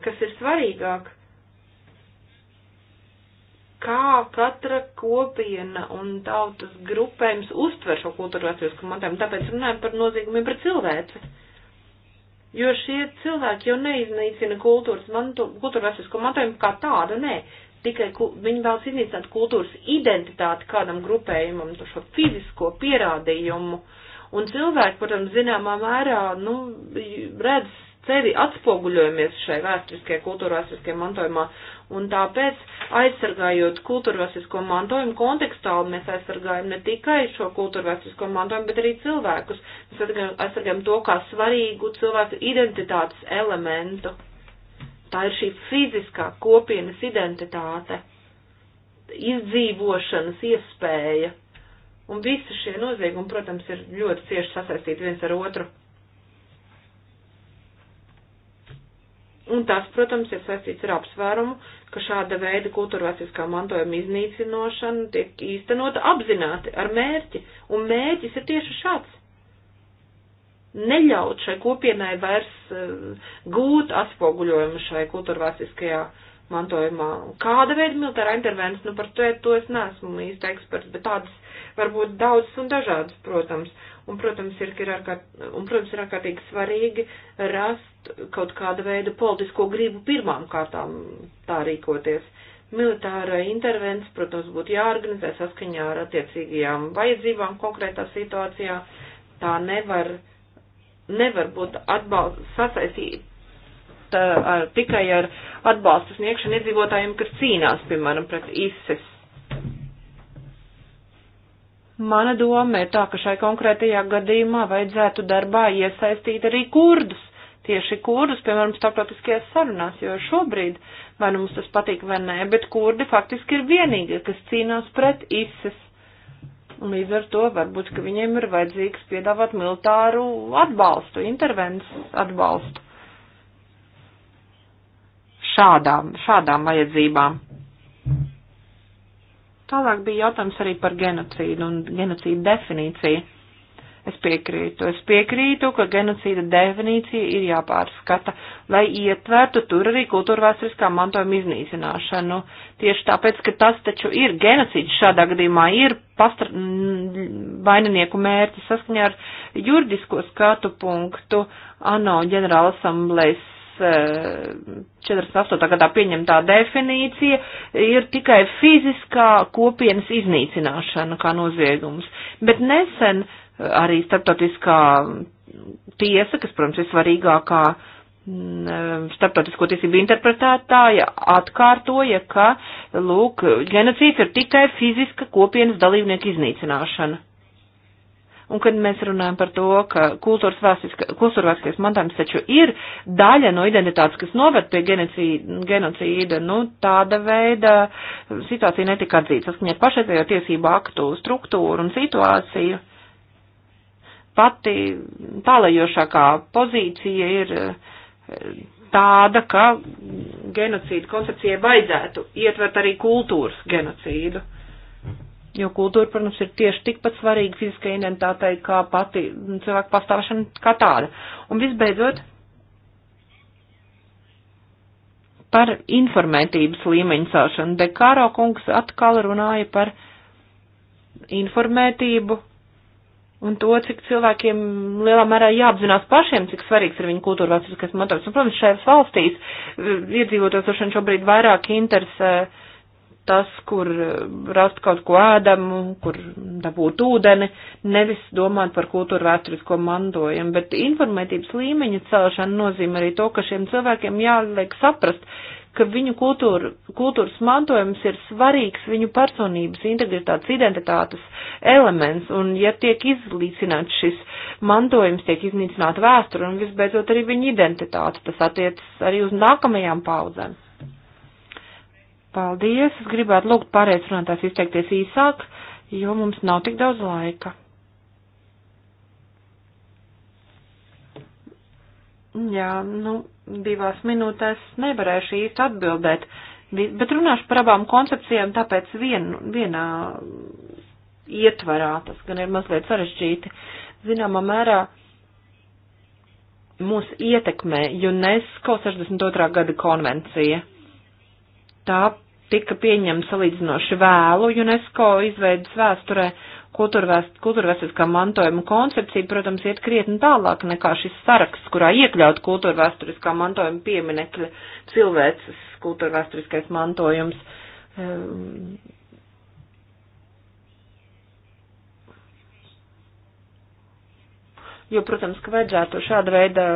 Speaker 1: Kas ir svarīgāk? kā katra kopiena un tautas grupējums uztver šo kultūru vēsturisku mantojumu, tāpēc runājam par noziegumiem par cilvēci. Jo šie cilvēki jau neiznīcina kultūras mantu, kultūru vēsturisku mantojumu kā tādu, nē, tikai viņi vēlas iznīcināt kultūras identitāti kādam grupējumam, to šo fizisko pierādījumu. Un cilvēki, protams, zināmā mērā, nu, redz sevi atspoguļojamies šai vēsturiskajai, kultūrvēsturiskajai mantojumā, Un tāpēc, aizsargājot kultūrvēsisko mantojumu kontekstāli, mēs aizsargājam ne tikai šo kultūrvēsisko mantojumu, bet arī cilvēkus. Mēs aizsargājam to kā svarīgu cilvēku identitātes elementu. Tā ir šī fiziskā kopienas identitāte, izdzīvošanas iespēja. Un visi šie noziegumi, protams, ir ļoti cieši sasaistīti viens ar otru. Un tas, protams, ir saistīts ar apsvērumu, ka šāda veida kultūrvēsiskā mantojuma iznīcinošana tiek īstenota apzināti ar mērķi, un mērķis ir tieši šāds. Neļaut šai kopienai vairs uh, gūt atspoguļojumu šai kultūrvēsiskajā mantojumā. Kāda veida militārā intervence, nu par to, to es neesmu īsti eksperts, bet tādas varbūt daudzas un dažādas, protams. Uh, un, protams, ir, ir ārkārt, un, protams, ir ārkārtīgi svarīgi rast kaut kādu veidu politisko gribu pirmām kārtām tā rīkoties. Militāra intervence, protams, būtu jāorganizē saskaņā ar attiecīgajām vajadzībām konkrētā situācijā. Tā nevar, nevar būt atbalsts sasaistīta ar, tikai ar atbalstu sniegšanu iedzīvotājiem, kas cīnās, piemēram, pret ISIS Mana doma ir tā, ka šai konkrētajā gadījumā vajadzētu darbā iesaistīt arī kurdus, tieši kurdus, piemēram, starptautiskajās sarunās, jo šobrīd, vai nu mums tas patīk vai nē, bet kurdi faktiski ir vienīgie, kas cīnās pret ISIS. Un līdz ar to varbūt, ka viņiem ir vajadzīgs piedāvāt militāru atbalstu, intervences atbalstu šādām, šādām vajadzībām. Tālāk bija jautājums arī par genocīdu un genocīdu definīciju. Es piekrītu. Es piekrītu, ka genocīda definīcija ir jāpārskata, lai ietvertu tur arī kultūrvēsturiskā mantojuma iznīcināšanu. Tieši tāpēc, ka tas taču ir genocīds šādā gadījumā, ir pastra... vaininieku mērķi saskaņā ar juridisko skatu punktu ANO ģenerālasamblēs 48. gadā pieņemtā definīcija ir tikai fiziskā kopienas iznīcināšana kā noziegums. Bet nesen arī starptautiskā tiesa, kas, protams, ir svarīgākā mm, starptautisko tiesību interpretētāja, atkārtoja, ka, lūk, genocīds ir tikai fiziska kopienas dalībnieku iznīcināšana. Un kad mēs runājam par to, ka kultūras vēsturiskais mantojums taču ir daļa no identitātes, kas noved pie genocīda, nu tāda veida situācija netika atzīta. Saskaņā ar pašreizējo tiesību aktu struktūru un situāciju pati tālajošākā pozīcija ir eh, tāda, ka genocīda koncepcijai vajadzētu ietvert arī kultūras genocīdu. Jo kultūra, protams, ir tieši tikpat svarīga fiziskai identitātei kā pati cilvēka pastāvēšana kā tāda. Un visbeidzot, par informētības līmeņu celšanu. Dekāro kungs atkal runāja par informētību un to, cik cilvēkiem lielā mērā jāapzinās pašiem, cik svarīgs ir viņu kultūra vēsturiskais motorus. Un, protams, šajās valstīs eh, iedzīvotājs šobrīd vairāk interesē. Uh, tas, kur eh, rast kaut ko ēdamu, kur dabūt ūdeni, nevis domāt par kultūru vēsturisko mantojumu, bet informētības līmeņa celšana nozīmē arī to, ka šiem cilvēkiem jāliek saprast, ka viņu kultūra, kultūras mantojums ir svarīgs viņu personības, integritātes, identitātes elements, un ja tiek izlīdzināts šis mantojums, tiek iznīcināta vēsture un visbeidzot arī viņa identitāte, tas attiecas arī uz nākamajām paudzēm. Paldies! Es gribētu lūgt pārējais runātājs izteikties īsāk, jo mums nav tik daudz laika. Jā, nu, divās minūtēs nevarēšu īsti atbildēt, bet runāšu par abām koncepcijām, tāpēc vien, vienā ietvarā tas gan ir mazliet sarežģīti. Zināmā mērā mūs ietekmē UNESCO 62. gada konvencija tā tika pieņemta salīdzinoši vēlu UNESCO izveidas vēsturē. Kultūrvēst, kultūrvēsturiskā mantojuma koncepcija, protams, iet krietni tālāk nekā šis saraksts, kurā iekļaut kultūrvēsturiskā mantojuma pieminekļa cilvēces kultūrvēsturiskais mantojums. Um, jo, protams, ka vajadzētu šāda veida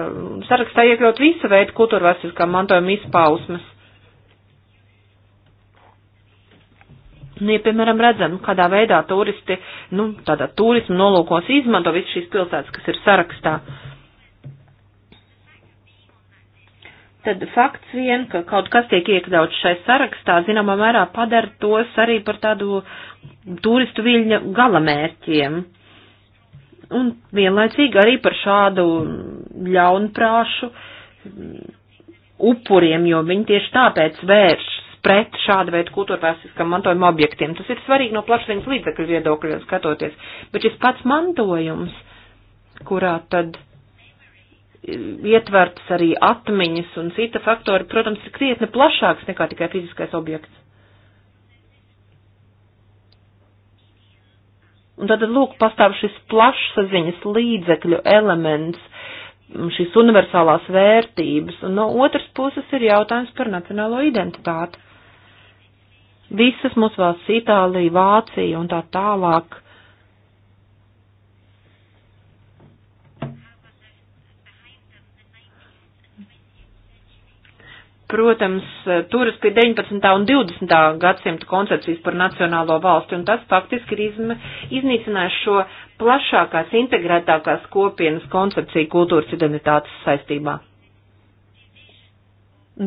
Speaker 1: sarakstā iekļaut visu veidu kultūrvēsturiskā mantojuma izpausmes. Nu, ja, piemēram, redzam, kādā veidā turisti, nu, tādā turismu nolūkos izmanto visu šīs pilsētas, kas ir sarakstā, tad fakts vien, ka kaut kas tiek iekļauts šai sarakstā, zināmā mērā padara tos arī par tādu turistu viļņa galamērķiem. Un vienlaicīgi arī par šādu ļaunprāšu upuriem, jo viņi tieši tāpēc vērš pret šādu veidu kultūrvēstiskam mantojuma objektiem. Tas ir svarīgi no plašsaziņas līdzekļu viedokļa skatoties, bet šis pats mantojums, kurā tad ietverts arī atmiņas un cita faktori, protams, ir krietni plašāks nekā tikai fiziskais objekts. Un tad, lūk, pastāv šis plašsaziņas līdzekļu elements, šīs universālās vērtības, un no otras puses ir jautājums par nacionālo identitāti visas mūsu valsts, Itālija, Vācija un tā tālāk. Protams, eh, turas pie 19. un 20. gadsimta koncepcijas par nacionālo valsti, un tas faktiski ir izm, iznīcinājis šo plašākās, integrētākās kopienas koncepciju kultūras identitātes saistībā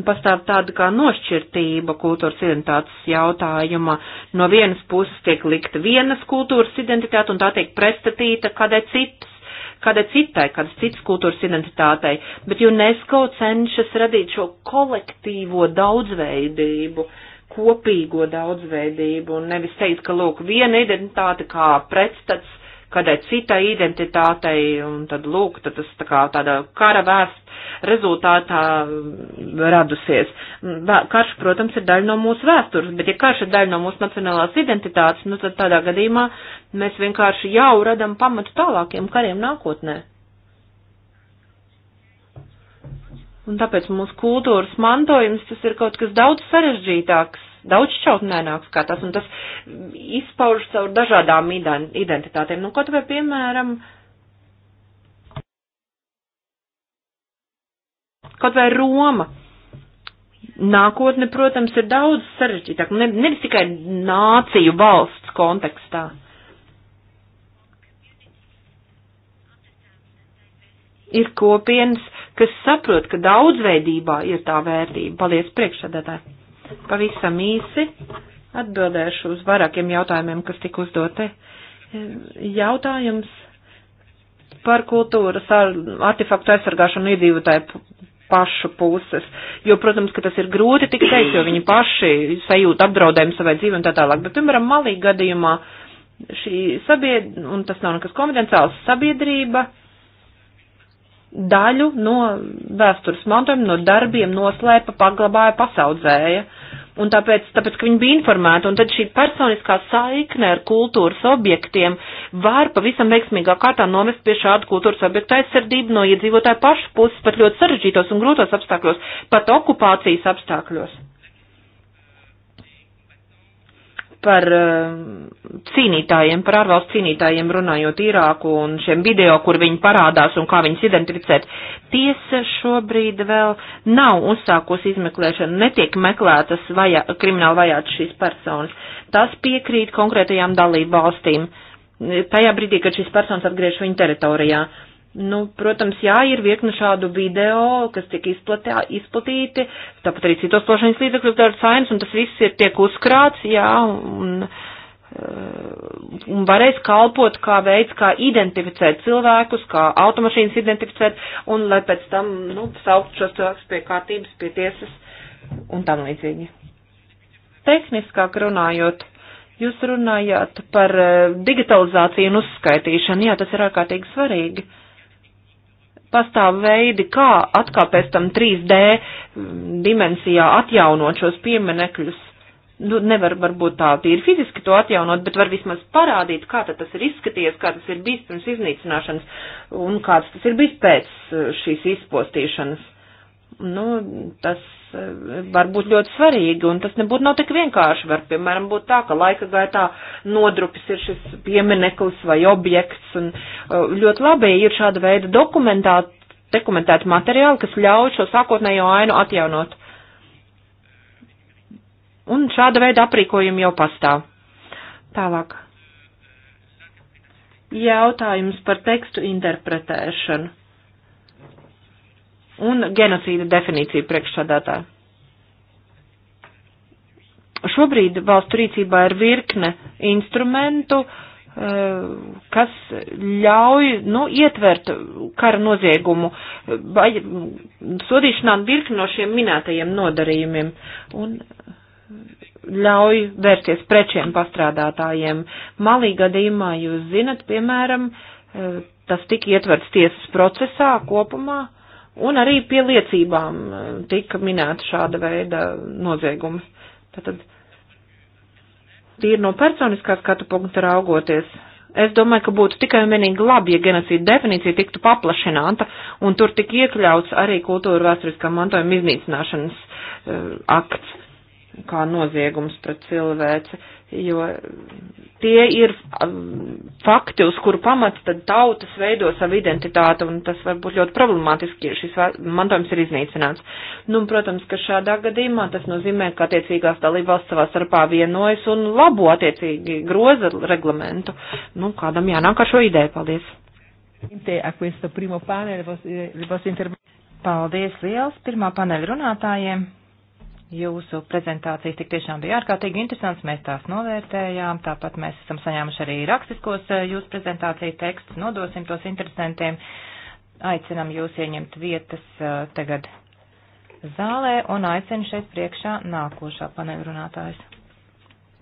Speaker 1: pastāv tāda kā nošķirtība kultūras identitātes jautājumā. No vienas puses tiek likta vienas kultūras identitāte un tā tiek prestatīta kādai citas kādai citai, kādas citas kultūras identitātei, bet UNESCO cenšas radīt šo kolektīvo daudzveidību, kopīgo daudzveidību un nevis teikt, ka lūk, viena identitāte kā pretstats kādai citai identitātei, un tad lūk, tad tas tā kā tāda kara vēsts rezultātā radusies. Karš, protams, ir daļa no mūsu vēstures, bet ja karš ir daļa no mūsu nacionālās identitātes, nu tad tādā gadījumā mēs vienkārši jau radam pamatu tālākiem kariem nākotnē. Un tāpēc mūsu kultūras mantojums tas ir kaut kas daudz sarežģītāks daudz šķautnēnāks kā tas, un tas izpauž caur dažādām identitātēm. Nu, kaut vai, piemēram, kaut vai Roma. Nākotne, protams, ir daudz sarežģītāk, ne, nevis tikai nāciju valsts kontekstā. ir kopienas, kas saprot, ka daudzveidībā ir tā vērtība. Paldies priekšsēdētāji! Pavisam īsi atbildēšu uz vairākiem jautājumiem, kas tika uzdoti. Jautājums par kultūras ar, artefaktu aizsargāšanu iedzīvotāju pašu puses, jo, protams, ka tas ir grūti tik teikt, jo viņi paši sajūt apdraudējumu savai dzīvi un tā tālāk, bet, piemēram, malī gadījumā šī sabiedrība, un tas nav nekas konfidenciāls, sabiedrība daļu no vēstures mantojuma, no darbiem noslēpa, paglabāja, pasaudzēja. Un tāpēc, tāpēc, ka viņi bija informēti, un tad šī personiskā saikne ar kultūras objektiem var pavisam veiksmīgā kārtā novest pie šāda kultūras objekta aizsardību no iedzīvotāju pašu puses, pat ļoti sarežģītos un grūtos apstākļos, pat okupācijas apstākļos. par eh, cīnītājiem, par ārvalstu cīnītājiem runājot Irāku un šiem video, kur viņi parādās un kā viņus identificēt. Tiesa šobrīd vēl nav uzsākusi izmeklēšanu, netiek meklētas vajā, krimināli vajāts šīs personas. Tas piekrīt konkrētajām dalību valstīm tajā brīdī, kad šīs personas atgriež viņu teritorijā. Uh, Nu, protams, jā, ir virkni šādu video, kas tiek izplatā, izplatīti, tāpat arī citos plašaņas līdzekļos dara sainas, un tas viss ir tiek uzkrāts, jā, un, eh, un varēs kalpot kā veids, kā identificēt cilvēkus, kā automašīnas identificēt, un lai pēc tam, nu, saukt šos cilvēkus pie kārtības, pie tiesas un tam līdzīgi. Tehniskāk runājot, jūs runājāt par eh, digitalizāciju un uzskaitīšanu, jā, tas ir ārkārtīgi svarīgi. Uh, pastāv veidi, kā atkal pēc tam 3D dimensijā atjaunot šos pieminekļus. Nu, nevar varbūt tā tīri fiziski to atjaunot, bet var vismaz parādīt, kā tas ir izskaties, kā tas ir bijis pirms iznīcināšanas un kāds tas ir bijis pēc uh, šīs izpostīšanas. Nu, tas Eh, var būt ļoti svarīgi, un tas nebūtu nav tik vienkārši. Var, piemēram, būt tā, ka laika gaitā nodrupis ir šis piemineklis vai objekts, un eh, ļoti labi ir šāda veida dokumentēt, dokumentēt materiāli, kas ļauj šo sākotnējo ainu atjaunot. Un šāda veida aprīkojumi jau pastāv. Tālāk. Jautājums par tekstu interpretēšanu un genocīda definīciju priekšsādātā. Šobrīd valstu rīcībā ir virkne instrumentu, eh, kas ļauj, nu, ietvert kara noziegumu, vai sodīšanā virkni no šiem minētajiem nodarījumiem. Un ļauj vērsties pret šiem pastrādātājiem. Malī gadījumā jūs zinat, piemēram, eh, tas tika ietverts tiesas procesā kopumā, Un arī pie liecībām eh, tika minēta šāda veida noziegumi. Tātad, tīri no personiskā skatu punkta raugoties, es domāju, ka būtu tikai un vienīgi labi, ja genocīda definīcija tiktu paplašināta un tur tik iekļauts arī kultūra vēsturiskā mantojuma iznīcināšanas uh, akts kā noziegums pret cilvēci, jo tie ir um, fakti, uz kuru pamats tad tautas veido savu identitāti, un tas var būt ļoti problemātiski, ja šis mantojums ir iznīcināts. Nu, protams, ka šādā gadījumā tas nozīmē, ka attiecīgās dalībvalsts savā starpā vienojas un labo attiecīgi groza reglamentu. Nu, kādam jānāk ar šo ideju. Paldies! Paldies liels pirmā paneļa runātājiem! Jūsu prezentācijas tik tiešām bija ārkārtīgi interesants, mēs tās novērtējām, tāpat mēs esam saņēmuši arī rakstiskos eh, jūsu prezentāciju tekstus, nodosim tos interesantiem. Aicinam jūs ieņemt vietas eh, tagad zālē un aicinu šeit priekšā nākošā panevrunātājs.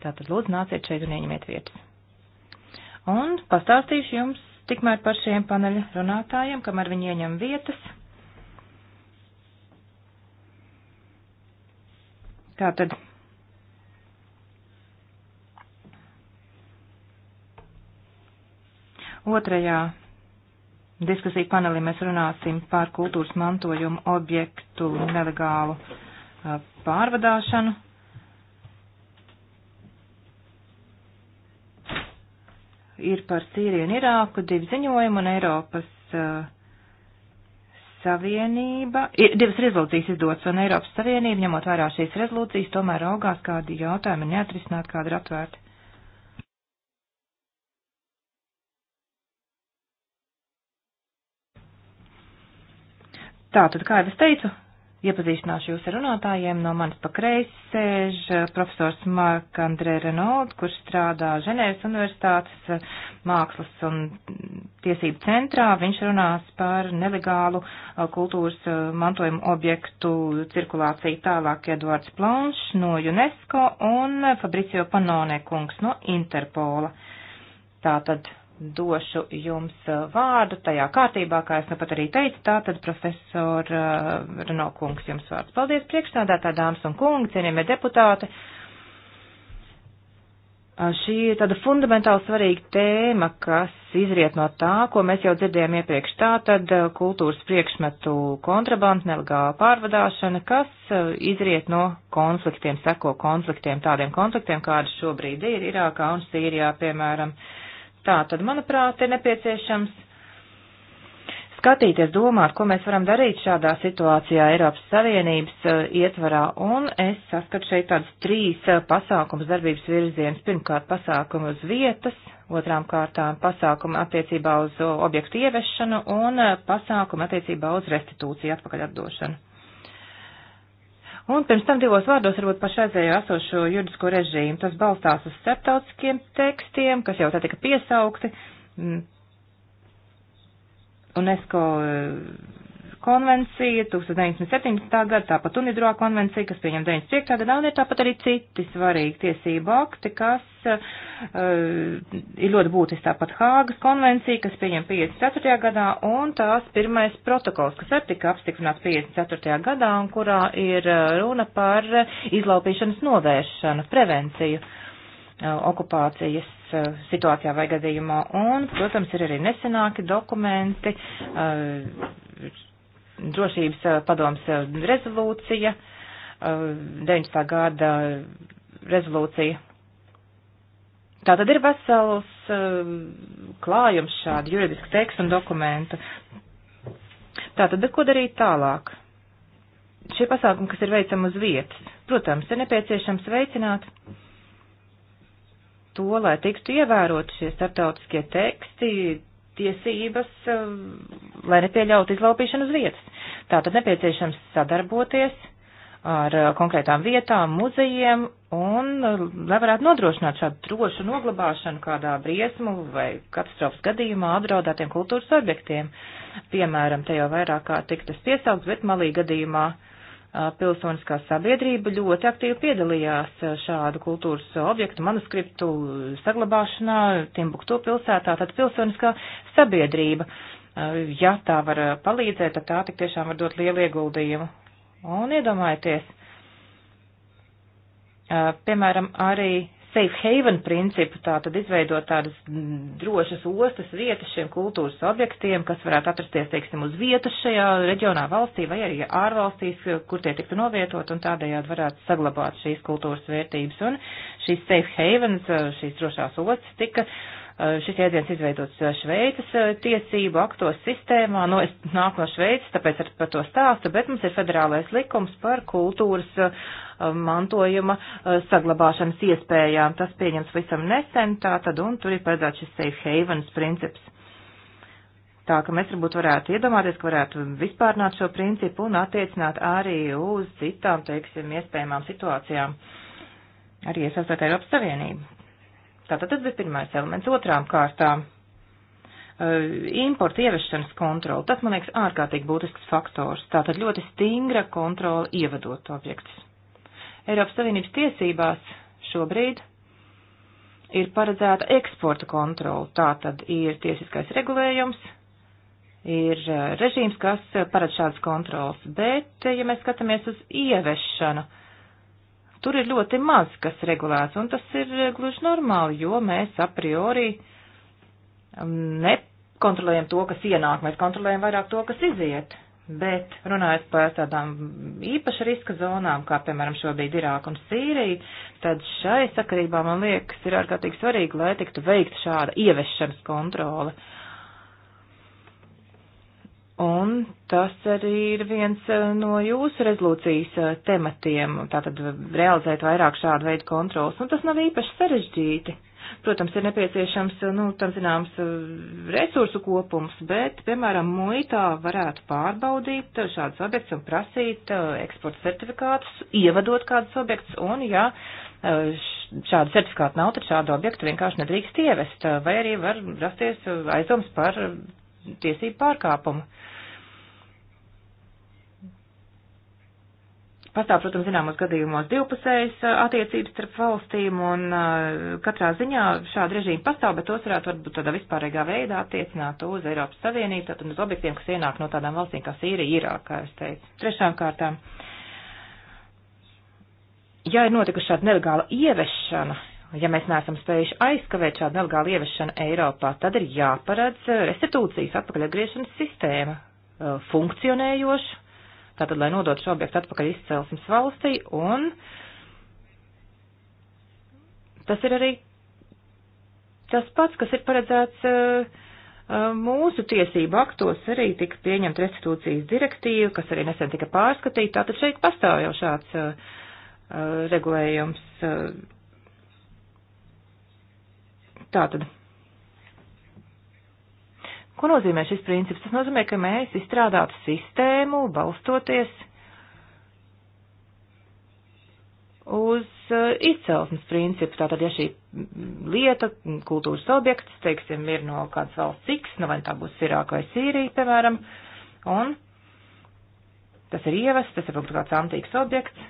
Speaker 1: Tātad lūdzu nāciet šeit un ieņemiet vietas. Un pastāstīšu jums tikmēr par šiem paneļa runātājiem, kamēr viņi ieņem vietas. Tātad. Otrajā diskusiju panelī mēs runāsim par kultūras mantojumu objektu nelegālu pārvadāšanu. Ir par Sīriju un Irāku divi ziņojumi un Eiropas uh, Savienība, ir divas rezolūcijas izdotas, un Eiropas Savienība, ņemot vērā šīs rezolūcijas, tomēr augās kādi jautājumi neatrisināt, kādi ir atvērti. Tātad, kā jau es teicu, Iepazīstināšu jūs ar runātājiem. No manis pa kreisi sēž eh, profesors Mark Andrē Renaud, kurš strādā Ženēvas universitātes eh, mākslas un tiesību centrā. Viņš runās par nelegālu eh, kultūras mantojumu objektu cirkulāciju tālāk Edvards Planšs no UNESCO un Fabricio Panone kungs no Interpola. Tātad došu jums uh, vārdu tajā kārtībā, kā es nu pat arī teicu, tātad profesor uh, Rano kungs jums vārds. Paldies priekšstādātā dāmas un kungi, cienījamie deputāti. Uh, šī ir tāda fundamentāli svarīga tēma, kas izriet no tā, ko mēs jau dzirdējām iepriekš. Tātad kultūras priekšmetu kontrabanda, nelegāla pārvadāšana, kas izriet no konfliktiem, seko konfliktiem, tādiem konfliktiem, kādi šobrīd ir Irākā un Sīrijā, piemēram. Uh, Tā tad, manuprāt, ir nepieciešams skatīties, domāt, ko mēs varam darīt šādā situācijā Eiropas Savienības uh, ietvarā, un es saskatu šeit tādus trīs uh, pasākums darbības virziens. Pirmkārt, pasākumu uz vietas, otrām kārtām pasākumu attiecībā uz uh, objektu ievešanu un uh, pasākumu attiecībā uz restitūciju atpakaļ atdošanu. Un pirms tam divos vārdos varbūt pašreizējo esošo juridisko režīmu. Tas balstās uz starptautiskiem tekstiem, kas jau tā tika piesaukti. Mm. UNESCO eh, konvencija 1917. gada, tāpat UNIDRO konvencija, kas pieņem 95. gadā, un ir tāpat arī citi svarīgi tiesību akti, kas uh, ir ļoti būtiski tāpat Hāgas konvencija, kas pieņem 54. gadā, un tās pirmais protokols, kas arī tika apstiprināts 54. gadā, un kurā ir eh, runa par eh, izlaupīšanas novēršanu, prevenciju. Uh, okupācijas situācijā vai gadījumā. Un, protams, ir arī nesenāki dokumenti, drošības eh, padoms eh, rezolūcija, 19. Eh, gada rezolūcija. Tā tad ir vesels klājums šādu juridisku tekstu un dokumentu. Tā tad ko darīt tālāk? Šie pasākumi, kas ir veicami uz vietas, protams, ir nepieciešams veicināt to, lai tiktu ievēroti šie starptautiskie teksti, tiesības, um, lai nepieļautu izlaupīšanu uz vietas. Tātad nepieciešams sadarboties ar uh, konkrētām vietām, muzejiem un uh, lai varētu nodrošināt šādu drošu noglabāšanu kādā briesmu vai katastrofas gadījumā apdraudētiem kultūras objektiem. Piemēram, te jau vairāk kā tik tas piesaukts, bet malī gadījumā uh, pilsoniskā sabiedrība ļoti aktīvi piedalījās šādu kultūras objektu manuskriptu saglabāšanā Timbuktu pilsētā. Tad pilsoniskā sabiedrība, ja tā var palīdzēt, tad tā tik tiešām var dot lielu ieguldījumu. Un iedomājieties, piemēram, arī safe haven principu, tātad izveidot tādas drošas ostas vietas šiem kultūras objektiem, kas varētu atrasties, teiksim, uz vietas šajā reģionā valstī vai arī ārvalstīs, kur tie tiktu novietot un tādējādi varētu saglabāt šīs kultūras vērtības. Un šīs safe havens, šīs drošās ostas tika šis jēdziens izveidots Šveices tiesību aktos sistēmā. Nu, es nāku no Šveices, tāpēc ar par to stāstu, bet mums ir federālais likums par kultūras mantojuma eh, saglabāšanas iespējām. Tas pieņems visam nesen, tā tad un tur ir paredzēts šis safe havens princips. Tā ka mēs varbūt varētu iedomāties, ka varētu vispārnāt šo principu un attiecināt arī uz citām, teiksim, iespējamām situācijām, arī iesaistot Eiropas Savienību. Tātad tas bija pirmais elements. Otrām kārtām eh, importu ieviešanas kontroli. Tas, man liekas, ārkārtīgi būtisks faktors. Tātad ļoti stingra kontrola ievadot objektus. Eiropas Savienības tiesībās šobrīd ir paredzēta eksporta kontrola. Tā tad ir tiesiskais regulējums, ir e, režīms, kas e, paredz šādas kontrolas. Bet, e, ja mēs skatāmies uz ievešanu, tur ir ļoti maz, kas regulēts, un tas ir gluži normāli, jo mēs a priori mm, nekontrolējam to, kas ienāk, mēs kontrolējam vairāk to, kas iziet. Bet runājot par tādām īpaši riska zonām, kā piemēram šobrīd Irāka un Sīrija, tad šai sakarībā, man liekas, ir ārkārtīgi svarīgi, lai tiktu veikt šāda ieviešanas kontrole. Un tas arī ir viens eh, no jūsu rezolūcijas eh, tematiem, tātad realizēt vairāk šādu veidu kontrols, un tas nav īpaši sarežģīti. Protams, ir nepieciešams, nu, tam zināms, eh, resursu kopums, bet, piemēram, muitā varētu pārbaudīt eh, šādus objektus un prasīt eh, eksporta certifikātus, ievadot kādus objektus, un, ja šādu certifikātu nav, tad šādu objektu vienkārši nedrīkst ievest, vai arī var rasties aizdoms par tiesību pārkāpumu. Uh, Pastāv, protams, zināmos gadījumos divpusējas attiecības starp valstīm, un katrā ziņā šāda režīma pastāv, bet tos varētu varbūt tādā vispārīgā veidā attiecināt uz Eiropas Savienību, tātad uz objektiem, kas ienāk no tādām valstīm kā Sīrija, Irāk, kā es teicu. Trešām kārtām, ja ir notikusi šāda nelegāla ievešana, ja mēs neesam spējuši aizskavēt šādu nelegālu ievešanu Eiropā, tad ir jāparedz restitūcijas atpakaļatgriešanas sistēma funkcionējoša tātad, lai nodot šo objektu atpakaļ izcelsmes valstī, un tas ir arī tas pats, kas ir paredzēts uh, mūsu tiesību aktos arī tika pieņemta restitūcijas direktīva, kas arī nesen tika pārskatīta. Tātad šeit pastāv jau šāds uh, regulējums. Uh, tātad Ko nozīmē šis princips? Tas nozīmē, ka mēs izstrādātu sistēmu balstoties uz eh, izcelsmes principu. Tātad, ja šī lieta, kultūras objekts, teiksim, ir no kādas valsts X, nu vai tā būs Irāka vai Sīrija, piemēram, un tas ir ievests, tas ir kaut kāds antīks objekts,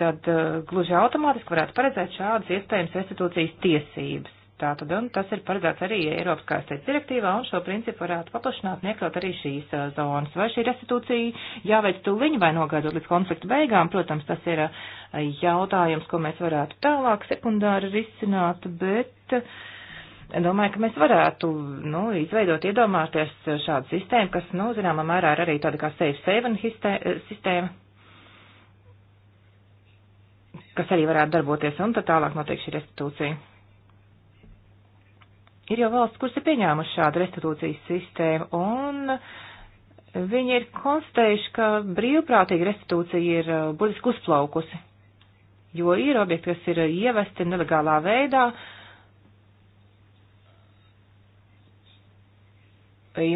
Speaker 1: tad uh, gluži automātiski varētu paredzēt šādas iespējams restitūcijas tiesības. Tātad, un tas ir paredzēts arī Eiropas kārstēs direktīvā, un šo principu varētu paplašināt, niekļaut arī šīs uh, zonas. Vai šī restitūcija jāveic tuliņi vai nogaidot līdz konflikta beigām? Protams, tas ir uh, jautājums, ko mēs varētu tālāk sekundāri risināt, bet uh, domāju, ka mēs varētu, nu, izveidot, iedomāties šādu sistēmu, kas, nu, zināmā mērā ir arī tāda kā safe seven sistēma kas arī varētu darboties, un tad tālāk notiek šī restitūcija. Ir jau valsts, kuras ir pieņēmušas šādu restitūcijas sistēmu, un viņi ir konstatējuši, ka brīvprātīga restitūcija ir uh, burtiski uzplaukusi, jo ir objekti, kas ir uh, ievesti nelegālā veidā,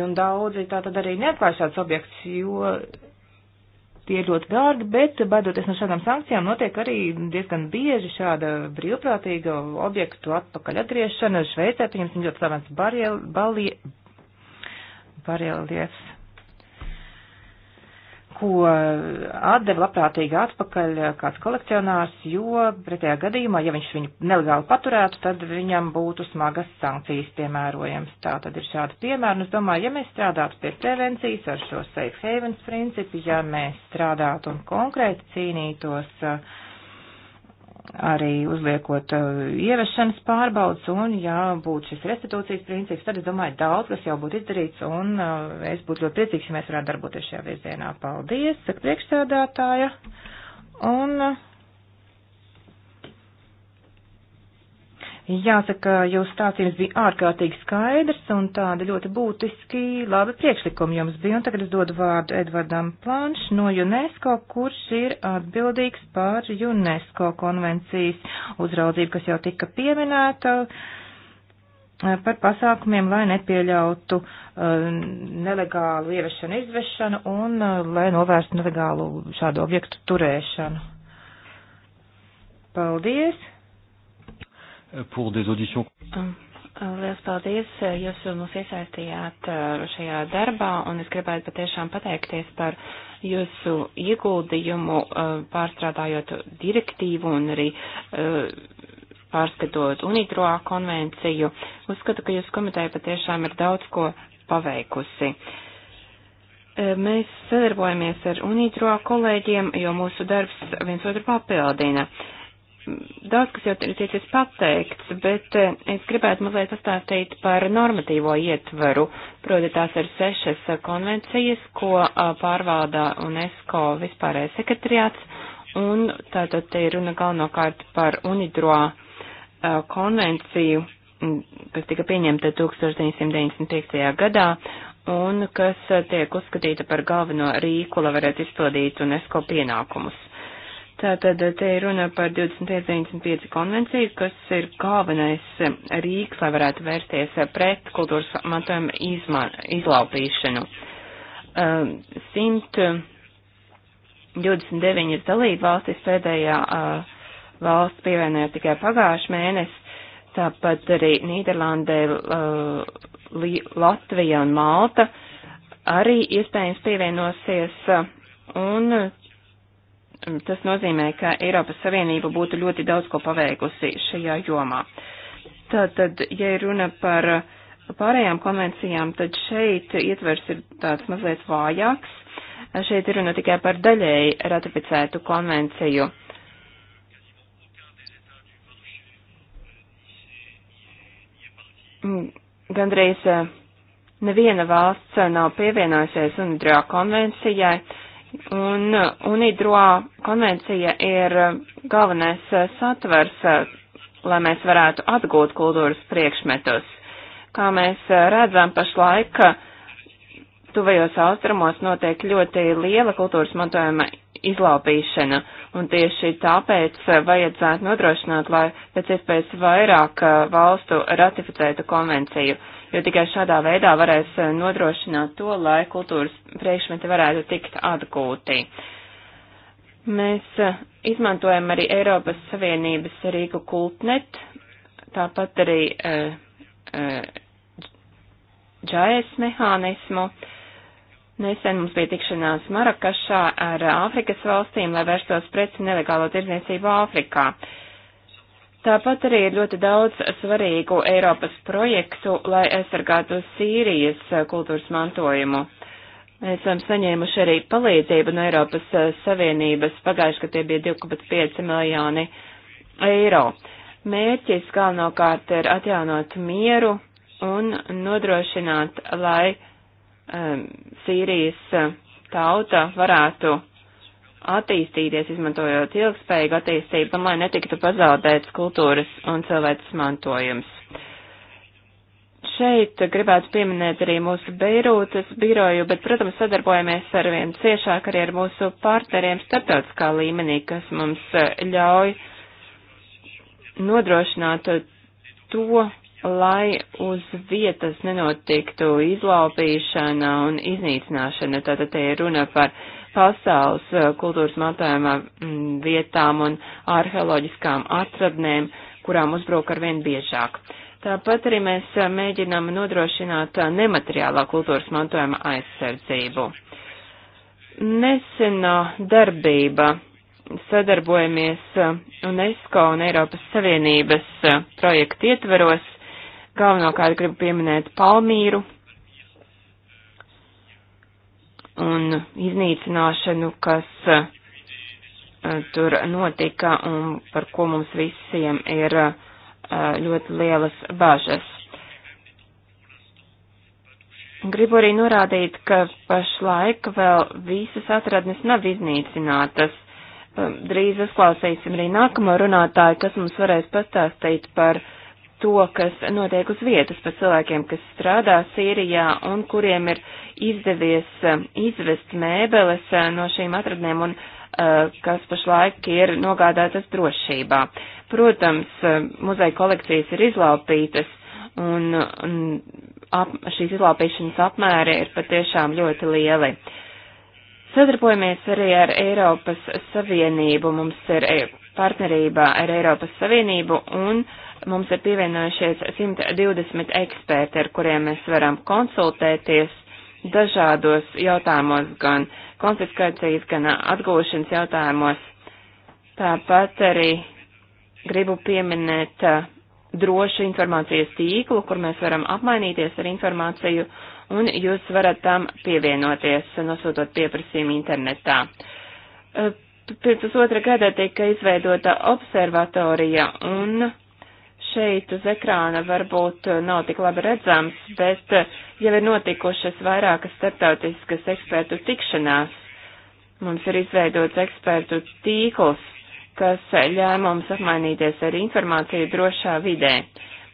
Speaker 1: un daudzi tā tad arī neatklāj šāds objekts, jo tie ir ļoti dārgi, bet baidoties no šādām sankcijām, notiek arī diezgan bieži šāda brīvprātīga objektu atpakaļ atgriešana. Šveicē, pieņemsim, ļoti slavens barjeliefs, ko atdeva labprātīgi atpakaļ kāds kolekcionārs, jo pretējā gadījumā, ja viņš viņu nelegāli paturētu, tad viņam būtu smagas sankcijas piemērojams. Tā tad ir šādi piemēri, un es domāju, ja mēs strādātu pie prevencijas ar šo safe havens principu, ja mēs strādātu un konkrēti cīnītos uh, arī uzliekot uh, ieviešanas pārbaudas, un ja būtu šis restitūcijas princips, tad es domāju, daudz kas jau būtu izdarīts, un uh, es būtu ļoti priecīgs, ja mēs varētu darboties šajā virzienā. Paldies, saka priekšsēdētāja, un uh, Jāsaka, jūsu stāstījums bija ārkārtīgi skaidrs un tādi ļoti būtiski labi priekšlikumi jums bija. Un tagad es dodu vārdu Edvardam Planš no UNESCO, kurš ir atbildīgs par UNESCO konvencijas uzraudzību, kas jau tika pieminēta par pasākumiem, lai nepieļautu uh, nelegālu ievešanu, izvešanu un uh, lai novērstu nelegālu šādu objektu turēšanu. Paldies!
Speaker 2: pour des auditions.
Speaker 1: Um, Lielas paldies, eh, jūs mūs iesaistījāt eh, šajā darbā, un es gribētu patiešām pateikties par jūsu ieguldījumu eh, pārstrādājot direktīvu un arī pārskatot UNITROA konvenciju. Uzskatu, ka jūsu komiteja patiešām ir daudz ko paveikusi. Mēs sadarbojamies ar UNITROA kolēģiem, jo mūsu darbs viens otru papildina daudz kas jau ir tiecies pateikts, bet eh, es gribētu mazliet pastāstīt par normatīvo ietvaru. Proti tās ir sešas eh, konvencijas, ko eh, pārvalda UNESCO vispārējais sekretariāts, un tātad te ir runa galvenokārt par UNIDRO konvenciju, kas tika pieņemta 1995. gadā, un kas tiek uzskatīta par galveno rīku, lai varētu izpildīt UNESCO pienākumus. Tātad eh, te ir runa par 2595 konvenciju, kas ir galvenais eh, rīks, lai varētu vērsties eh, pret kultūras mantojuma izma, izlaupīšanu. 129 ir dalība valstis pēdējā valsts pievienojās tikai pagājuši mēnesi, tāpat arī Nīderlandē, Latvija un Malta arī iespējams pievienosies, un Mm, tas nozīmē, ka Eiropas Savienība būtu ļoti daudz ko paveikusi šajā jomā. Tātad, ja runa par pārējām konvencijām, tad šeit ietvers ir tāds mazliet vājāks. Šeit ir runa tikai par daļēji ratificētu konvenciju. Mm, gandrīz eh, neviena valsts nav pievienojusies UNDRA konvencijai Un uh, UNIDROA konvencija ir uh, galvenais uh, satvers, lai mēs varētu atgūt kultūras priekšmetus. Kā mēs redzam pašlaik, tuvajos austrumos notiek ļoti liela kultūras mantojuma izlaupīšana, un tieši tāpēc vajadzētu nodrošināt, lai pēc iespējas vairāk valstu ratificētu konvenciju jo tikai šādā veidā varēs eh, nodrošināt to, lai kultūras priekšmeti varētu tikt atgūti. Mēs eh, izmantojam arī Eiropas Savienības rīku kultnet, tāpat arī uh, eh, uh, džais mehānismu. Nesen mums bija tikšanās Marakašā ar Āfrikas valstīm, lai vērstos pret nelegālo tirdzniecību Āfrikā. Uh, Tāpat arī ir ļoti daudz svarīgu Eiropas projektu, lai aizsargātu Sīrijas eh, kultūras mantojumu. Mēs esam saņēmuši arī palīdzību no Eiropas eh, Savienības pagājuši, ka tie bija 2,5 miljoni eiro. Mērķis galvenokārt ir atjaunot mieru un nodrošināt, lai um, Sīrijas tauta varētu attīstīties, izmantojot ilgspējīgu attīstību, un lai netiktu pazaudēts kultūras un cilvēces mantojums. Šeit gribētu pieminēt arī mūsu Beirūtas biroju, bet, protams, sadarbojamies ar vien ciešāk arī ar mūsu partneriem starptautiskā līmenī, kas mums eh, ļauj nodrošināt to, lai uz vietas nenotiktu izlaupīšana un iznīcināšana. Tātad te ir runa par uh, pasaules eh, kultūras mantojumā mm, vietām un arheoloģiskām atradnēm, kurām uzbruk arvien biežāk. Tāpat arī mēs eh, mēģinām nodrošināt eh, nemateriālā kultūras mantojuma aizsardzību. Nesenā darbība sadarbojamies UNESCO un Eiropas Savienības projektu ietveros. Galvenokārt gribu pieminēt Palmīru, un iznīcināšanu, kas eh, tur notika un par ko mums visiem ir eh, ļoti lielas bažas. Gribu arī norādīt, ka pašlaik vēl visas atradnes nav iznīcinātas. Eh, drīz uzklausīsim arī nākamo runātāju, kas mums varēs pastāstīt par uh, to, kas notiek uz vietas par cilvēkiem, kas strādā Sīrijā un kuriem ir izdevies um, izvest mēbeles uh, no šīm atradnēm un uh, kas pašlaik ir nogādātas drošībā. Protams, uh, muzeja kolekcijas ir izlaupītas un, un ap, šīs izlaupīšanas apmēri ir patiešām ļoti lieli. Sadarbojamies arī ar Eiropas Savienību. Mums ir e, partnerībā ar Eiropas Savienību un uh, mums ir pievienojušies 120 eksperti, ar kuriem mēs varam konsultēties dažādos jautājumos, gan konfiskācijas, gan atgūšanas jautājumos. Tāpat arī gribu pieminēt uh, drošu informācijas tīklu, kur mēs varam apmainīties ar informāciju, un jūs varat tam pievienoties, nosūtot pieprasījumu internetā. Uh, Pirms pusotra gada tika izveidota observatorija, un šeit uz ekrāna varbūt nav tik labi redzams, bet eh, jau ir notikušas vairākas starptautiskas ekspertu tikšanās. Mums ir izveidots ekspertu tīkls, kas ļauj mums apmainīties ar informāciju drošā vidē.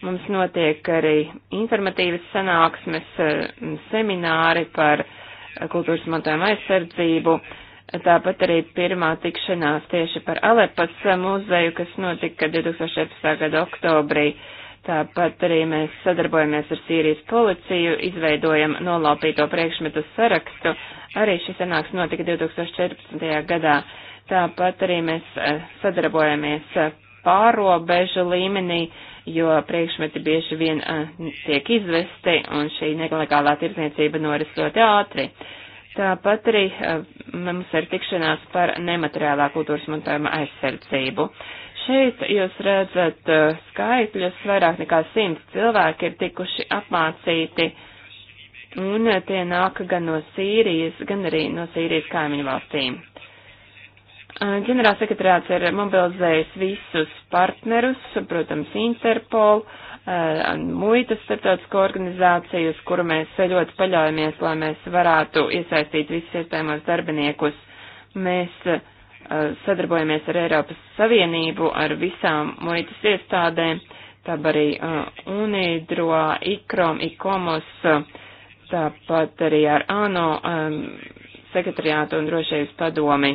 Speaker 1: Mums notiek arī informatīvas sanāksmes, eh, semināri par kultūras mantojuma aizsardzību. Uh, Tāpat arī pirmā tikšanās tieši par Alepas muzeju, kas notika 2017. gada oktobrī. Tāpat arī mēs sadarbojamies ar Sīrijas policiju, izveidojam nolaupīto priekšmetu sarakstu. Arī šis sanāks notika 2014. gadā. Tāpat arī mēs eh, sadarbojamies eh, pārobežu līmenī, jo priekšmeti bieži vien eh, tiek izvesti un šī nelegālā tirdzniecība noris ļoti ātri. Tāpat arī eh, mums ir tikšanās par nemateriālā kultūras mantojuma aizsardzību. Šeit jūs redzat eh, skaitļus, vairāk nekā simts cilvēki ir tikuši apmācīti, un eh, tie nāk gan no Sīrijas, gan arī no Sīrijas kaimiņu valstīm. Ģenerālsekretariāts ir mobilizējis visus partnerus, protams, Interpolu, Eh, muitas starptautisko organizāciju, uz kuru mēs ļoti paļaujamies, lai mēs varētu iesaistīt visus iespējamos darbiniekus. Mēs eh, sadarbojamies ar Eiropas Savienību, ar visām muitas iestādēm, tāpat arī eh, UNIDRO, IKROM, IKOMOS, tāpat arī ar ANO sekretariātu un drošības padomi.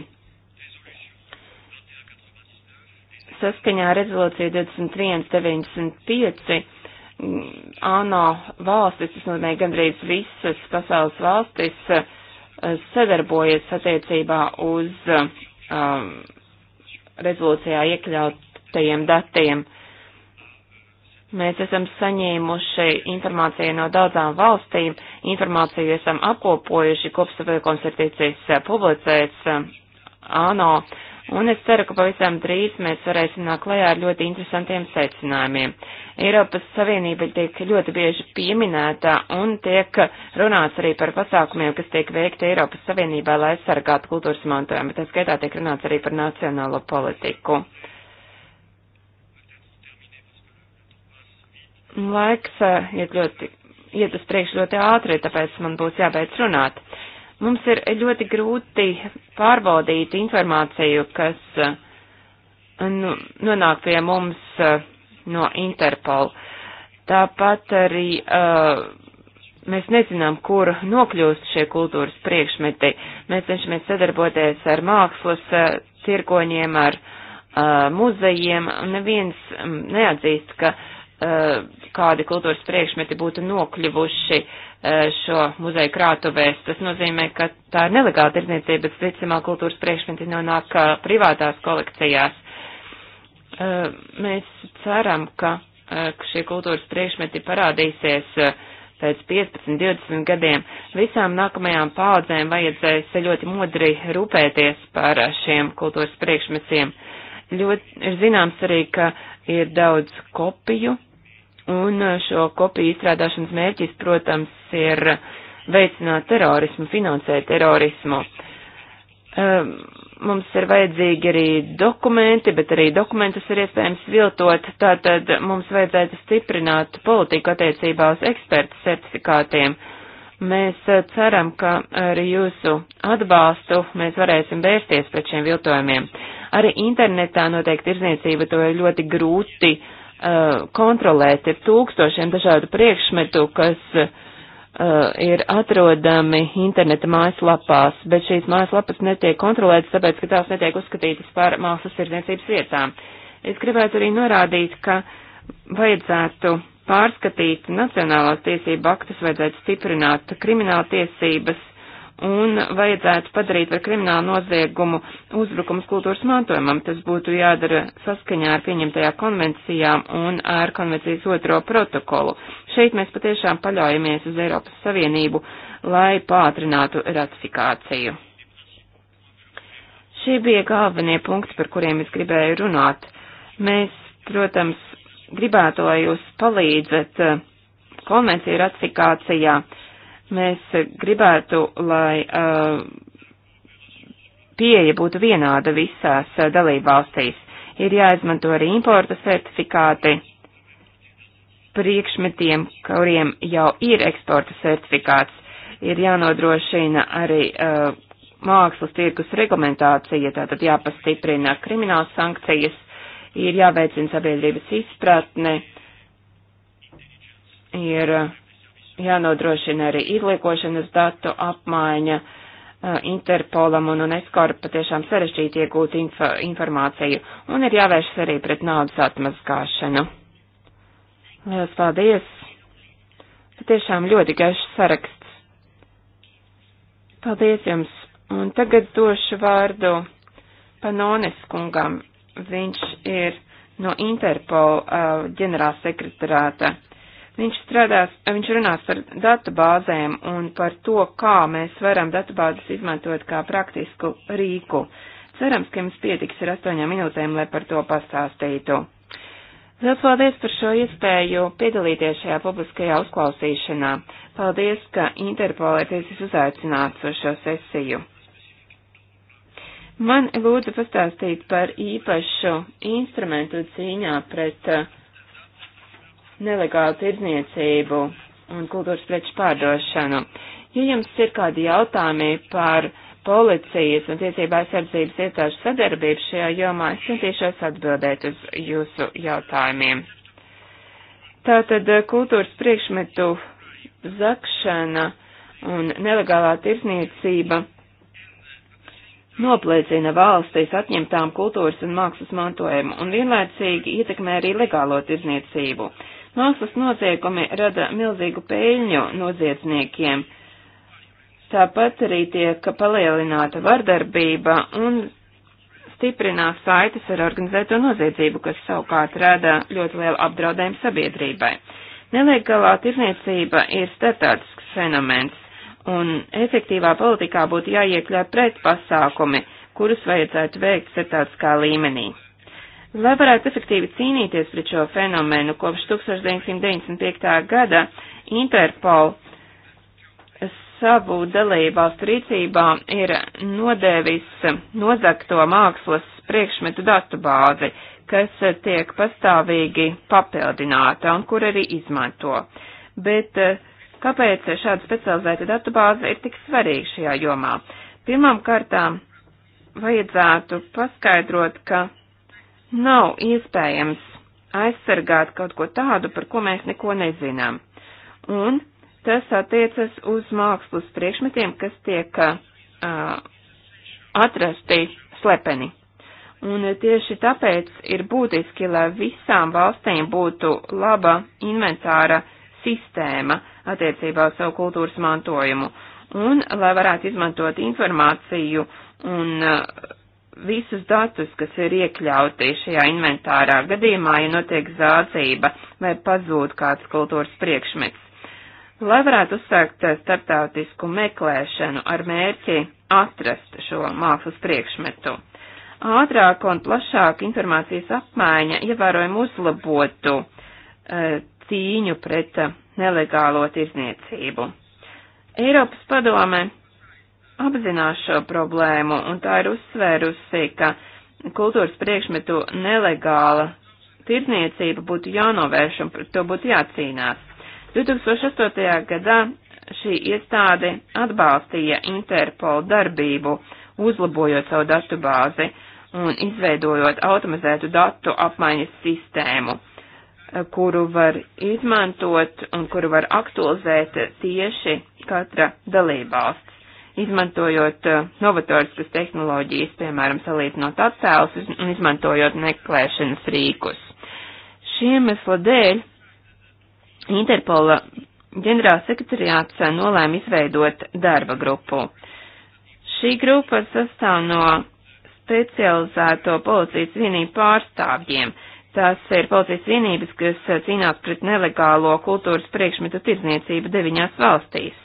Speaker 1: saskaņā ar rezolūciju 2195 mm, ANO valstis, tas nozīmē gandrīz visas pasaules valstis, eh, sadarbojas attiecībā uz um, rezolūcijā iekļautajiem datiem. Mēs esam saņēmuši informāciju no daudzām valstīm, informāciju esam apkopojuši, kopsavilkums ir ticis eh, publicēts eh, ANO. Um, un es ceru, ka pavisam drīz mēs varēsim nākt klajā ar ļoti interesantiem secinājumiem. Eiropas Savienība tiek ļoti bieži pieminēta un tiek runāts arī par pasākumiem, kas tiek veikti Eiropas Savienībā, lai aizsargātu kultūras mantojumu, bet tā skaitā tiek runāts arī par nacionālo politiku. Laiks eh, iet ļoti iet uz priekšu ļoti ātri, tāpēc man būs jābeidz runāt. Mums ir ļoti grūti pārbaudīt informāciju, kas uh, nu, nonāk pie mums uh, no Interpol. Tāpat arī uh, mēs nezinām, kur nokļūst šie kultūras priekšmeti. Mēs cenšamies sadarboties ar mākslas uh, tirkoņiem, ar uh, muzejiem. Neviens mm, neatzīst, ka uh, Eh, kādi kultūras priekšmeti būtu nokļuvuši eh, šo muzeju krātuvēs. Tas nozīmē, ka tā ir nelegāla tirdzniecība, bet visticamāk kultūras priekšmeti nonāk eh, privātās kolekcijās. Mēs ceram, ka šie kultūras priekšmeti parādīsies pēc 15, 20 gadiem. Visām nākamajām paudzēm vajadzēs ļoti modri rūpēties par šiem kultūras priekšmetiem. Ļoti ir zināms arī, ka ir daudz kopiju, Un uh, šo kopiju izstrādāšanas mērķis, protams, ir veicināt terorismu, finansēt terorismu. Um, mums ir vajadzīgi arī dokumenti, bet arī dokumentus ir iespējams viltot, tātad mums vajadzētu stiprināt politiku attiecībā uz ekspertu certifikātiem. Mēs uh, ceram, ka ar jūsu atbalstu mēs varēsim vērsties pret šiem viltojumiem. Arī internetā noteikti tirzniecība to ir ļoti grūti uh, Uh, kontrolēt. Ir tūkstošiem dažādu priekšmetu, kas uh, ir atrodami interneta mājaslapās, bet šīs mājaslapas netiek kontrolētas, tāpēc, ka tās netiek uzskatītas par mākslas tirdzniecības vietām. Es gribētu arī norādīt, ka vajadzētu pārskatīt nacionālās tiesību aktus, vajadzētu stiprināt krimināla tiesības, un vajadzētu padarīt par kriminālu noziegumu uzbrukums kultūras mantojumam. Tas būtu jādara saskaņā ar pieņemtajā konvencijām un ar konvencijas otro protokolu. Šeit mēs patiešām paļaujamies uz Eiropas Savienību, lai pātrinātu ratifikāciju. Šie bija galvenie punkti, par kuriem es gribēju runāt. Mēs, protams, gribētu, lai jūs palīdzat eh, konvenciju ratifikācijā. Uh, Mēs gribētu, lai uh, pieeja būtu vienāda visās uh, dalībvalstīs. Ir jāizmanto arī importa certifikāti priekšmetiem, kuriem jau ir eksporta certifikāts. Ir jānodrošina arī uh, mākslas tirkus reglamentācija, tātad jāpastiprina krimināls sankcijas, ir jāveicina sabiedrības izpratne, ir uh, jānodrošina arī izliekošanas datu apmaiņa. Interpolam un UNESCO ir patiešām sarežģīti iegūt info, informāciju un ir jāvēršas arī pret naudas atmazgāšanu. Lielas paldies! Patiešām ļoti gaišs saraksts. Paldies jums! Un tagad došu vārdu Panones kungam. Viņš ir no Interpol uh, ģenerālsekretārāta. Uh, Viņš strādās, viņš runās par datubāzēm un par to, kā mēs varam datubāzes izmantot kā praktisku rīku. Cerams, ka jums pietiks ar astoņām minūtēm, lai par to pastāstītu. Liels paldies par šo iespēju piedalīties šajā publiskajā uzklausīšanā. Paldies, ka Interpolē tiesis uzaicināts uz šo sesiju. Man lūdzu pastāstīt par īpašu instrumentu cīņā pret uh, nelegālu tirdzniecību un kultūras preču pārdošanu. Ja jums ir kādi jautājumi par policijas un tiesībā aizsardzības iestāžu sadarbību šajā jomā, es centīšos atbildēt uz jūsu jautājumiem. Tātad eh, kultūras priekšmetu zakšana un nelegālā tirsniecība nopliecina valstīs atņemtām kultūras un mākslas mantojumu un vienlaicīgi ietekmē arī legālo tirzniecību. Mākslas noziegumi rada milzīgu peļņu noziedzniekiem. Tāpat arī tiek palielināta vardarbība un stiprinās saites ar organizēto noziedzību, kas savukārt rada ļoti lielu apdraudējumu sabiedrībai. Nelegālā tirniecība ir startautisks fenomens, un efektīvā politikā būtu jāiekļauj pretpasākumi, kurus vajadzētu veikt startautiskā līmenī. Lai varētu efektīvi cīnīties pret šo fenomenu, kopš 1995. gada Interpol savu dalībvalstu rīcībā ir nodēvis nozakto mākslas priekšmetu datubāzi, kas tiek pastāvīgi papildināta un kur arī izmanto. Bet eh, kāpēc šāda specializēta datubāze ir tik svarīga šajā jomā? Pirmām kārtām vajadzētu paskaidrot, ka Nav iespējams aizsargāt kaut ko tādu, par ko mēs neko nezinām. Un tas attiecas uz mākslas priekšmetiem, kas tiek uh, atrasti slepeni. Un tieši tāpēc ir būtiski, lai visām valstīm būtu laba inventāra sistēma attiecībā uz savu kultūras mantojumu, un lai varētu izmantot informāciju un uh, visus datus, kas ir iekļauti šajā inventārā gadījumā, ja notiek zādzība vai pazūd kāds kultūras priekšmets. Lai varētu uzsākt starptautisku meklēšanu ar mērķi atrast šo mākslas priekšmetu. Ātrāka un plašāka informācijas apmaiņa ievērojami uzlabotu e, cīņu pret nelegālo tirzniecību. Eiropas padomē apzinās šo problēmu, un tā ir uzsvērusi, ka kultūras priekšmetu nelegāla tirdzniecība būtu jānovērš un par to būtu jācīnās. 2008. gadā šī iestāde atbalstīja Interpol darbību, uzlabojot savu datu bāzi un izveidojot automatizētu datu apmaiņas sistēmu, kuru var izmantot un kuru var aktualizēt tieši katra dalībvalsts izmantojot eh, novatoriskas tehnoloģijas, piemēram, salīdzinot attēlus un izmantojot meklēšanas rīkus. Šī iemesla dēļ Interpola ģenerālsekretariāts eh, nolēma izveidot darba grupu. Šī grupa sastāv no specializēto policijas vienību pārstāvjiem. Tās ir policijas vienības, kas eh, cīnās pret nelegālo kultūras priekšmetu tirdzniecību deviņās valstīs.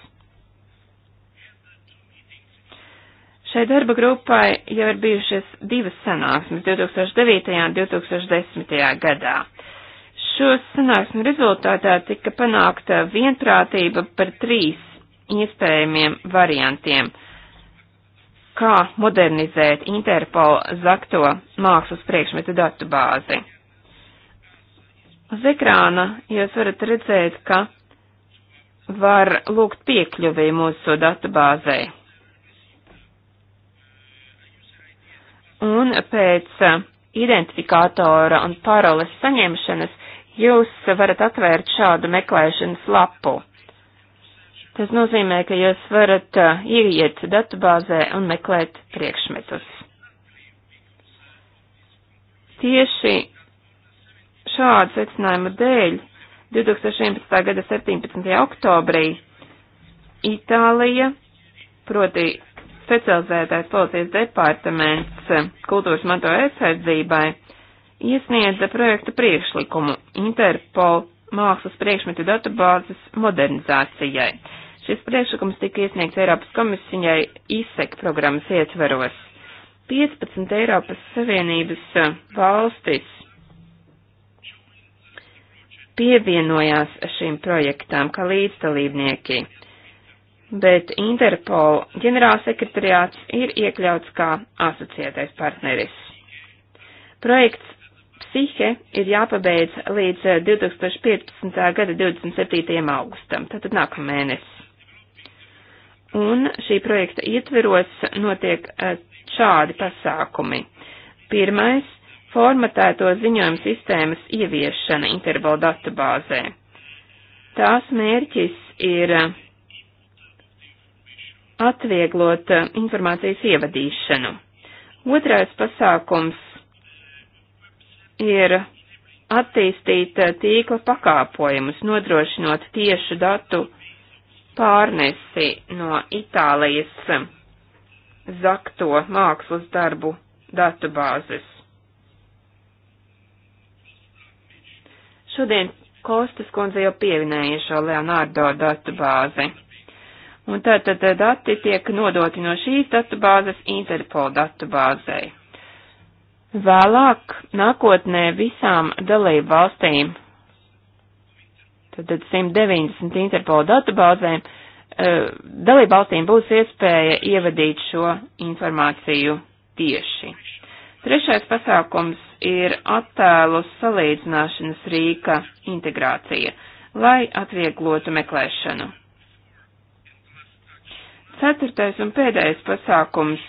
Speaker 1: Šai darba grupai jau ir bijušas divas sanāksmes 2009. un 2010. gadā. Šo sanāksmu rezultātā tika panākta vienprātība par trīs iespējamiem variantiem, kā modernizēt Interpol zakto mākslas priekšmetu datu bāzi. Uz ekrāna jūs varat redzēt, ka var lūgt piekļuvi mūsu datu bāzei un pēc uh, identifikātora un paroles saņemšanas jūs varat atvērt šādu meklēšanas lapu. Tas nozīmē, ka jūs varat uh, ieiet datubāzē un meklēt priekšmetus. Tieši šādu secinājumu dēļ 2011. gada 17. oktobrī Itālija, proti specializētais policijas departaments kultūras manto aizsardzībai iesniedza projekta priekšlikumu Interpol mākslas priekšmetu datubāzes modernizācijai. Šis priekšlikums tika iesniegts Eiropas komisijai ISEK programmas ietveros. 15 Eiropas Savienības valstis pievienojās šīm projektām kā līdzdalībnieki bet Interpol ģenerālsekretariāts ir iekļauts kā asociētais partneris. Projekts Psihe ir jāpabeidz līdz 2015. Eh, gada 27. augustam, tātad nākamēnesis. Un šī projekta ietveros notiek eh, šādi pasākumi. Pirmais - formatēto ziņojumu sistēmas ieviešana Interpol datubāzē. Tās mērķis ir atvieglot eh, informācijas ievadīšanu. Otrais pasākums ir attīstīt eh, tīkla pakāpojumus, nodrošinot tiešu datu pārnesi no Itālijas eh, zakto mākslas darbu datubāzes. Šodien Kostas kundze jau pieminēja šo Leonardo datubāzi. Un tātad dati tiek nodoti no šīs datubāzes Interpol datubāzei. Vēlāk nākotnē visām dalību valstīm, tātad 190 Interpol datubāzēm, eh, dalību valstīm būs iespēja ievadīt šo informāciju tieši. Trešais pasākums ir attēlu salīdzināšanas rīka integrācija, lai atvieglotu meklēšanu. Ceturtais un pēdējais pasākums.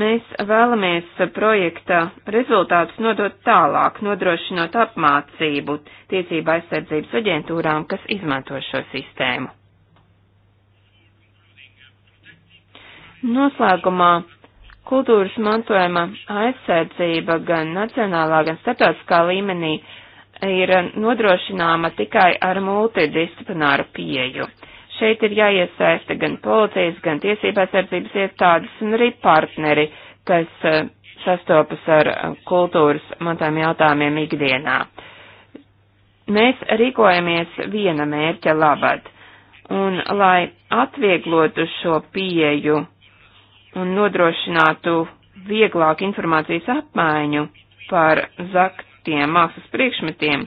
Speaker 1: Mēs vēlamies projekta rezultātus nodot tālāk, nodrošinot apmācību tiesība aizsardzības aģentūrām, kas izmanto šo sistēmu. Noslēgumā kultūras mantojuma aizsardzība gan nacionālā, gan starptautiskā līmenī ir nodrošināma tikai ar multidisciplināru pieju. Šeit ir jāiesaista gan policijas, gan tiesībās sardzības iestādes un arī partneri, kas eh, sastopas ar eh, kultūras matām jautājumiem ikdienā. Mēs rīkojamies viena mērķa labad, un lai atvieglotu šo pieju un nodrošinātu vieglāku informācijas apmaiņu par ZAK produktiem, mākslas priekšmetiem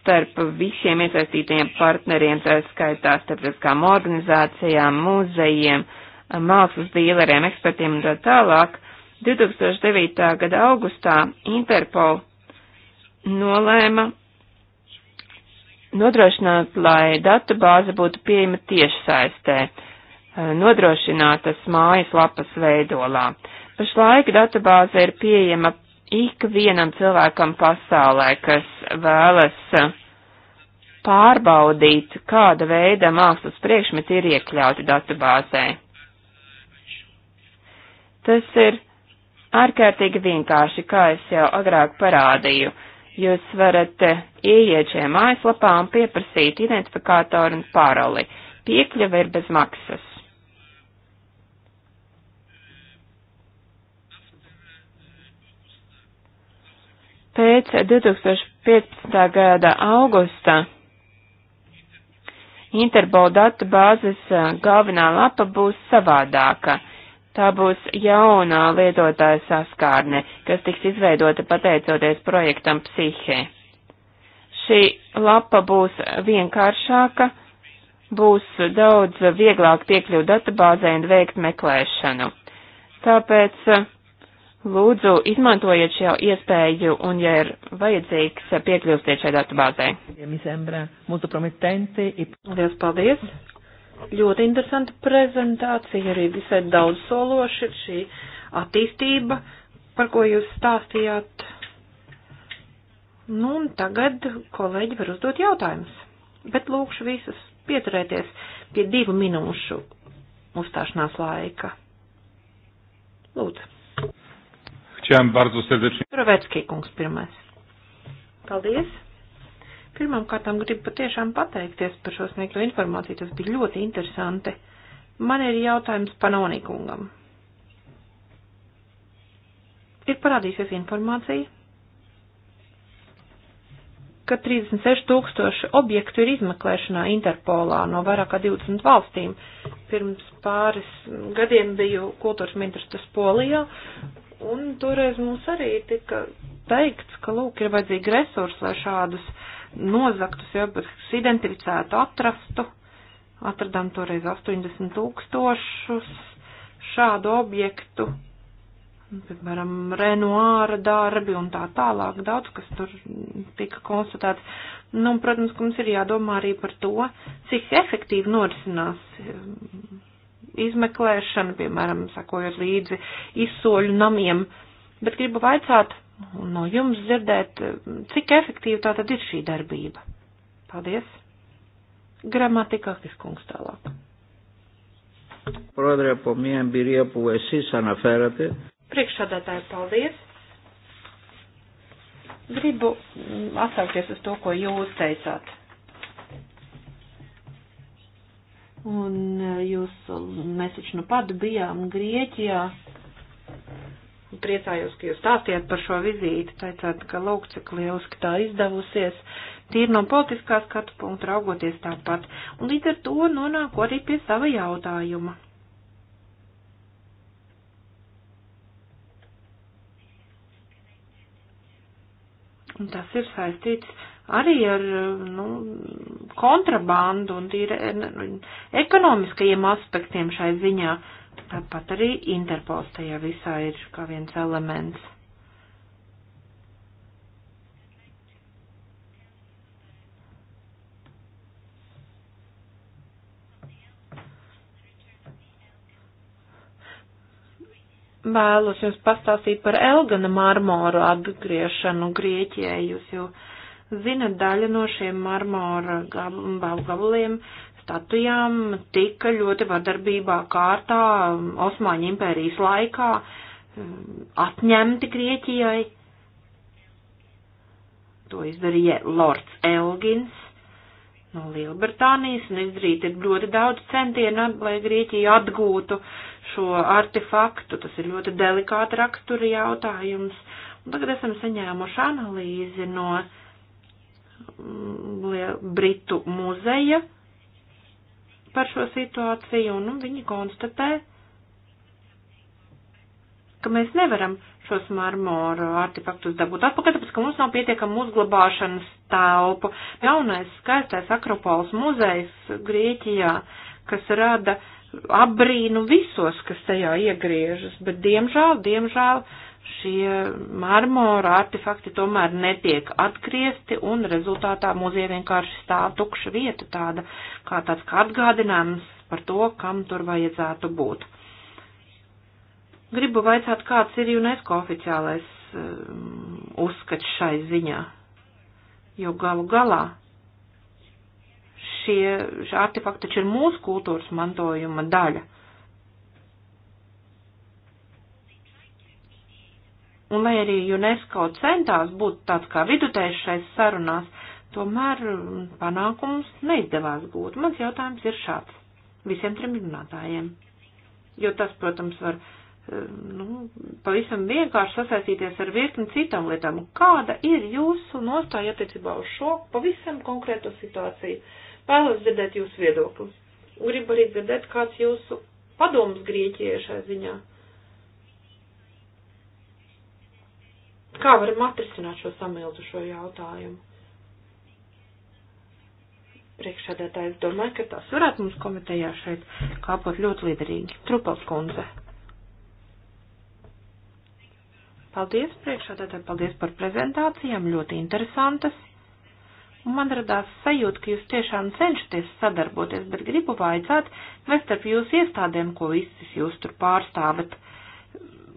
Speaker 1: starp visiem iesaistītajiem partneriem, tā skaitā starptautiskām organizācijām, muzejiem, mākslas dīleriem, ekspertiem un tā tālāk, 2009. gada augustā Interpol nolēma nodrošināt, lai datubāze būtu pieejama tiešsaistē, nodrošinātas mājas lapas veidolā. Pašlaik datubāze ir pieejama ikvienam cilvēkam pasaulē, kas vēlas pārbaudīt, kāda veida mākslas priekšmeti ir iekļauti datubāzē. Tas ir ārkārtīgi vienkārši, kā es jau agrāk parādīju. Jūs varat ieiet šajā mājaslapā un pieprasīt identifikātoru un paroli. Piekļuve ir bez maksas. Pēc 2015. gada augusta Interpol datu bāzes galvenā lapa būs savādāka. Tā būs jaunā lietotāja saskārne, kas tiks izveidota pateicoties projektam Psihē. Šī lapa būs vienkāršāka, būs daudz vieglāk piekļūt datubāzē un veikt meklēšanu. Tāpēc Lūdzu, izmantojiet šo iespēju un, ja ir vajadzīgs, piekļūstiet šai datubāzē. E- Lielas paldies! Ļoti interesanta prezentācija, arī visai daudz sološi ir šī attīstība, par ko jūs stāstījāt. Nu, un tagad kolēģi var uzdot jautājumus, bet lūkšu visus pieturēties pie divu minūšu uzstāšanās laika. Lūdzu!
Speaker 2: Chciałem bardzo serdecznie.
Speaker 1: Roveckī kungs pirmais. Paldies! Pirmām kārtām gribu patiešām pateikties par šo sniegto informāciju, tas bija ļoti interesanti. Man ir jautājums Panonī kungam. Ir parādīsies informācija, ka 36 tūkstoši objektu ir izmeklēšanā Interpolā no vairāk kā 20 valstīm. Pirms pāris gadiem biju kultūras ministrs Polijā, Un toreiz mums arī tika teikts, ka, lūk, ir vajadzīgi resursi, lai šādus nozaktus jau identificētu, atrastu. Atradām toreiz 80 tūkstošus šādu objektu, piemēram, Renoāra darbi un tā tālāk, daudz, kas tur tika konstatēts. Nu, un, protams, ka mums ir jādomā arī par to, cik efektīvi norisinās izmeklēšana, piemēram, sakojot līdzi izsoļu namiem, bet gribu vaicāt no jums dzirdēt, cik efektīva tā tad ir šī darbība. Paldies! Gramatikakis kungs tālāk. Πρόεδρε, από μια εμπειρία που εσείς αναφέρατε. Priekšādātāji, paldies! Gribu mm, atsaukties uz to, ko jūs teicāt. Un eh, jūs, eh, mēs taču nu pat bijām Grieķijā. Priecājos, ka jūs stāstījāt par šo vizīti, teicāt, ka lūk, cik lieliski tā izdevusies, tīri no politiskā skatu punkta raugoties tāpat. Un līdz ar to nonāku arī pie sava jautājuma. Un tas ir saistīts arī ar nu, kontrabandu un tīri ekonomiskajiem aspektiem šai ziņā. Tāpat arī Interpols tajā visā ir kā viens elements. Vēlos jums pastāstīt par Elgana marmoru atgriešanu Grieķijai. Jūs jau uh, Zina daļa no šiem marmora gabaliem statujām tika ļoti vardarbībā kārtā Osmaņu impērijas laikā eh, atņemti Grieķijai. To izdarīja Lords Elgins no Lielbritānijas un izdarīt ir ļoti daudz centienu, lai Grieķija atgūtu šo artefaktu. Tas ir ļoti delikāta rakstura jautājums. Un tagad esam saņēmuši analīzi no uh, Britu muzeja par šo situāciju, un nu, viņi konstatē, ka mēs nevaram šos marmoru artefaktus dabūt atpakaļ, tāpēc, ka mums nav pietiekama uzglabāšanas telpa. Jaunais skaistais Akropols muzejs Grieķijā, kas rada apbrīnu visos, kas tajā iegriežas, bet diemžēl, diemžēl šie marmora artefakti tomēr netiek atgriezti un rezultātā muzeja vienkārši stāv tukša vieta tāda, kā tāds kā atgādinājums par to, kam tur vajadzētu būt. Gribu vaicāt, kāds ir UNESCO oficiālais um, uzskats šai ziņā, jo galu galā šie, šie artefakti taču ir mūsu kultūras mantojuma daļa. Un lai arī UNESCO centās būt tāds kā vidutējs šais sarunās, tomēr mm, panākums neizdevās gūt. Mans jautājums ir šāds visiem trim runātājiem. Jo tas, protams, var mm, nu, pavisam vienkārši sasaistīties ar virkni citām lietām. Kāda ir jūsu nostāja attiecībā uz šo pavisam konkrēto situāciju? Vēlos dzirdēt jūsu viedokli. Gribu arī dzirdēt, kāds jūsu padoms Grieķijai šai ziņā. kā varam atrisināt šo samilzušo jautājumu? Priekšsēdētājs domāju, ka tas varētu mums komitejā šeit kāpot ļoti liderīgi. Trupels kundze. Paldies, priekšsēdētāji, paldies par prezentācijām, ļoti interesantas. Un man radās sajūta, ka jūs tiešām cenšaties sadarboties, bet gribu vaicāt, vai starp jūs iestādēm, ko visas jūs tur pārstāvat,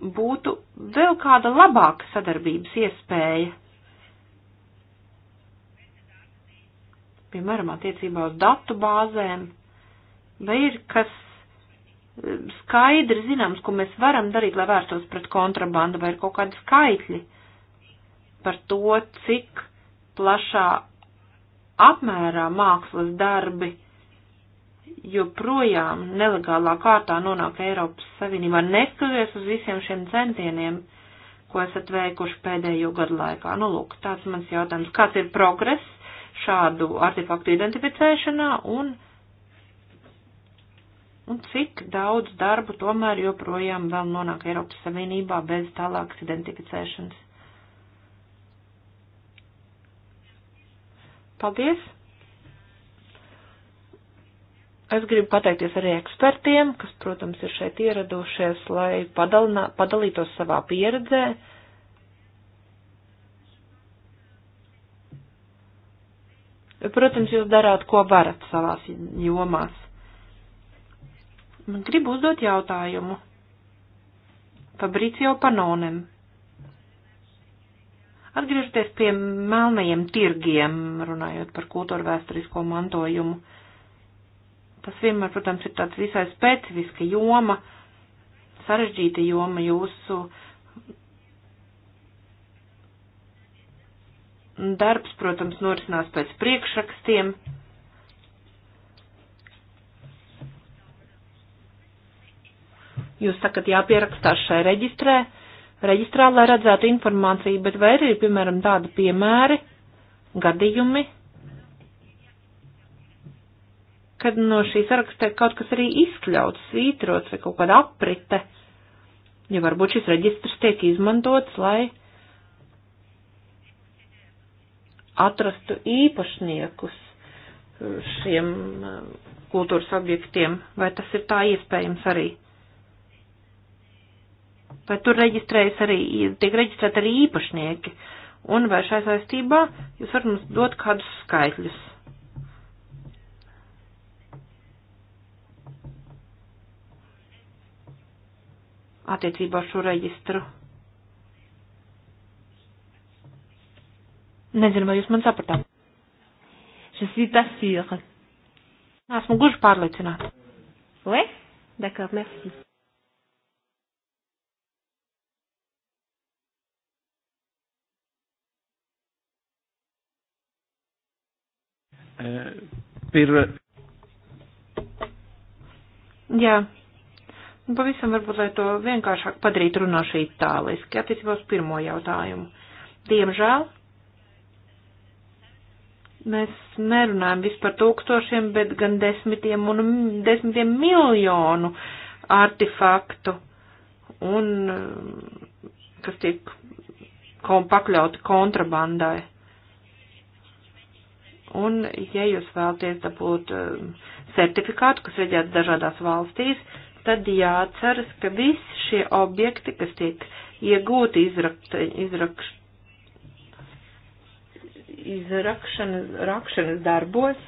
Speaker 1: būtu vēl kāda labāka sadarbības iespēja. Piemēram, attiecībā uz datu bāzēm, vai ir kas e, skaidri zināms, ko mēs varam darīt, lai vērstos pret kontrabandu, vai ir kaut kādi skaitļi par to, cik plašā apmērā mākslas darbi joprojām nelegālā kārtā nonāk Eiropas Savienībā, neskatoties uz visiem šiem centieniem, ko esat veikuši pēdējo gadu laikā. Nu, lūk, tāds mans jautājums. Kāds ir progress šādu artefaktu identificēšanā un, un cik daudz darbu tomēr joprojām vēl nonāk Eiropas Savienībā bez tālākas identificēšanas? Paldies! Es gribu pateikties arī ekspertiem, kas, protams, ir šeit ieradušies, lai padalinā, padalītos savā pieredzē. Protams, jūs darāt, ko varat savās jomās. Man gribu uzdot jautājumu. Fabricio Panonem. Atgriežoties pie melnajiem tirgiem, runājot par kultūra vēsturisko mantojumu. Tas vienmēr, protams, ir tāds visai specifiska joma, sarežģīta joma jūsu darbs, protams, norisinās pēc priekšrakstiem. Jūs sakat, jāpierakstās šai reģistrē, reģistrā, lai redzētu informāciju, bet vai ir, piemēram, tādi piemēri, gadījumi, kad no šī saraksta kaut kas arī izkļauts, svītrots vai kaut kāda aprite, ja varbūt šis reģistrs tiek izmantots, lai atrastu īpašniekus šiem eh, kultūras objektiem, vai tas ir tā iespējams arī? Vai tur reģistrējas arī, tiek reģistrēti arī īpašnieki? Un vai šai saistībā jūs varat mums dot kādus skaitļus? attiecībā ar šo reģistru. Nezinu, vai jūs man sapratāt. Šis ir tas ir. Esmu gluži pārliecināta. Oui? D'accord, merci.
Speaker 2: Uh, per...
Speaker 1: Jā, yeah Un nu, pavisam varbūt, lai to vienkāršāk padarītu, runāšu itāliski attiecībā uz pirmo jautājumu. Diemžēl mēs nerunājam vispār tūkstošiem, bet gan desmitiem un desmitiem miljonu artefaktu, un kas tiek pakļauti kontrabandai. Un, ja jūs vēlaties dabūt eh, certifikātu, kas reģēts dažādās valstīs, tad jāatceras, ka visi šie objekti, kas tiek iegūti izrakt, izrakš, izrakšanas, rakšanas darbos,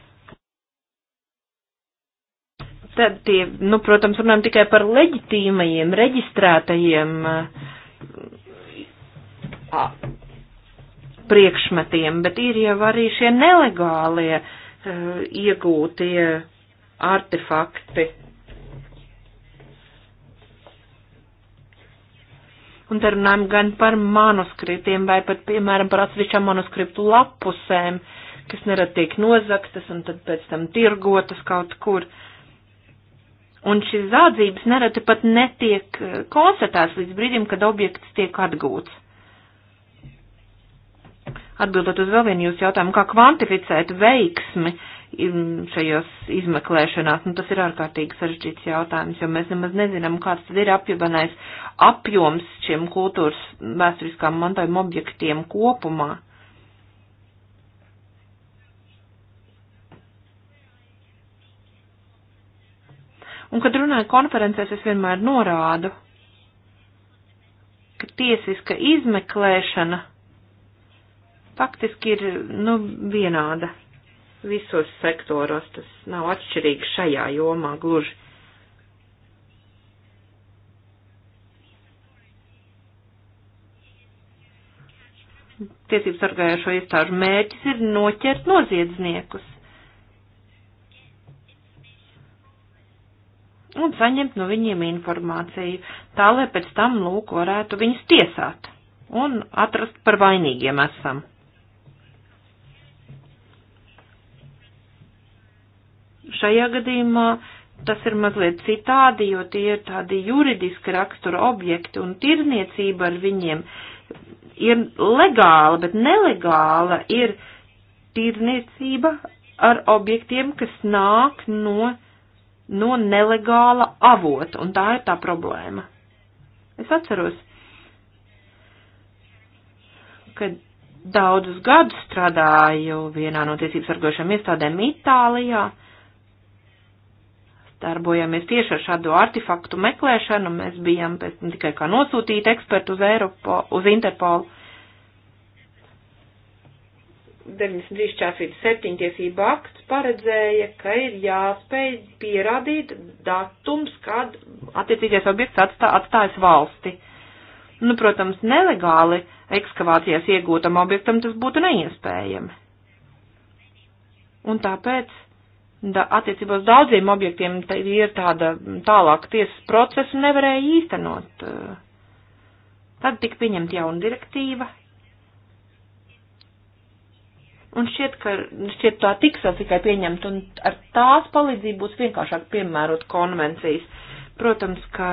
Speaker 1: tad tie, nu, protams, runājam tikai par leģitīmajiem, reģistrētajiem a, priekšmetiem, bet ir jau arī šie nelegālie a, e, iegūtie artefakti. un te runājam gan par manuskriptiem vai pat, piemēram, par atsevišķām manuskriptu lapusēm, kas nerad tiek nozaktas un tad pēc tam tirgotas kaut kur. Un šīs zādzības nereti pat netiek eh, konstatēts līdz brīdim, kad objekts tiek atgūts. Atbildot uz vēl vienu jūsu jautājumu, kā kvantificēt veiksmi, uh, šajos izmeklēšanās. Nu, tas ir ārkārtīgi sarežģīts jautājums, jo mēs nemaz nezinām, kāds tad ir apjobenais apjoms šiem kultūras vēsturiskām mantojuma objektiem kopumā. Un, kad runāju konferencēs, es vienmēr norādu, ka tiesiska izmeklēšana faktiski ir, nu, vienāda visos sektoros, tas nav atšķirīgi šajā jomā gluži. Tiesības sargājošo iestāžu mērķis ir noķert noziedzniekus un saņemt no viņiem informāciju, tā lai pēc tam, lūk, varētu viņus tiesāt un atrast par vainīgiem esam. Šajā gadījumā tas ir mazliet citādi, jo tie ir tādi juridiski rakstura objekti un tirniecība ar viņiem ir legāla, bet nelegāla ir tirniecība ar objektiem, kas nāk no, no nelegāla avota, un tā ir tā problēma. Es atceros, ka daudzus gadus strādāju vienā no tiesības sargošām iestādēm Itālijā, uh, darbojamies tieši ar šādu artefaktu meklēšanu. Mēs bijām pēc tam tikai kā nosūtīti eksperti uz, Eiropo, uz Interpolu. 93.47 tiesība akts paredzēja, ka ir jāspēj pierādīt datums, kad attiecīgais objekts atstā, atstājas valsti. Nu, protams, nelegāli ekskavācijās iegūtam objektam tas būtu neiespējami. Un tāpēc da, attiecībā uz daudziem objektiem tā ir tāda tālāka tiesas procesa nevarēja īstenot. Tad tika pieņemta jauna direktīva. Un šķiet, ka šķiet tā tiks vēl tikai pieņemta, un ar tās palīdzību būs vienkāršāk piemērot konvencijas. Protams, ka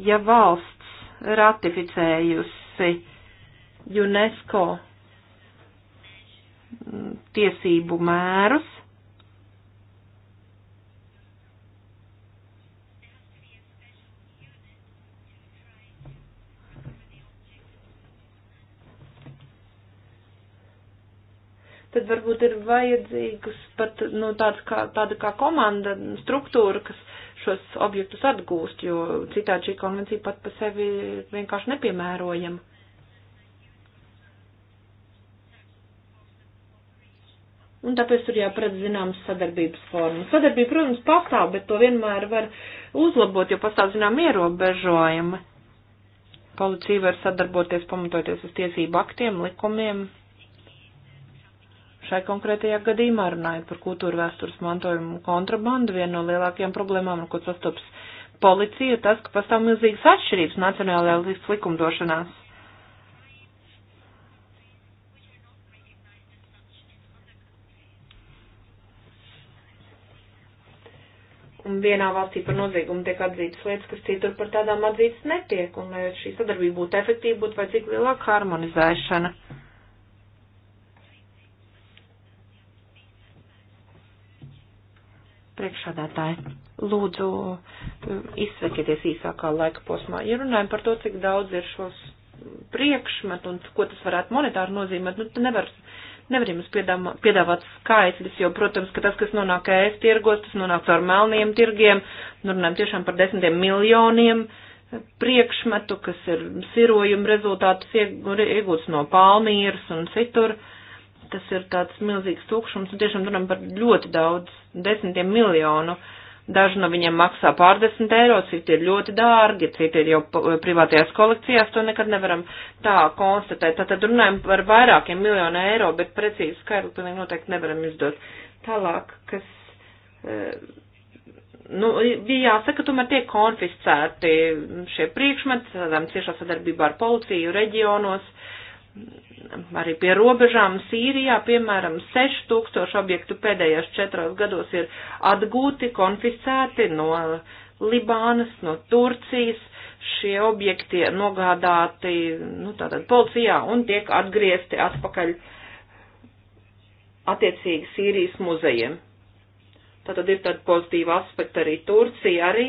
Speaker 1: ja valsts ratificējusi UNESCO tiesību mērus, tad varbūt ir vajadzīgas pat nu, tāds kā, tāda kā komanda struktūra, kas šos objektus atgūst, jo citādi šī konvencija pat pa sevi vienkārši nepiemērojama. Un tāpēc tur jāpredz zināmas sadarbības formas. Sadarbība, protams, pastāv, bet to vienmēr var uzlabot, jo pastāv zinām ierobežojumi. Policija var sadarboties pamatoties uz tiesību aktiem, likumiem, Šai konkrētajā gadījumā runājot par kultūra vēstures mantojumu kontrabandu, viena no lielākajām problēmām, ar ko sastopas policija, tas, ka pastāv milzīgas atšķirības nacionālajā likumdošanās. un vienā valstī par noziegumu tiek atzītas lietas, kas citur par tādām atzītas netiek, un lai šī sadarbība būtu efektīva, būtu vajadzīga lielāka harmonizēšana. Priekšādātāji, lūdzu, izsakieties īsākā laika posmā. Ja runājam par to, cik daudz ir šos priekšmetu un ko tas varētu monetāri nozīmēt, nu, te nevar nevar jums piedāvāt, piedāvāt skaitļus, jo, protams, ka tas, kas nonāk ēst tirgos, tas nonāk caur melniem tirgiem, nu runājam tiešām par desmitiem miljoniem priekšmetu, kas ir sirojuma rezultātus iegūts no Palmīras un citur. Uh, tas ir tāds milzīgs tukšums, un tiešām runājam par ļoti daudz, desmitiem miljonu. Daži no viņiem maksā pārdesmit eiro, citi ir ļoti dārgi, citi ir jau privātajās kolekcijās, to nekad nevaram tā konstatēt. Tātad runājam par vairākiem miljonu eiro, bet precīzi skaidru pilnīgi noteikti nevaram izdot. Tālāk, kas, e, nu, bija jāsaka, tomēr tiek konfiscēti šie priekšmeti, tādām ciešā sadarbībā ar policiju reģionos. Uh, arī pie robežām Sīrijā, piemēram, 6000 objektu pēdējos četros gados ir atgūti, konfiscēti no Libānas, no Turcijas. Šie objekti nogādāti, nu, tātad policijā un tiek atgriezti atpakaļ attiecīgi Sīrijas muzejiem. Tātad ir tāda pozitīva aspekta arī Turcija arī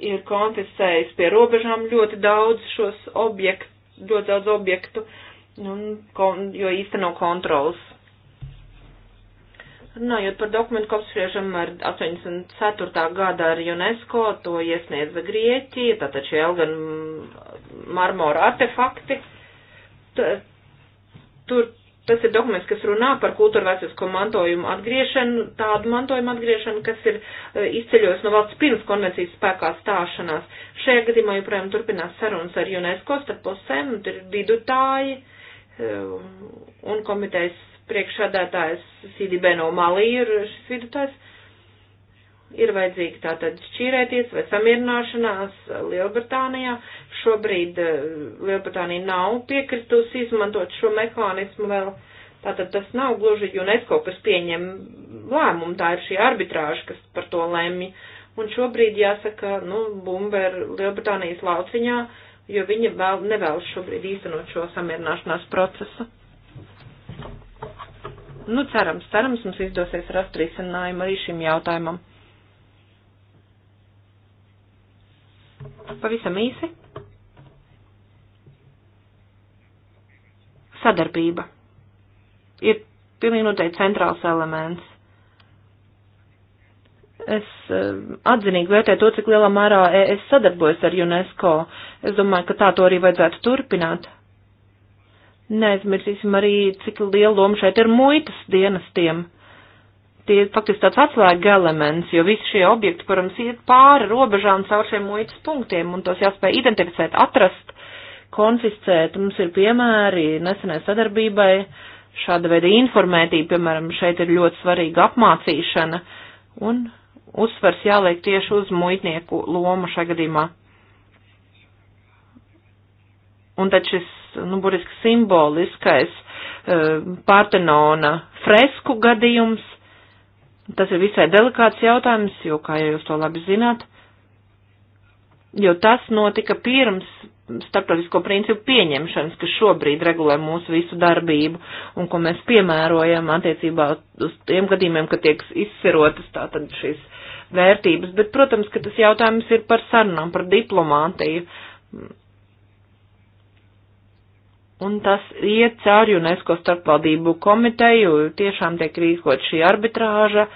Speaker 1: ir konfiscējis pie robežām ļoti daudz šos objektus ļoti daudz objektu, un, nu, kon, jo īsti nav kontrols. Runājot par dokumentu, ko apspriežam ar 84. gada ar UNESCO, to iesniedza Grieķija, tātad šie Elgan marmora artefakti. T tur Tas ir dokuments, kas runā par kultūrvēsisko mantojumu atgriešanu, tādu mantojumu atgriešanu, kas ir e, izceļos no valsts pirms konvencijas spēkā stāšanās. Šajā gadījumā joprojām turpinās sarunas ar UNESCO, starp pusēm, tur ir vidutāji e, un komitejas priekšādātājs Sīdibē no Malī ir šis vidutājs ir vajadzīga tātad šķīrēties vai samierināšanās Lielbritānijā. Šobrīd eh, Lielbritānija nav piekritusi izmantot šo mehānismu vēl. Tātad tas nav gluži UNESCO, kas pieņem lēmumu, tā ir šī arbitrāža, kas par to lemj. Un šobrīd jāsaka, nu, bumba ir Lielbritānijas lauciņā, jo viņa vēl nevēlas šobrīd īstenot šo samierināšanās procesu. Nu, cerams, cerams, mums izdosies rast risinājumu arī šim jautājumam. Pavisam īsi. Sadarbība ir pilnīgi noteikti centrāls elements. Es eh, atzinīgi vērtēju to, cik lielā mērā es sadarbojos ar UNESCO. Es domāju, ka tā to arī vajadzētu turpināt. Neaizmirsīsim arī, cik liela loma šeit ir muitas dienestiem. Uh, tie faktiski tāds atslēga elements, jo visi šie objekti, protams, iet pāri robežām caur šiem muitas punktiem, un tos jāspēj identificēt, atrast, konfiscēt. Mums ir piemēri nesenai sadarbībai, šāda veida informētība, piemēram, šeit ir ļoti svarīga apmācīšana, un uzsvars jāliek tieši uz muitnieku lomu šajā gadījumā. Un tad šis, nu, burtiski simboliskais uh, Partenona fresku gadījums Tas ir visai delikāts jautājums, jo, kā jau jūs to labi zināt, jo tas notika pirms starptautisko principu pieņemšanas, kas šobrīd regulē mūsu visu darbību un ko mēs piemērojam attiecībā uz tiem gadījumiem, ka tiek izsirotas tātad šīs vērtības. Bet, protams, ka tas jautājums ir par sarunām, par diplomātiju un tas iet cauri UNESCO starpvaldību komiteju, tiešām tiek rīkot šī arbitrāža,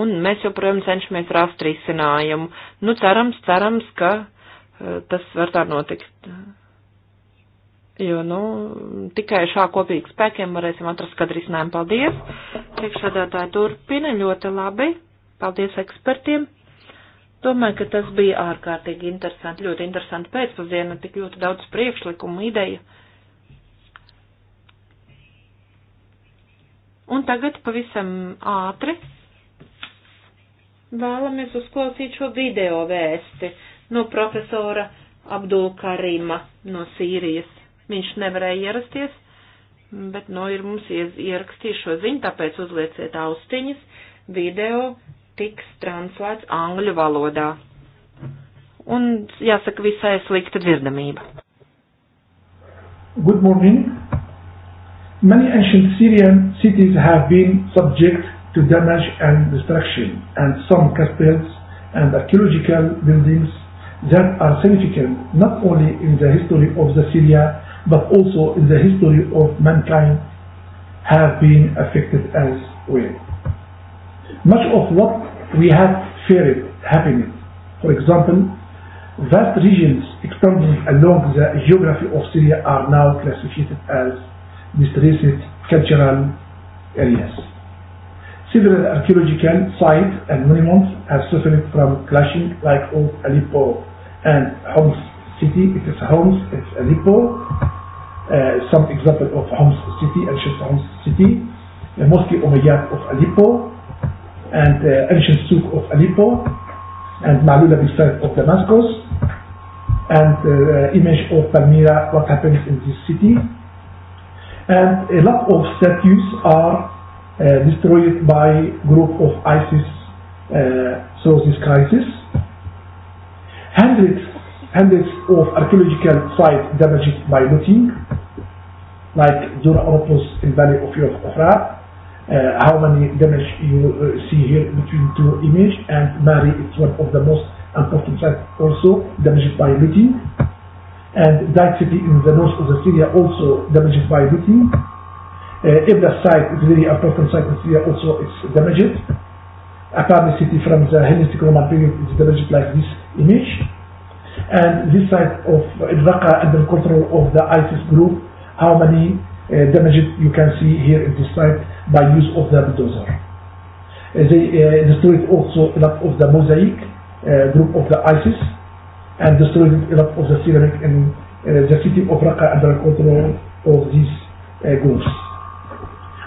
Speaker 1: un mēs joprojām cenšamies rast risinājumu. Nu, cerams, cerams, ka eh, tas var tā notikt. Jo, nu, tikai šā kopīgi spēkiem varēsim atrast kādu risinājumu. Paldies! Priekšsādātāji turpina ļoti labi. Paldies ekspertiem! Domāju, ka tas bija ārkārtīgi interesanti, ļoti interesanti pēcpaziena, tik ļoti daudz priekšlikumu, ideju. Un tagad pavisam ātri vēlamies uzklausīt šo video vēsti no profesora Abdul Karima no Sīrijas. Viņš nevarēja ierasties, bet no nu, ir mums ierakstījuši šo ziņu, tāpēc uzlieciet austiņas. Video tiks translēts angļu valodā. Un jāsaka visai slikta dzirdamība.
Speaker 2: Good morning. Many ancient Syrian cities have been subject to damage and destruction, and some castles and archaeological buildings that are significant not only in the history of the Syria but also in the history of mankind have been affected as well. Much of what we have feared happened. For example, vast regions extending along the geography of Syria are now classified as with recent cultural areas. Several archaeological sites and monuments have suffered from clashing like old Aleppo and Homs city. It is Homs, it's Aleppo. Uh, some example of Homs city, ancient Homs city. Uh, mostly Umayyad of Aleppo and uh, ancient souk of Aleppo and Malula beside of Damascus and uh, image of Palmyra, what happens in this city and a lot of statues are uh, destroyed by group of ISIS uh, through this crisis. Hundreds, hundreds of archaeological sites damaged by looting, like Zora Oropos in Valley of Yof uh, how many damage you uh, see here between two images, and Mari is one of the most important sites also damaged by looting and that city in the north of the Syria also damaged by beating. Uh, Ibla site is very important site in Syria also it's damaged. Apparently city from the Hellenistic Roman period is damaged like this image. And this site of Raqqa and the control of the ISIS group, how many uh, damages you can see here in this site by use of the bulldozer. Uh, they uh, destroyed also a lot of the mosaic uh, group of the ISIS and destroying a lot of the ceramic in uh, the city of Raqqa under control of these uh, groups.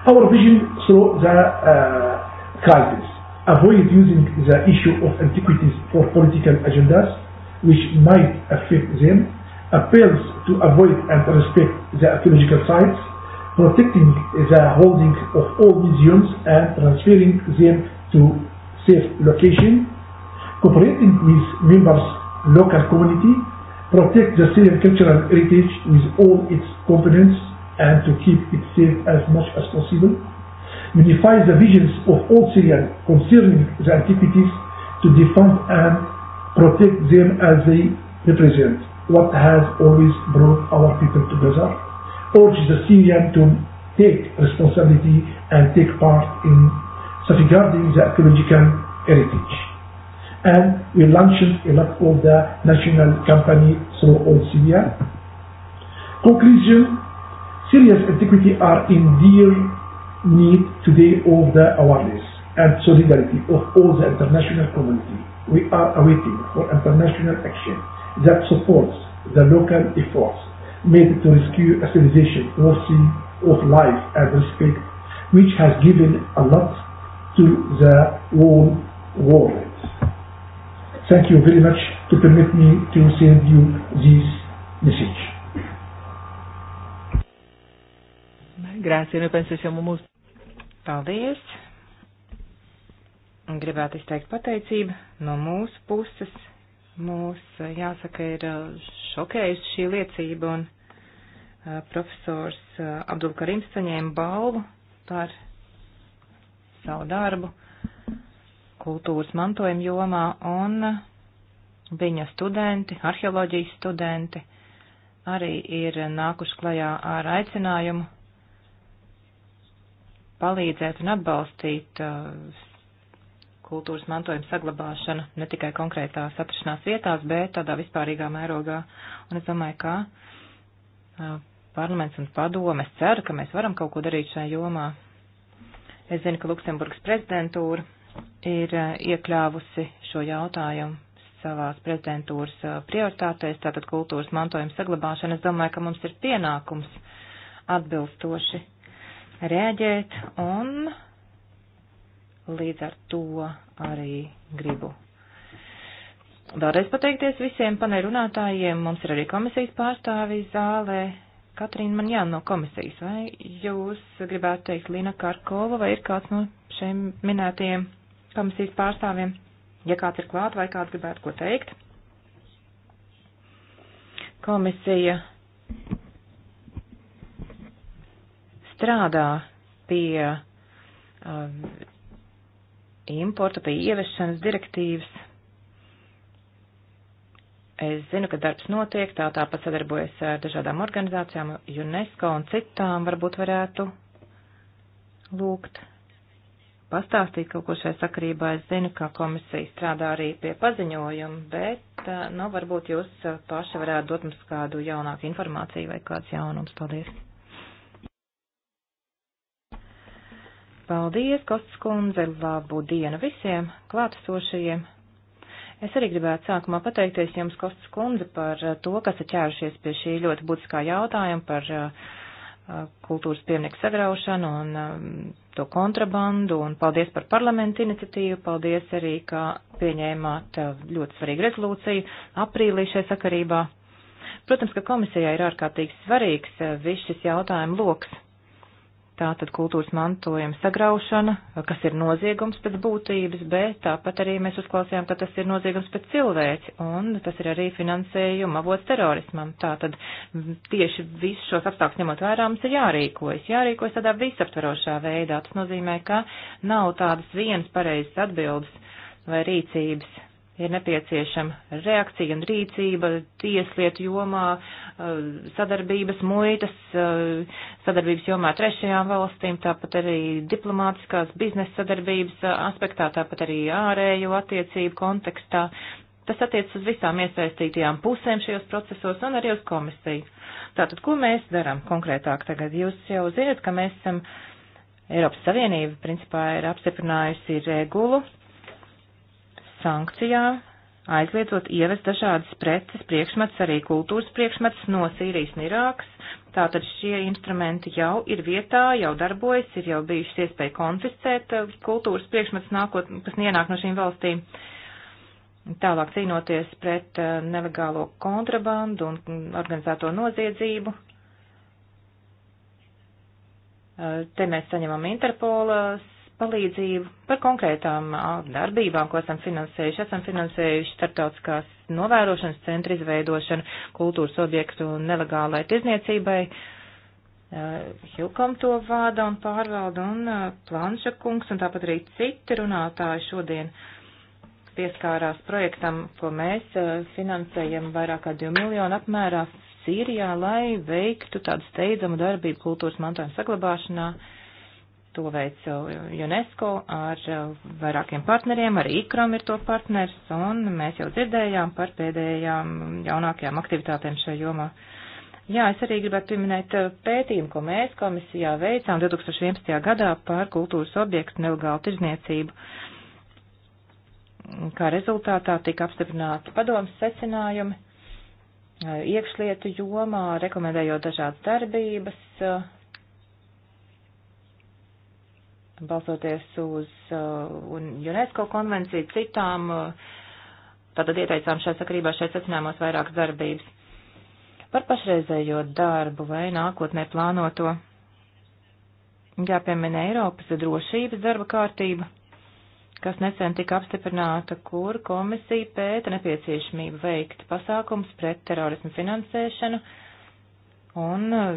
Speaker 2: Our vision through the uh, crisis. Avoid using the issue of antiquities for political agendas which might affect them. Appeals to avoid and respect the archaeological sites. Protecting the holding of all museums and transferring them to safe location. Cooperating with members local community, protect the Syrian cultural heritage with all its components and to keep it safe as much as possible, unify the visions of all Syrians concerning the antiquities to defend and protect them as they represent what has always brought our people together, urge the Syrian to take responsibility and take part in safeguarding the archaeological heritage and we launched a lot of the national campaign through all Syria. Conclusion, Syria's antiquity are in dear need today of the awareness and solidarity of all the international community. We are awaiting for international action that supports the local efforts made to rescue a civilization worthy of life and respect, which has given a lot to the whole world. Thank you very much to permit me to send you this message.
Speaker 1: Grazie, noi penso siamo molto. Paldies! Un gribētu izteikt pateicību no mūsu puses. Mūs, jāsaka, ir eh, šokējusi šī liecība un eh, profesors eh, Abdulkarims saņēma balvu par savu darbu kultūras mantojuma jomā, un viņa studenti, arheoloģijas studenti, arī ir nākuši klajā ar aicinājumu palīdzēt un atbalstīt uh, kultūras mantojuma saglabāšanu ne tikai konkrētās atrašanās vietās, bet tādā vispārīgā mērogā. Un es domāju, ka uh, parlaments un padome, es ceru, ka mēs varam kaut ko darīt šajā jomā. Es zinu, ka Luksemburgas prezidentūra ir eh, iekļāvusi šo jautājumu savās prezidentūras eh, prioritātēs, tātad kultūras mantojuma saglabāšana. Es domāju, ka mums ir pienākums atbilstoši rēģēt un līdz ar to arī gribu vēlreiz pateikties visiem panerunātājiem. Mums ir arī komisijas pārstāvī zālē. Katrīna man jāno komisijas, vai jūs gribētu teikt Lina Karkova vai ir kāds no šiem minētajiem? komisijas pārstāvjiem, ja kāds ir klāt vai kāds gribētu ko teikt. Komisija strādā pie um, importa, pie ieviešanas direktīvas. Es zinu, ka darbs notiek, tā tāpat sadarbojas ar dažādām organizācijām, UNESCO un citām varbūt varētu lūgt pastāstīt kaut ko šai sakarībā. Es zinu, ka komisija strādā arī pie paziņojuma, bet, nu, varbūt jūs paši varētu dot mums kādu jaunāku informāciju vai kāds jaunums. Paldies! Paldies, Kosts kundze, labu dienu visiem klātesošajiem! Es arī gribētu sākumā pateikties jums, Kosts kundze, par to, kas ir ķērušies pie šī ļoti būtiskā jautājuma par uh, kultūras pieminekļu sagraušanu un to kontrabandu, un paldies par parlamentu iniciatīvu, paldies arī, ka pieņēmāt ļoti svarīgu rezolūciju aprīlī šai sakarībā. Protams, ka komisijai ir ārkārtīgi svarīgs viss šis jautājuma loks tātad kultūras mantojuma sagraušana, kas ir noziegums pēc būtības, bet tāpat arī mēs uzklausījām, ka tas ir noziegums pēc cilvēci, un tas ir arī finansējuma avots terorismam. Tātad tieši visus šos apstākļus ņemot vērā mums ir jārīkojas, jārīkojas tādā visaptvarošā veidā. Tas nozīmē, ka nav tādas vienas pareizas atbildes vai rīcības ir nepieciešama reakcija un rīcība tieslietu jomā, eh, sadarbības muitas, eh, sadarbības jomā trešajām valstīm, tāpat arī diplomātiskās biznesa sadarbības eh, aspektā, tāpat arī ārējo attiecību kontekstā. Tas attiec uz visām iesaistītajām pusēm šajos procesos un arī uz komisiju. Tātad, ko mēs darām konkrētāk tagad? Jūs jau zinat, ka mēs esam Eiropas Savienība, principā, ir apstiprinājusi regulu sankcijām, aizliedzot ievest dažādas preces, priekšmets, arī kultūras priekšmets no Sīrijas un Irākas. Tātad šie instrumenti jau ir vietā, jau darbojas, ir jau bijušas iespēja konfiscēt uh, kultūras priekšmets, nākot, kas ienāk no šīm valstīm. Tālāk cīnoties pret uh, nelegālo kontrabandu un organizēto noziedzību. Uh, te mēs saņemam Interpola palīdzību, par konkrētām darbībām, ko esam finansējuši. Esam finansējuši starptautiskās novērošanas centra izveidošanu kultūras objektu un nelegālai tirzniecībai. Hilkam to vāda un pārvalda un Planša kungs un tāpat arī citi runātāji šodien pieskārās projektam, ko mēs finansējam vairāk kā 2 miljonu apmērā Sīrijā, lai veiktu tādu steidzamu darbību kultūras mantojuma saglabāšanā. Uh, To veic UNESCO ar eh, vairākiem partneriem, arī IKROM ir to partners, un mēs jau dzirdējām par pēdējām jaunākajām aktivitātēm šajā jomā. Jā, es arī gribētu pieminēt eh, pētījumu, ko mēs komisijā veicām 2011. gadā par kultūras objektu nelegālu tirzniecību. Kā rezultātā tika apstiprināti padomas secinājumi eh, iekšlietu jomā, rekomendējot dažādas darbības, balsoties uz uh, UNESCO konvenciju citām, uh, tātad ieteicām šajā sakarībā šeit secinājumos vairākas darbības. Par pašreizējo darbu vai nākotnē plānoto jāpiemina Eiropas drošības darba kārtība, kas nesen tika apstiprināta, kur komisija pēta nepieciešamību veikt pasākums pret terorismu finansēšanu, uh, Un uh,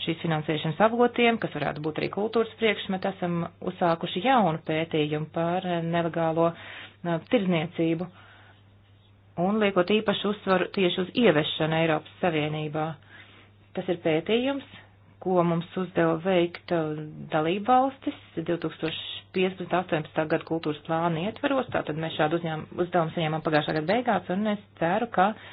Speaker 1: šīs finansēšanas avotiem, kas varētu būt arī kultūras priekšmet, esam uzsākuši jaunu pētījumu par nelegālo uh, tirzniecību un liekot īpašu uzsvaru tieši uz ieviešanu Eiropas Savienībā. Tas ir pētījums, ko mums uzdeva veikt dalību valstis 2015-18 gadu kultūras plāna ietveros. Tātad mēs šādu uzņēmu, uzdevumu saņēmām pagājušā gada beigās, un es ceru, ka uh,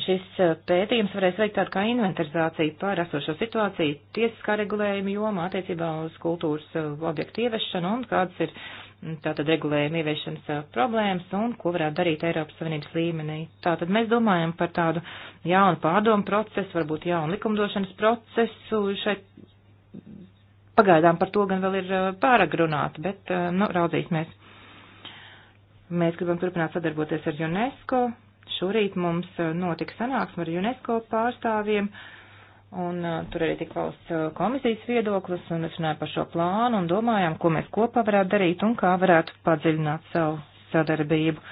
Speaker 1: šis eh, pētījums varēs veikt tādu kā inventarizāciju par esošo situāciju tiesiskā regulējuma jomā attiecībā uz kultūras eh, objektu ieviešanu un kādas ir mm, tātad regulējuma ieviešanas eh, problēmas un ko varētu darīt Eiropas Savienības līmenī. Tātad mēs domājam par tādu jaunu pārdomu procesu, varbūt jaunu likumdošanas procesu. Šeit pagaidām par to gan vēl ir pārāk runāt, bet, nu, raudzīsimies. Mēs gribam turpināt sadarboties ar UNESCO, Šorīt mums uh, notika sanāksme ar UNESCO pārstāvjiem, un uh, tur arī tika valsts uh, komisijas viedoklis, un mēs runājām par šo plānu un domājām, ko mēs kopā varētu darīt un kā varētu padziļināt savu sadarbību.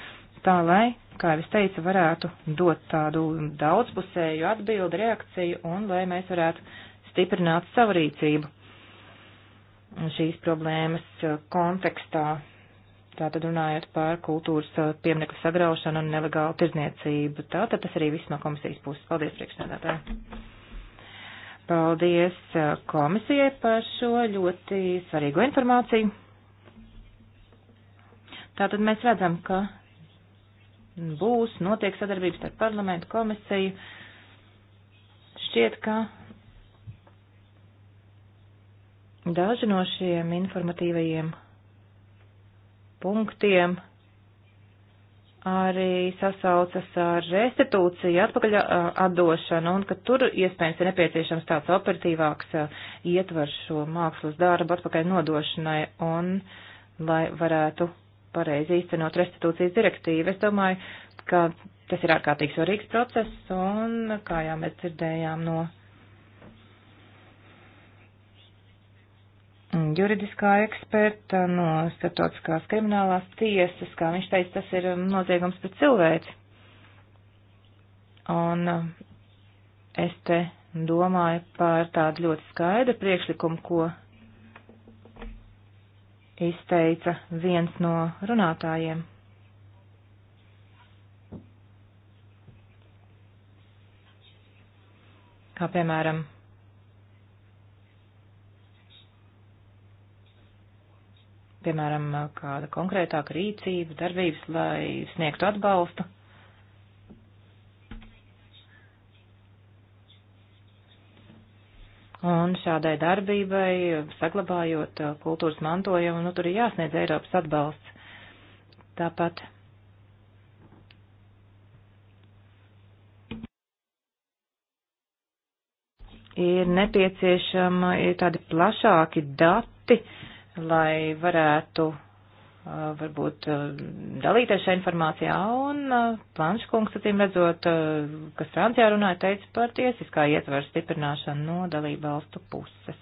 Speaker 1: Tā lai, kā jau es teicu, varētu dot tādu daudzpusēju atbildi, reakciju un lai mēs varētu stiprināt savu rīcību šīs problēmas kontekstā Tātad runājot par kultūras uh, piemnieku sagraušanu un nelegālu tirzniecību. Tātad tas arī viss no komisijas puses. Paldies, priekšsēdētāji. Paldies uh, komisijai par šo ļoti svarīgo informāciju. Tātad mēs redzam, ka būs, notiek sadarbības ar parlamentu komisiju. Šķiet, ka daži no šiem informatīvajiem punktiem arī sasaucas ar restitūciju, atpakaļ atdošanu, un ka tur iespējams ir nepieciešams tāds operatīvāks ietvars šo mākslas darbu atpakaļ nodošanai, un lai varētu pareizi īstenot restitūcijas direktīvu. Es domāju, ka tas ir ārkārtīgi svarīgs process, un kā jau mēs dzirdējām no Mm, juridiskā eksperta no starptautiskās kriminālās tiesas, kā viņš teica, tas ir um, noziegums pret cilvēci. Un um, es te domāju par tādu ļoti skaidru priekšlikumu, ko izteica viens no runātājiem. Kā piemēram, piemēram, kāda konkrētāka rīcība, darbības, lai sniegtu atbalstu. Un šādai darbībai, saglabājot kultūras mantojumu, nu tur ir jāsniedz Eiropas atbalsts. Tāpat ir nepieciešama ir tādi plašāki dati, uh, lai varētu uh, varbūt uh, dalīties šajā informācijā. Un uh, Planškungs, acīm redzot, kas Francijā runāja, teica par tiesiskā ietvara stiprināšanu no dalību valstu puses.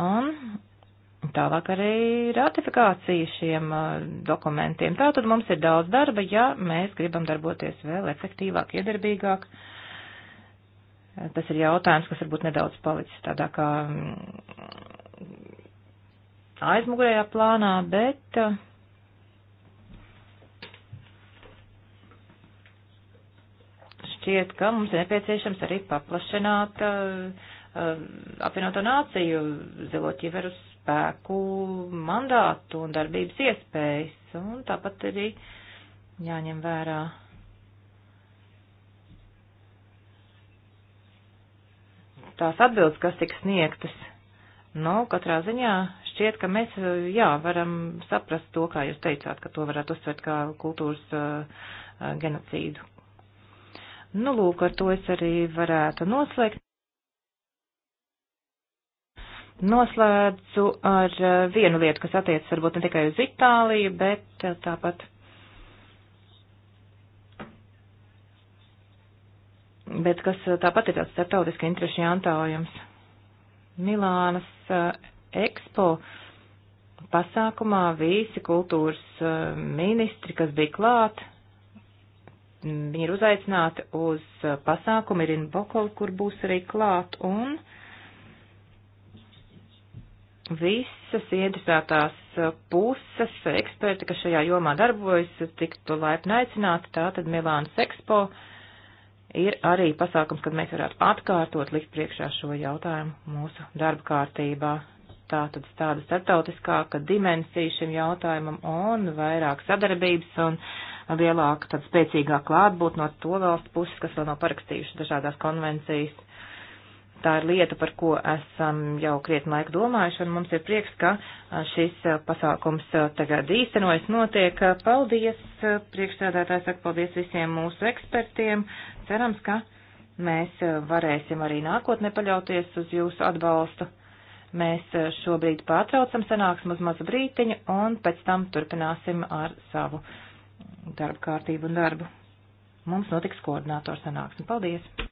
Speaker 1: Un tālāk arī ratifikācija šiem dokumentiem. Tātad mums ir daudz darba, ja mēs gribam darboties vēl efektīvāk, iedarbīgāk. Tas ir jautājums, kas varbūt nedaudz palicis tādā kā aizmugurējā plānā, bet uh, šķiet, ka mums ir nepieciešams arī paplašināt uh, um, apvienoto nāciju zilo ķiveru spēku mandātu un darbības iespējas, un tāpat arī jāņem vērā. Tās atbildes, kas tiks sniegtas, nu, katrā ziņā šķiet, ka mēs, eh, jā, varam saprast to, kā jūs teicāt, ka to varētu uzsvērt kā kultūras uh, genocīdu. Nu, lūk, ar to es arī varētu noslēgt. Noslēdzu ar vienu lietu, kas attiecas varbūt ne tikai uz Itāliju, bet tāpat bet kas tāpat ir tāds starptautiski interešu jāntājums. Milānas Expo pasākumā visi kultūras eh, ministri, kas bija klāt, viņi mm, ir uzaicināti uz eh, pasākumu Irina Bokola, kur būs arī klāt, un visas iedusētās eh, puses eksperti, kas šajā jomā darbojas, tiktu laipni aicināti, tātad Milānas Expo ir arī pasākums, kad mēs varētu atkārtot likt priekšā šo jautājumu mūsu darba kārtībā tātad tāda startautiskāka dimensija šim jautājumam un vairāk sadarbības un lielāka, tad spēcīgāka klātbūt no to valstu puses, kas vēl nav parakstījuši dažādās konvencijas. Tā ir lieta, par ko esam jau krietni laiku domājuši, un mums ir prieks, ka šis pasākums tagad īstenojas, notiek. Paldies, priekšstādātājs, saka paldies visiem mūsu ekspertiem. Cerams, ka mēs varēsim arī nākotnē paļauties uz jūsu atbalstu. Mēs eh, šobrīd pārtraucam sanāksmu uz mazu brītiņu un pēc tam turpināsim ar savu darba kārtību un darbu.
Speaker 2: Mums notiks koordinātors sanāksme. Paldies!